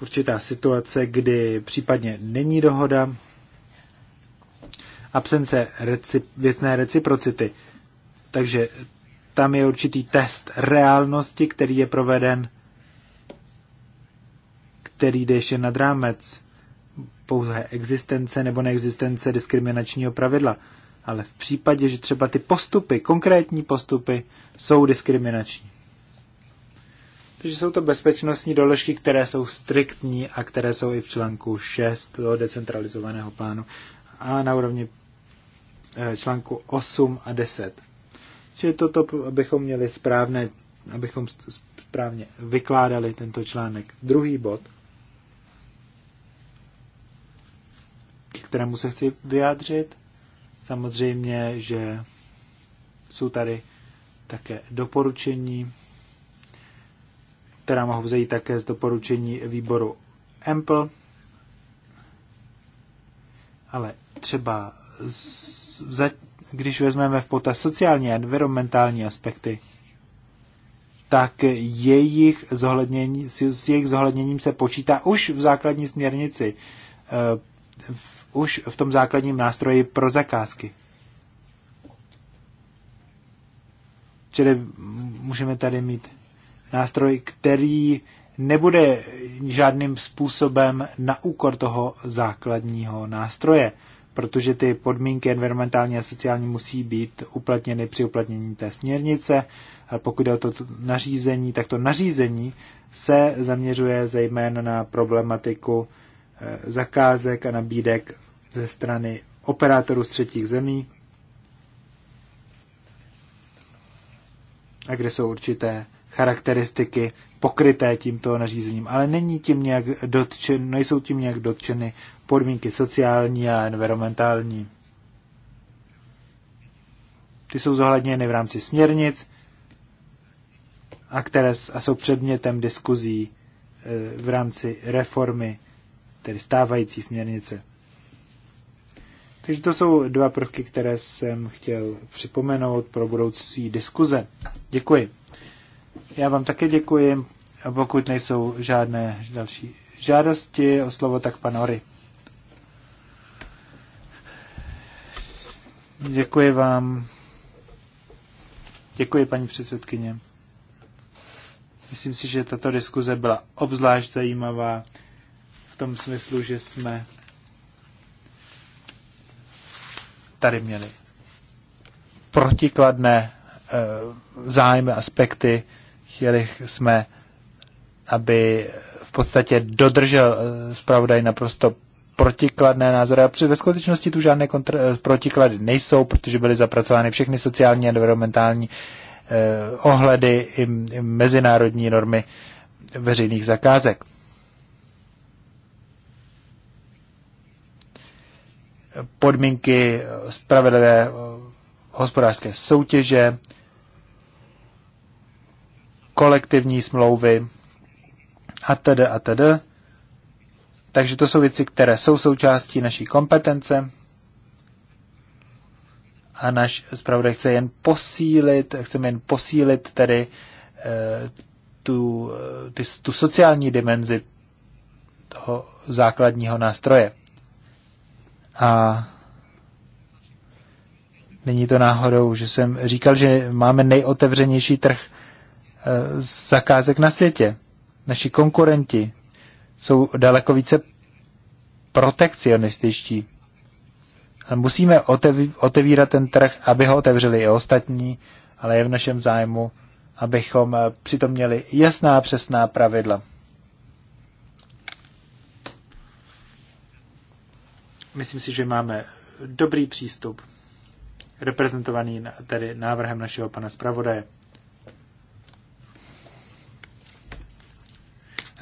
[SPEAKER 1] určitá situace, kdy případně není dohoda, absence reci, věcné reciprocity. Takže tam je určitý test reálnosti, který je proveden který jde ještě nad rámec pouze existence nebo neexistence diskriminačního pravidla. Ale v případě, že třeba ty postupy, konkrétní postupy, jsou diskriminační. Takže jsou to bezpečnostní doložky, které jsou striktní a které jsou i v článku 6 toho decentralizovaného plánu a na úrovni eh, článku 8 a 10. Čili toto, abychom měli správné, abychom správně vykládali tento článek. Druhý bod – k kterému se chci vyjádřit. Samozřejmě, že jsou tady také doporučení, která mohou vzejít také z doporučení výboru EMPL, ale třeba za, když vezmeme v potaz sociální a environmentální aspekty, tak jejich zohlednění, s jejich zohledněním se počítá už v základní směrnici. Eh, už v tom základním nástroji pro zakázky. Čili můžeme tady mít nástroj, který nebude žádným způsobem na úkor toho základního nástroje, protože ty podmínky environmentální a sociální musí být uplatněny při uplatnění té směrnice, ale pokud je o to nařízení, tak to nařízení se zaměřuje zejména na problematiku Eh, zakázek a nabídek ze strany operátorů z třetích zemí, a kde jsou určité charakteristiky pokryté tímto nařízením, ale není tím nějak dotčen, nejsou tím nějak dotčeny podmínky sociální a environmentální. Ty jsou zohledněny v rámci směrnic a, které, a jsou předmětem diskuzí eh, v rámci reformy tedy stávající směrnice. Takže to jsou dva prvky, které jsem chtěl připomenout pro budoucí diskuze. Děkuji. Já vám také děkuji a pokud nejsou žádné další žádosti o slovo, tak pan Ory. Děkuji vám. Děkuji, paní předsedkyně. Myslím si, že tato diskuze byla obzvlášť zajímavá tom smyslu, že jsme tady měli protikladné eh, zájmy, aspekty. Chtěli jsme, aby v podstatě dodržel eh, zpravodaj naprosto protikladné názory. A ve skutečnosti tu žádné kontr- eh, protiklady nejsou, protože byly zapracovány všechny sociální a environmentální e, ohledy i, i mezinárodní normy veřejných zakázek. podmínky spravedlivé eh, hospodářské soutěže, kolektivní smlouvy a tedy a tedy. Takže to jsou věci, které jsou součástí naší kompetence a náš zpravodaj chce jen posílit, chceme jen posílit tedy eh, tu, eh, ty, tu sociální dimenzi toho základního nástroje. A není to náhodou, že jsem říkal, že máme nejotevřenější trh eh, zakázek na světě. Naši konkurenti jsou daleko více protekcionističtí. Ale musíme otevírat ten trh, aby ho otevřeli i ostatní, ale je v našem zájmu, abychom eh, přitom měli jasná přesná pravidla. Myslím si, že máme dobrý přístup, reprezentovaný tedy návrhem našeho pana zpravodaje.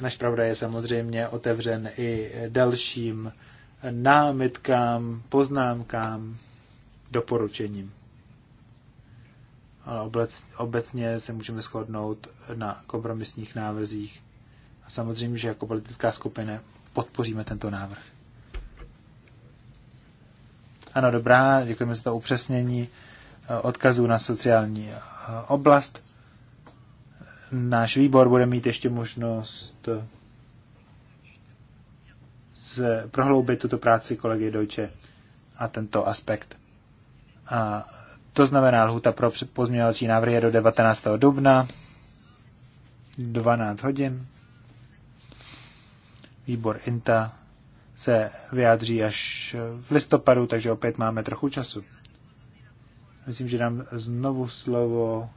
[SPEAKER 1] Naš pravda je samozřejmě otevřen i dalším námitkám, poznámkám, doporučením. Ale obecně se můžeme shodnout na kompromisních návrzích. A samozřejmě, že jako politická skupina podpoříme tento návrh. Ano, dobrá, děkujeme za to upřesnění eh, odkazů na sociální eh, oblast. Náš výbor bude mít ještě možnost eh, se prohloubit tuto práci kolegy Deutsche a tento aspekt. A to znamená, lhuta pro pozměňovací návrhy je do 19. dubna 12 hodin. Výbor INTA se vyjádří až v listopadu, takže opět máme trochu času. Myslím, že dám znovu slovo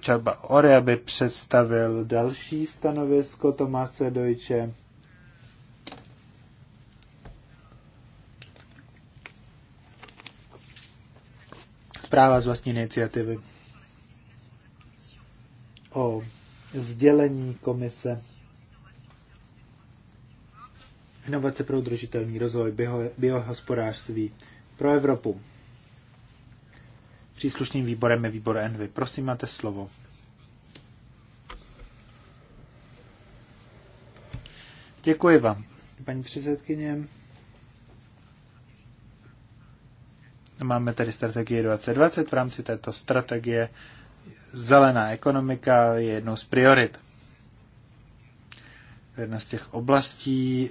[SPEAKER 1] Čarba Ory, aby představil další stanovisko Tomase Dojče. Zpráva z vlastní iniciativy o sdělení komise inovace pro udržitelný rozvoj, bio, biohospodářství pro Evropu. Příslušným výborem je výbor Envy. Prosím, máte slovo. Děkuji vám, paní předsedkyně. Máme tady strategii 2020. V rámci této strategie zelená ekonomika je jednou z priorit jedna z těch oblastí,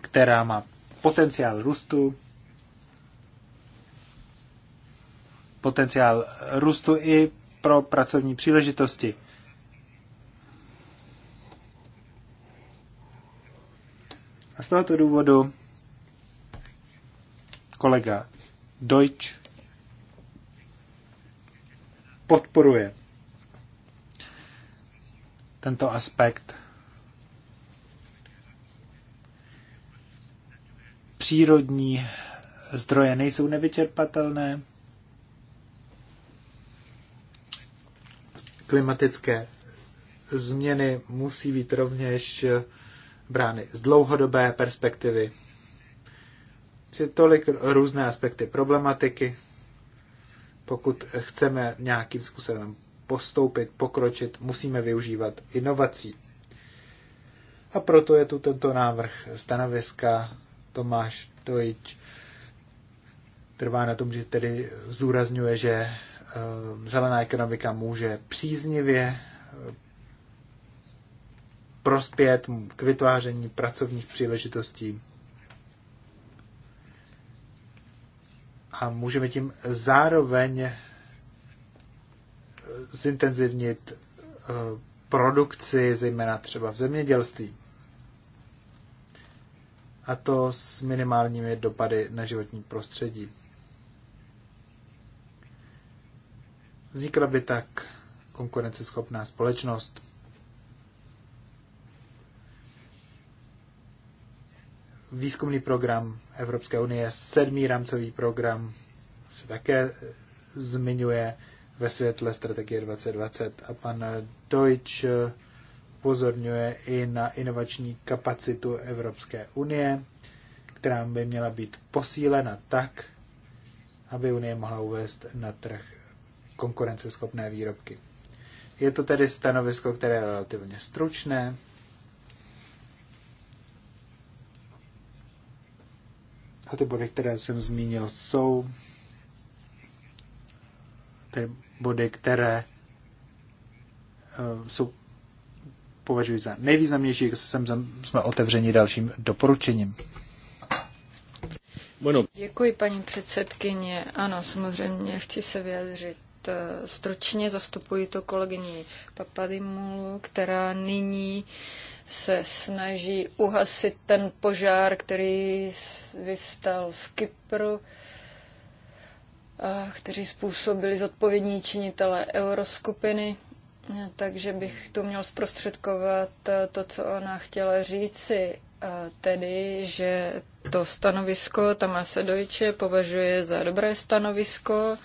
[SPEAKER 1] která má potenciál růstu, potenciál růstu i pro pracovní příležitosti. A z tohoto důvodu kolega Deutsch podporuje tento aspekt přírodní zdroje nejsou nevyčerpatelné, klimatické změny musí být rovněž brány z dlouhodobé perspektivy. Je tolik různé aspekty problematiky, pokud chceme nějakým způsobem postoupit, pokročit, musíme využívat inovací. A proto je tu tento návrh stanoviska Tomáš Dojč trvá na tom, že tedy zdůrazňuje, že eh, zelená ekonomika může příznivě eh, prospět k vytváření pracovních příležitostí a můžeme tím zároveň eh, zintenzivnit produkci, zejména třeba v zemědělství a to s minimálními dopady na životní prostředí. Vznikla by tak konkurenceschopná společnost. Výzkumný program Evropské unie, sedmý rámcový program, se také zmiňuje ve světle strategie 2020. A pan Deutsch upozorňuje i na inovační kapacitu Evropské unie, která by měla být posílena tak, aby Unie mohla uvést na trh konkurenceschopné výrobky. Je to tedy stanovisko, které je relativně stručné. A ty body, které jsem zmínil, jsou ty body, které eh, jsou považuji za nejvýznamnější, jsem, jsme otevřeni dalším doporučením. Bueno.
[SPEAKER 3] Děkuji, paní předsedkyně. Ano, samozřejmě chci se vyjádřit eh, stručně. Zastupuji to kolegyni Papadimulu, která nyní se snaží uhasit ten požár, který vyvstal v Kypru, kteří způsobili zodpovědní činitelé euroskupiny takže bych tu měl zprostředkovat eh, to, co ona chtěla říci, eh, tedy, že to stanovisko Tamase Dojče považuje za dobré stanovisko.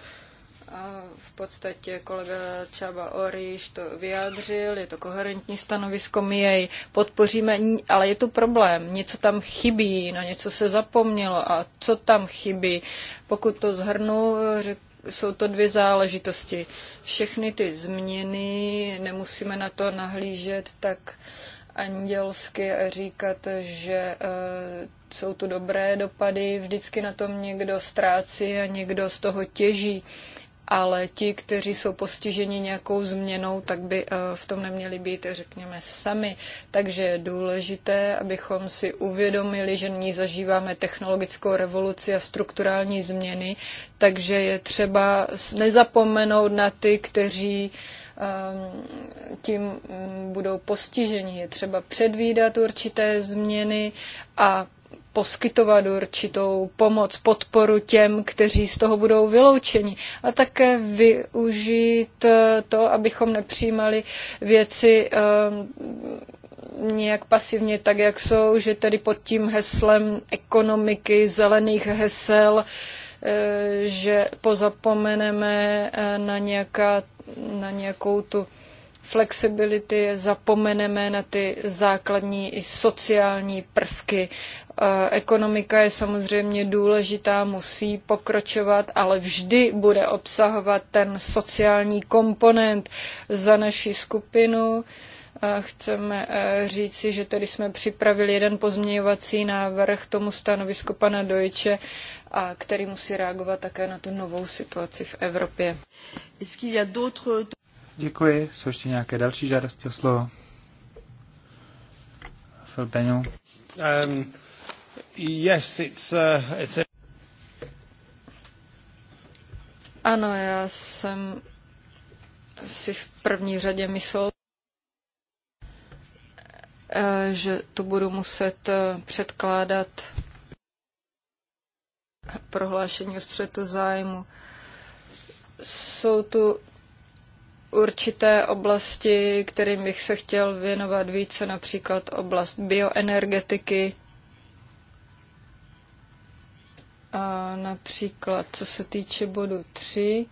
[SPEAKER 3] A v podstatě kolega Čaba Oriš to vyjádřil, je to koherentní stanovisko, my jej podpoříme, ale je tu problém, něco tam chybí, na něco se zapomnělo a co tam chybí. Pokud to zhrnu, řekl jsou to dvě záležitosti. Všechny ty změny, nemusíme na to nahlížet tak andělsky a říkat, že eh, jsou tu dobré dopady, vždycky na tom někdo ztrácí a někdo z toho těží ale ti, kteří jsou postiženi nějakou změnou, tak by eh, v tom neměli být, řekněme, sami. Takže je důležité, abychom si uvědomili, že nyní zažíváme technologickou revoluci a strukturální změny, takže je třeba nezapomenout na ty, kteří ehm, tím mm, budou postiženi. Je třeba předvídat určité změny a poskytovat určitou pomoc, podporu těm, kteří z toho budou vyloučeni. A také využít eh, to, abychom nepřijímali věci eh, nějak pasivně tak, jak jsou, že tedy pod tím heslem ekonomiky, zelených hesel, eh, že pozapomeneme na, nějaká, na nějakou tu flexibility, zapomeneme na ty základní i sociální prvky Eh, ekonomika je samozřejmě důležitá, musí pokročovat, ale vždy bude obsahovat ten sociální komponent za naši skupinu. Eh, chceme eh, říci, že tedy jsme připravili jeden pozměňovací návrh tomu stanovisku pana Dojče, který musí reagovat také na tu novou situaci v Evropě.
[SPEAKER 1] Děkuji. Jsou ještě nějaké další žádosti o slovo? Filbeňu. Um. Yes, it's, uh, it's a...
[SPEAKER 3] Ano, já jsem si v první řadě myslel, eh, že tu budu muset eh, předkládat prohlášení o střetu zájmu. Jsou tu určité oblasti, kterým bych se chtěl věnovat více, například oblast bioenergetiky, A například, co se týče bodu 3,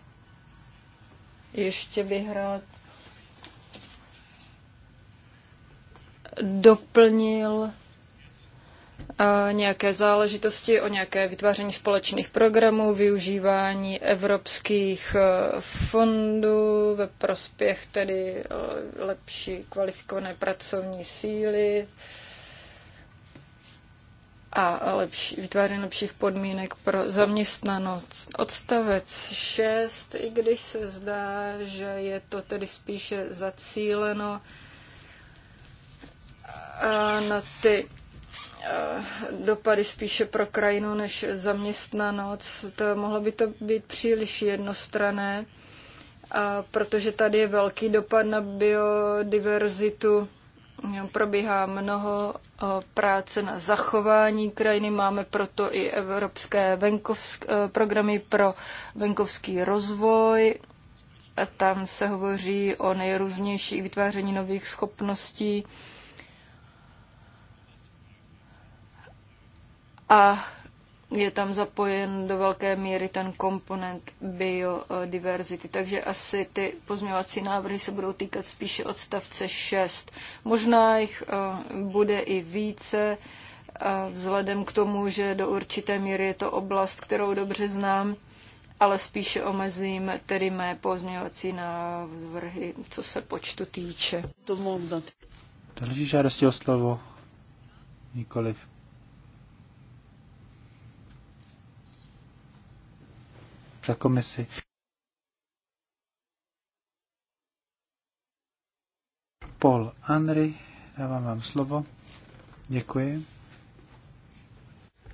[SPEAKER 3] ještě bych rád doplnil nějaké záležitosti o nějaké vytváření společných programů, využívání evropských fondů ve prospěch tedy lepší kvalifikované pracovní síly, a lepší, vytváření lepších podmínek pro zaměstnanost. Odstavec 6, i když se zdá, že je to tedy spíše zacíleno na ty dopady spíše pro krajinu než zaměstnanost, to mohlo by to být příliš jednostrané, protože tady je velký dopad na biodiverzitu probíhá mnoho eh, práce na zachování krajiny. Máme proto i evropské venkovsk, eh, programy pro venkovský rozvoj. A tam se hovoří o nejrůznějších vytváření nových schopností. A je tam zapojen do velké míry ten komponent biodiverzity. Takže asi ty pozměňovací návrhy se budou týkat spíše odstavce 6. Možná jich eh, bude i více, eh, vzhledem k tomu, že do určité míry je to oblast, kterou dobře znám, ale spíše omezím tedy mé pozměňovací návrhy, co se počtu týče. To
[SPEAKER 1] Další žádosti o slovo? Nikoliv. za komisi. Paul Henry, dávám vám slovo. Děkuji.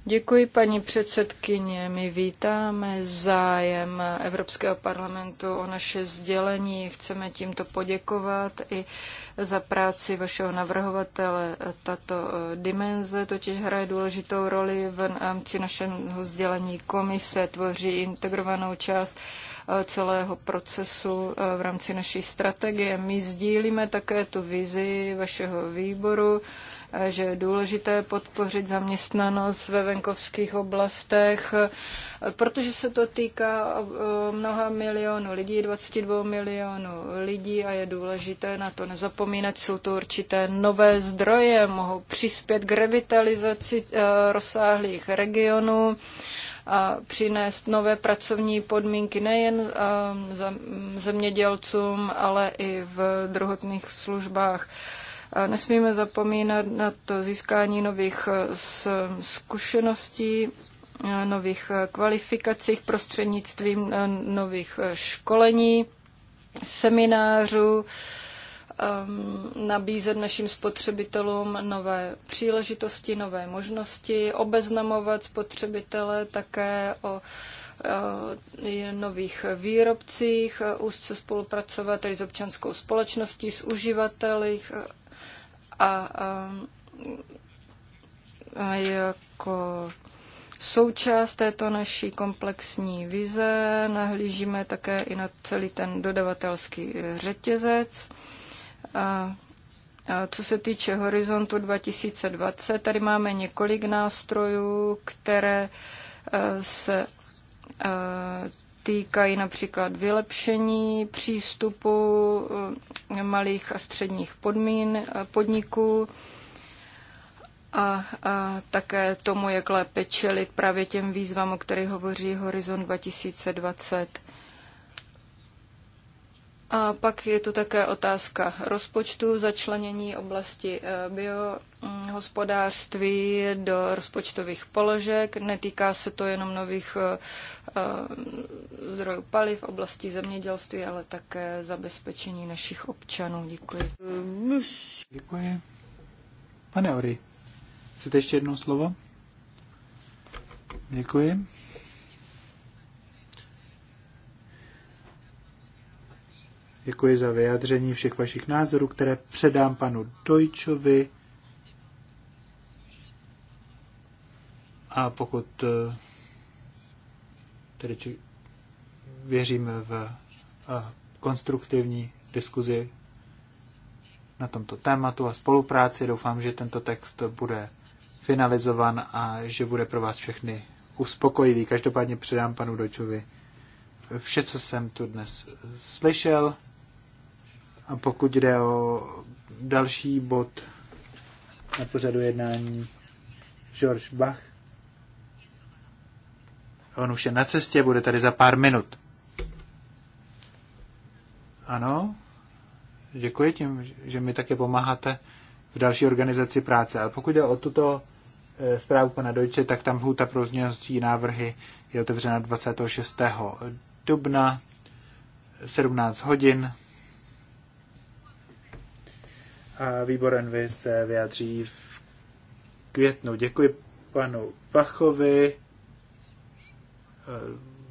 [SPEAKER 3] Děkuji, paní předsedkyně. My vítáme zájem Evropského parlamentu o naše sdělení. Chceme tímto poděkovat i za práci vašeho navrhovatele. Tato eh, dimenze totiž hraje důležitou roli v rámci našeho sdělení komise, tvoří integrovanou část eh, celého procesu eh, v rámci naší strategie. My sdílíme také tu vizi vašeho výboru, že je důležité podpořit zaměstnanost ve venkovských oblastech, protože se to týká eh, mnoha milionů lidí, 22 milionů lidí a je důležité na to nezapomínat. Jsou to určité nové zdroje, mohou přispět k revitalizaci eh, rozsáhlých regionů a přinést nové pracovní podmínky nejen eh, zemědělcům, ale i v druhotných službách. Nesmíme zapomínat na to získání nových eh, zkušeností, eh, nových eh, kvalifikacích prostřednictvím nových školení, seminářů, ehm, nabízet našim spotřebitelům nové příležitosti, nové možnosti, obeznamovat spotřebitele také o nových výrobcích, úzce spolupracovat tedy s občanskou společností, s uživateli a, a jako součást této naší komplexní vize nahlížíme také i na celý ten dodavatelský řetězec. A co se týče horizontu 2020, tady máme několik nástrojů, které se týkají například vylepšení přístupu eh, malých a středních podmín eh, podniků a, a také tomu, jak lépe čelit právě těm výzvám, o kterých hovoří Horizon 2020. A pak je tu také otázka rozpočtu, začlenění oblasti eh, biohospodářství do rozpočtových položek. Netýká se to jenom nových eh, eh, zdrojů paliv v oblasti zemědělství, ale také zabezpečení našich občanů. Děkuji.
[SPEAKER 1] Děkuji. Pane Ory, chcete ještě jedno slovo? Děkuji. Děkuji za vyjádření všech vašich názorů, které předám panu Dojčovi. A pokud eh, tedy či, věříme v a, eh, konstruktivní diskuzi na tomto tématu a spolupráci, doufám, že tento text bude finalizovan a že bude pro vás všechny uspokojivý. Každopádně předám panu Dojčovi vše, co jsem tu dnes slyšel. A pokud jde o další bod na pořadu jednání, George Bach. On už je na cestě, bude tady za pár minut. Ano, děkuji tím, že mi také pomáháte v další organizaci práce. Ale pokud jde o tuto eh, zprávu pana Dojče, tak tam hůta pro změností návrhy je otevřena 26. dubna 17 eh, hodin a výbor Envy se vyjádří v květnu. Děkuji panu Pachovi, eh,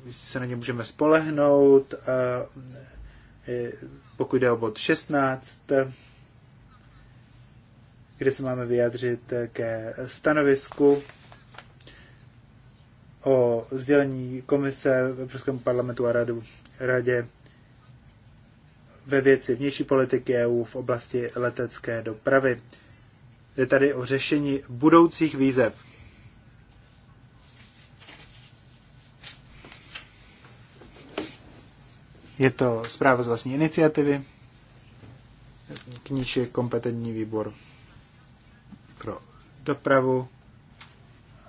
[SPEAKER 1] jestli se na ně můžeme spolehnout. Eh, pokud jde o bod 16, kde se máme vyjádřit ke stanovisku o sdělení komise Evropskému parlamentu a radu, radě ve věci vnější politiky EU v oblasti letecké dopravy. Jde tady o řešení budoucích výzev. Je to zpráva z vlastní iniciativy, k níž je kompetentní výbor pro dopravu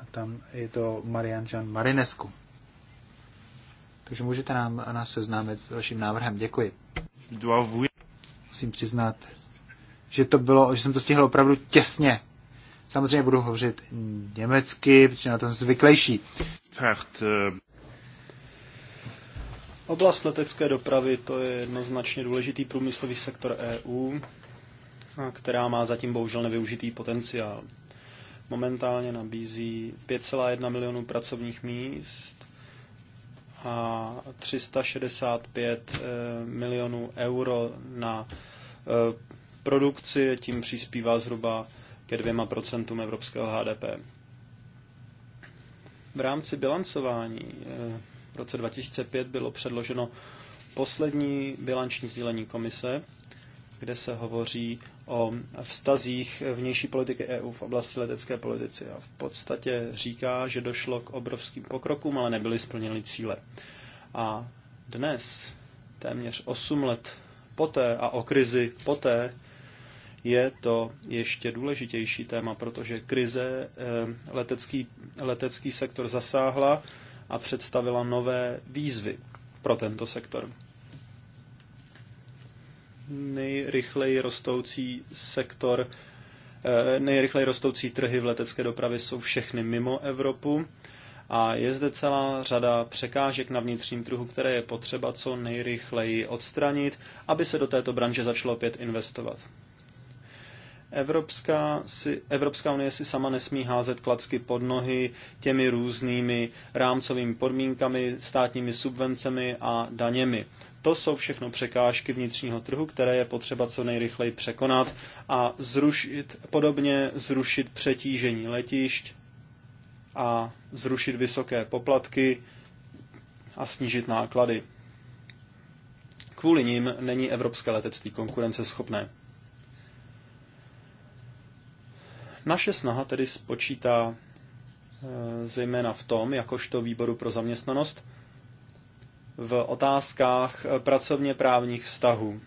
[SPEAKER 1] a tam je to Marian Jean Marinescu. Takže můžete nám, nás seznámit s vaším návrhem. Děkuji. Musím přiznat, že to bylo, že jsem to stihl opravdu těsně. Samozřejmě budu hovořit německy, protože na tom zvyklejší. Eh,
[SPEAKER 2] Oblast letecké dopravy to je jednoznačně důležitý průmyslový sektor EU, která má zatím bohužel nevyužitý potenciál. Momentálně nabízí 5,1 milionů pracovních míst a 365 eh, milionů euro na eh, produkci, tím přispívá zhruba ke dvěma procentům evropského HDP. V rámci bilancování eh, v roce 2005 bylo předloženo poslední bilanční sdělení komise, kde se hovoří o vztazích vnější politiky EU v oblasti letecké politiky a v podstatě říká, že došlo k obrovským pokrokům, ale nebyly splněny cíle. A dnes, téměř 8 let poté a o krizi poté, je to ještě důležitější téma, protože krize eh, letecký, letecký sektor zasáhla a představila nové výzvy pro tento sektor nejrychleji rostoucí sektor, eh, nejrychleji rostoucí trhy v letecké dopravě jsou všechny mimo Evropu a je zde celá řada překážek na vnitřním trhu, které je potřeba co nejrychleji odstranit, aby se do této branže začalo opět investovat. Evropská, si, Evropská unie si sama nesmí házet klacky pod nohy těmi různými rámcovými podmínkami, státními subvencemi a daněmi. To jsou všechno překážky vnitřního trhu, které je potřeba co nejrychleji překonat a zrušit, podobně zrušit přetížení letišť a zrušit vysoké poplatky a snížit náklady. Kvůli nim není evropské letectví konkurenceschopné. Naše snaha tedy spočítá eh, zejména v tom, jakožto výboru pro zaměstnanost, v otázkách eh, pracovně právních vztahů.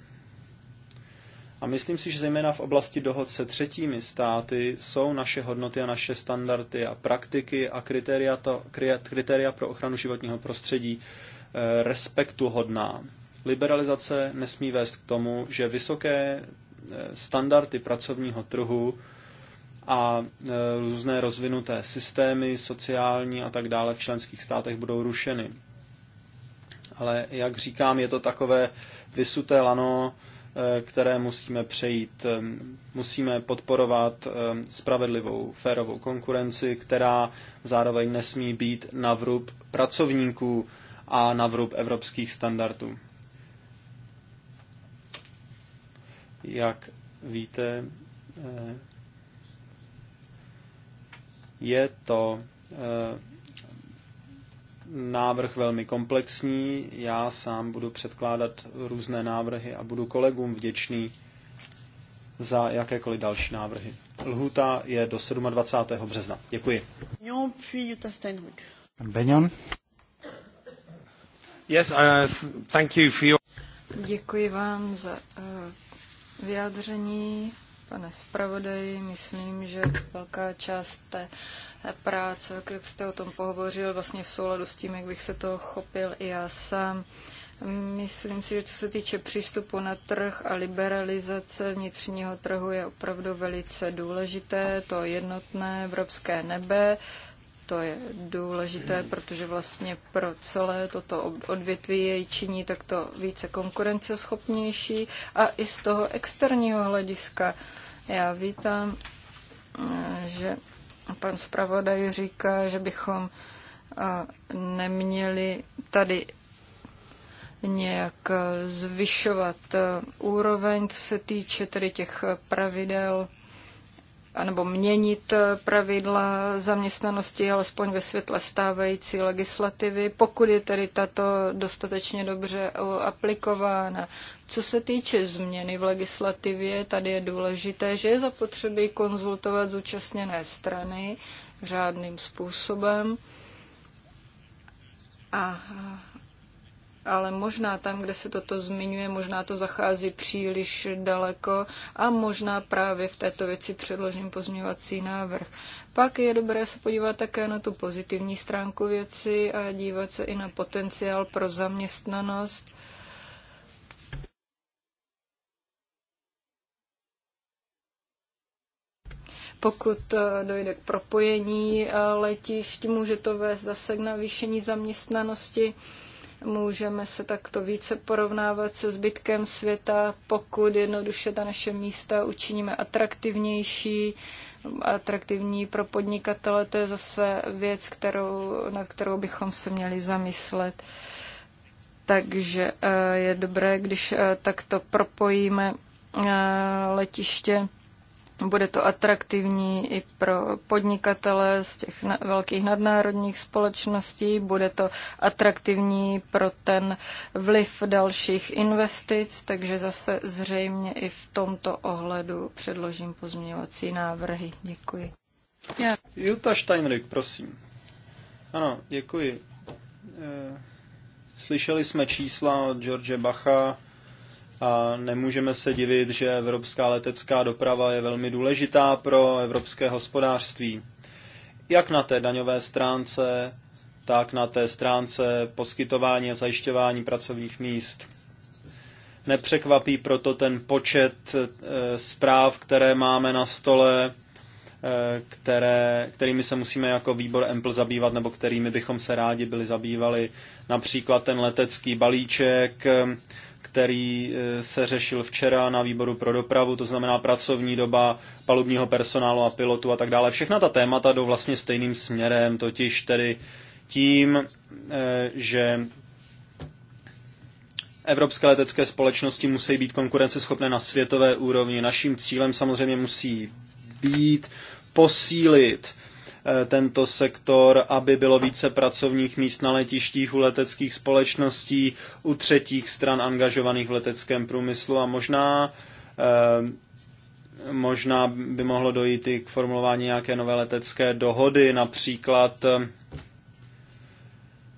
[SPEAKER 2] A myslím si, že zejména v oblasti dohod se třetími státy jsou naše hodnoty a naše standardy a praktiky a kritéria, to, kritéria pro ochranu životního prostředí eh, respektu hodná. Liberalizace nesmí vést k tomu, že vysoké eh, standardy pracovního trhu a různé rozvinuté systémy sociální a tak dále v členských státech budou rušeny ale jak říkám, je to takové vysuté lano, eh, které musíme přejít. Eh, musíme podporovat eh, spravedlivou, férovou konkurenci, která zároveň nesmí být na vrub pracovníků a na vrub evropských standardů. Jak víte, je to návrh velmi komplexní. Já sám budu předkládat různé návrhy a budu kolegům vděčný za jakékoliv další návrhy. Lhuta je do 27. března. Děkuji.
[SPEAKER 1] Benjon. Yes, uh, thank you for your...
[SPEAKER 3] Děkuji vám za uh, vyjádření pane zpravodaji. Myslím, že velká část té práce, jak jste o tom pohovořil, vlastně v souladu s tím, jak bych se toho chopil i já sám. Myslím si, že co se týče přístupu na trh a liberalizace vnitřního trhu je opravdu velice důležité, to jednotné evropské nebe, to je důležité, protože vlastně pro celé toto odvětví jej činí takto více konkurenceschopnější a i z toho externího hlediska já vítám, že pan zpravodaj říká, že bychom neměli tady nějak zvyšovat úroveň, co se týče tedy těch pravidel nebo měnit eh, pravidla zaměstnanosti, alespoň ve světle stávající legislativy, pokud je tedy tato dostatečně dobře eh, aplikována. Co se týče změny v legislativě, tady je důležité, že je zapotřebí konzultovat zúčastněné strany řádným způsobem. A ale možná tam, kde se toto zmiňuje, možná to zachází příliš daleko a možná právě v této věci předložím pozměňovací návrh. Pak je dobré se podívat také na tu pozitivní stránku věci a dívat se i na potenciál pro zaměstnanost. Pokud eh, dojde k propojení eh, letišť, může to vést zase k navýšení zaměstnanosti. Můžeme se takto více porovnávat se zbytkem světa, pokud jednoduše ta naše místa učiníme atraktivnější, atraktivní pro podnikatele. To je zase věc, kterou, nad kterou bychom se měli zamyslet. Takže eh, je dobré, když eh, takto propojíme eh, letiště bude to atraktivní i pro podnikatele z těch na, velkých nadnárodních společností, bude to atraktivní pro ten vliv dalších investic, takže zase zřejmě i v tomto ohledu předložím pozměňovací návrhy. Děkuji.
[SPEAKER 2] Yeah. Jutta Steinrich, prosím. Ano, děkuji. Eh, slyšeli jsme čísla od George Bacha, a nemůžeme se divit, že evropská letecká doprava je velmi důležitá pro evropské hospodářství. Jak na té daňové stránce, tak na té stránce poskytování a zajišťování pracovních míst. Nepřekvapí proto ten počet eh, zpráv, které máme na stole, eh, které, kterými se musíme jako výbor EMPL zabývat, nebo kterými bychom se rádi byli zabývali. Například ten letecký balíček, který eh, se řešil včera na výboru pro dopravu, to znamená pracovní doba palubního personálu a pilotu a tak dále. Všechna ta témata jdou vlastně stejným směrem, totiž tedy tím, eh, že evropské letecké společnosti musí být konkurenceschopné na světové úrovni. Naším cílem samozřejmě musí být posílit Eh, tento sektor, aby bylo více pracovních míst na letištích u leteckých společností, u třetích stran angažovaných v leteckém průmyslu a možná eh, možná by mohlo dojít i k formulování nějaké nové letecké dohody, například eh,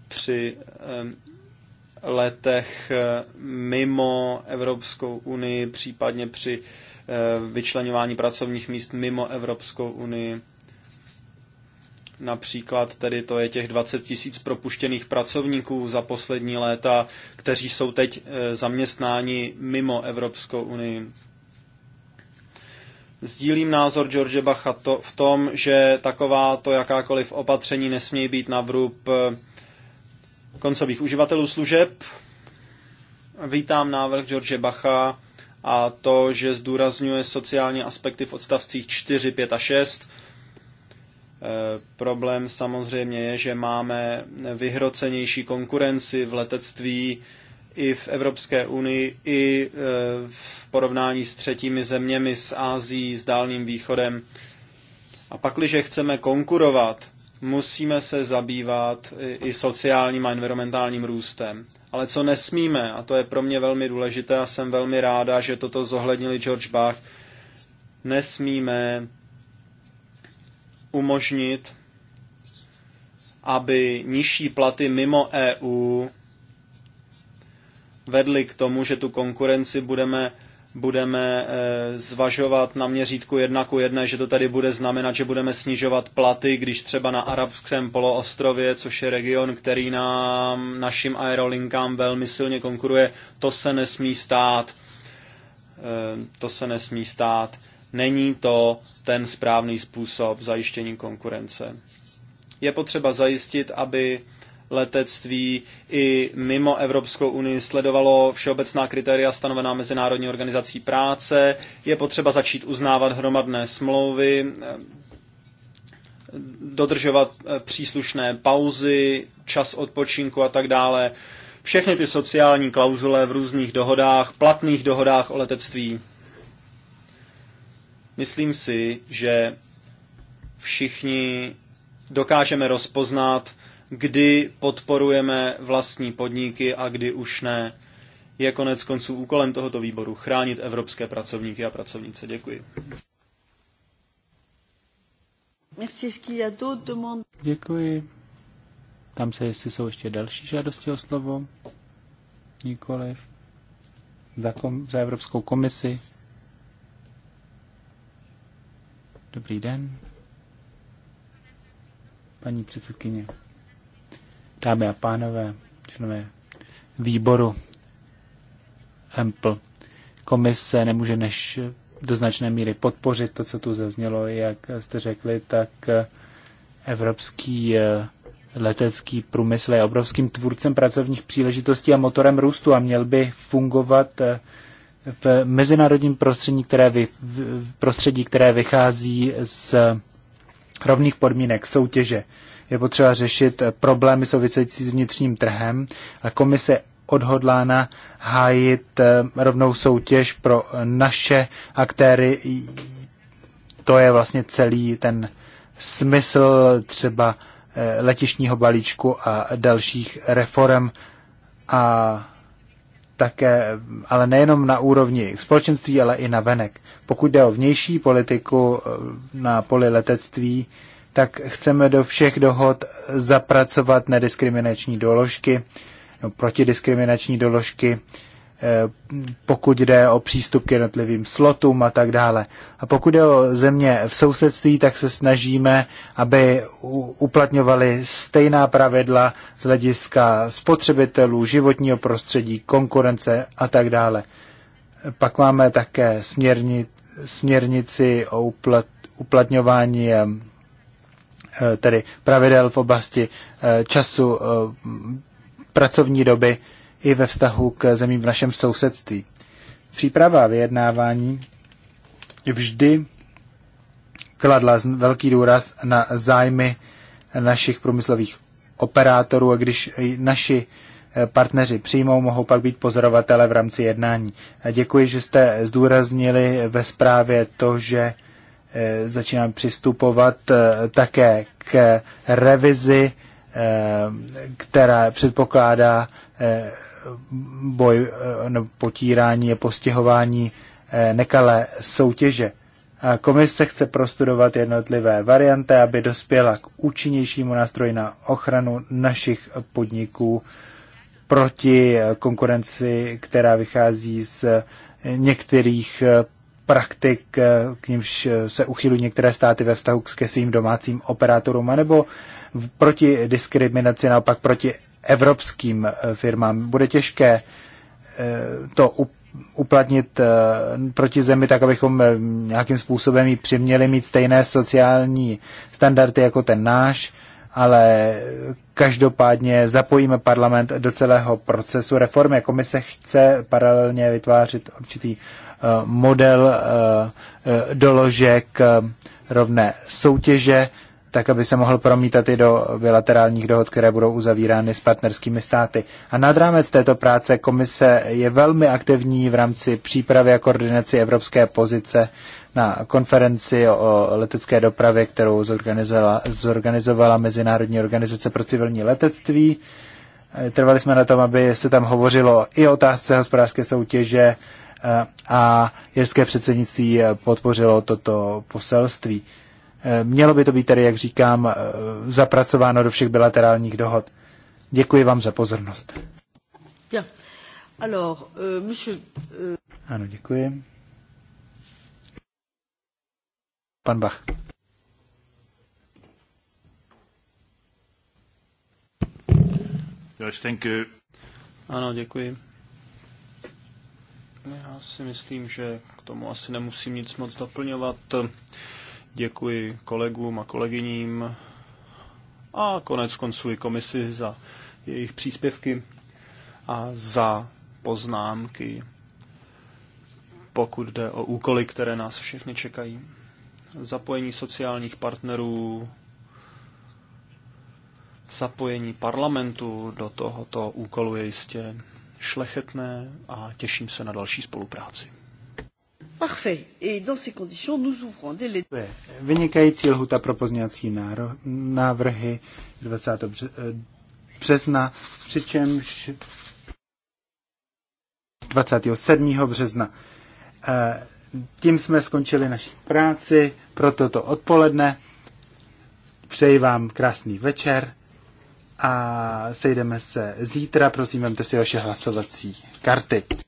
[SPEAKER 2] při letech mimo Evropskou unii, případně při vyčlenování pracovních míst mimo Evropskou unii. Například tedy to je těch 20 tisíc propuštěných pracovníků za poslední léta, kteří jsou teď e, zaměstnáni mimo Evropskou unii. Sdílím názor George Bacha to, v tom, že taková to jakákoliv opatření nesmějí být na vrub e, koncových uživatelů služeb. Vítám návrh George Bacha a to, že zdůrazňuje sociální aspekty v odstavcích 4, 5 a 6 Eh, problém samozřejmě je, že máme vyhrocenější konkurenci v letectví i v Evropské unii, i eh, v porovnání s třetími zeměmi, s Ázií, s Dálným východem. A pak, když chceme konkurovat, musíme se zabývat i sociálním a environmentálním růstem. Ale co nesmíme, a to je pro mě velmi důležité a jsem velmi ráda, že toto zohlednili George Bach, nesmíme umožnit, aby nižší platy mimo EU vedly k tomu, že tu konkurenci budeme, budeme e, zvažovat na měřítku jedna ku jedné, že to tady bude znamenat, že budeme snižovat platy, když třeba na arabském poloostrově, což je region, který nám, našim aerolinkám velmi silně konkuruje, to se nesmí stát. E, to se nesmí stát. Není to ten správný způsob zajištění konkurence. Je potřeba zajistit, aby letectví i mimo Evropskou unii sledovalo všeobecná kritéria stanovená Mezinárodní organizací práce. Je potřeba začít uznávat hromadné smlouvy, dodržovat eh, příslušné pauzy, čas odpočinku a tak dále. Všechny ty sociální klauzule v různých dohodách, platných dohodách o letectví. Myslím si, že všichni dokážeme rozpoznat, kdy podporujeme vlastní podniky a kdy už ne. Je konec konců úkolem tohoto výboru chránit evropské pracovníky a pracovnice. Děkuji.
[SPEAKER 1] Děkuji. Tam se, jestli jsou ještě další žádosti o slovo. Nikoliv. Za, kom, za Evropskou komisi. Dobrý den. Paní předsedkyně, dámy a pánové, členové výboru EMPL, komise nemůže než do značné míry podpořit to, co tu zaznělo, jak jste řekli, tak evropský eh, letecký průmysl je obrovským tvůrcem pracovních příležitostí a motorem růstu a měl by fungovat eh, v mezinárodním prostředí, které, vy, v prostředí, které vychází z rovných podmínek soutěže. Je potřeba řešit problémy související s vnitřním trhem a komise odhodlána hájit eh, rovnou soutěž pro naše aktéry. To je vlastně celý ten smysl třeba eh, letišního balíčku a dalších reform a také, ale nejenom na úrovni společenství, ale i na venek. Pokud jde o vnější politiku eh, na poli letectví, tak chceme do všech dohod zapracovat nediskriminační doložky, no, protidiskriminační doložky, Eh, pokud jde o přístup k jednotlivým slotům a tak dále. A pokud jde o země v sousedství, tak se snažíme, aby uplatňovali stejná pravidla z hlediska spotřebitelů, životního prostředí, konkurence a tak dále. Pak máme také směrni, směrnici o uplat, uplatňování eh, eh, tedy pravidel v oblasti času pracovní doby i ve vztahu k zemím v našem sousedství. Příprava vyjednávání vždy kladla velký důraz na zájmy našich průmyslových operátorů a když naši eh, partneři přijmou, mohou pak být pozorovatele v rámci jednání. A děkuji, že jste zdůraznili ve zprávě to, že eh, začínáme přistupovat eh, také k revizi, která předpokládá boj eh, nebo potírání a postihování eh, nekalé soutěže. Komise chce prostudovat jednotlivé varianty, aby dospěla k účinnějšímu nástroji na ochranu našich podniků proti konkurenci, která vychází z některých eh, praktik, k nímž se uchylují některé státy ve vztahu ke svým domácím operátorům, anebo proti diskriminaci, naopak proti evropským eh, firmám. Bude těžké eh, to uplatnit eh, proti zemi tak, abychom nějakým způsobem ji přiměli mít stejné sociální standardy jako ten náš, ale každopádně zapojíme parlament do celého procesu reformy. Komise jako chce paralelně vytvářet určitý model doložek rovné soutěže, tak aby se mohl promítat i do bilaterálních dohod, které budou uzavírány s partnerskými státy. A nad rámec této práce komise je velmi aktivní v rámci přípravy a koordinaci evropské pozice na konferenci o letecké dopravě, kterou zorganizovala, zorganizovala Mezinárodní organizace pro civilní letectví. Trvali jsme na tom, aby se tam hovořilo i o otázce hospodářské soutěže eh, a jirské předsednictví podpořilo toto poselství. Mělo by to být tedy, jak říkám, eh, zapracováno do všech bilaterálních dohod. Děkuji vám za pozornost.
[SPEAKER 3] Ja. Alors, euh, monsieur,
[SPEAKER 1] euh, Ano, děkuji. Pan Bach.
[SPEAKER 2] Ano, děkuji. Já si myslím, že k tomu asi nemusím nic moc doplňovat. Děkuji kolegům a kolegyním a konec konců i komisi za jejich příspěvky a za poznámky, pokud jde o úkoly, které nás všechny čekají. Zapojení sociálních partnerů, zapojení parlamentu do tohoto úkolu je jistě šlechetné a těším se na
[SPEAKER 1] další spolupráci.
[SPEAKER 3] Parfait. Et dans ces conditions, nous ouvrons des
[SPEAKER 1] Vynikající lhuta pro pozněcí návrhy 20. Eh, března, přičemž 27. března. Eh, tím jsme skončili naši práci pro toto odpoledne. Přeji vám krásný večer a sejdeme se zítra. Prosím, vemte si vaše hlasovací karty.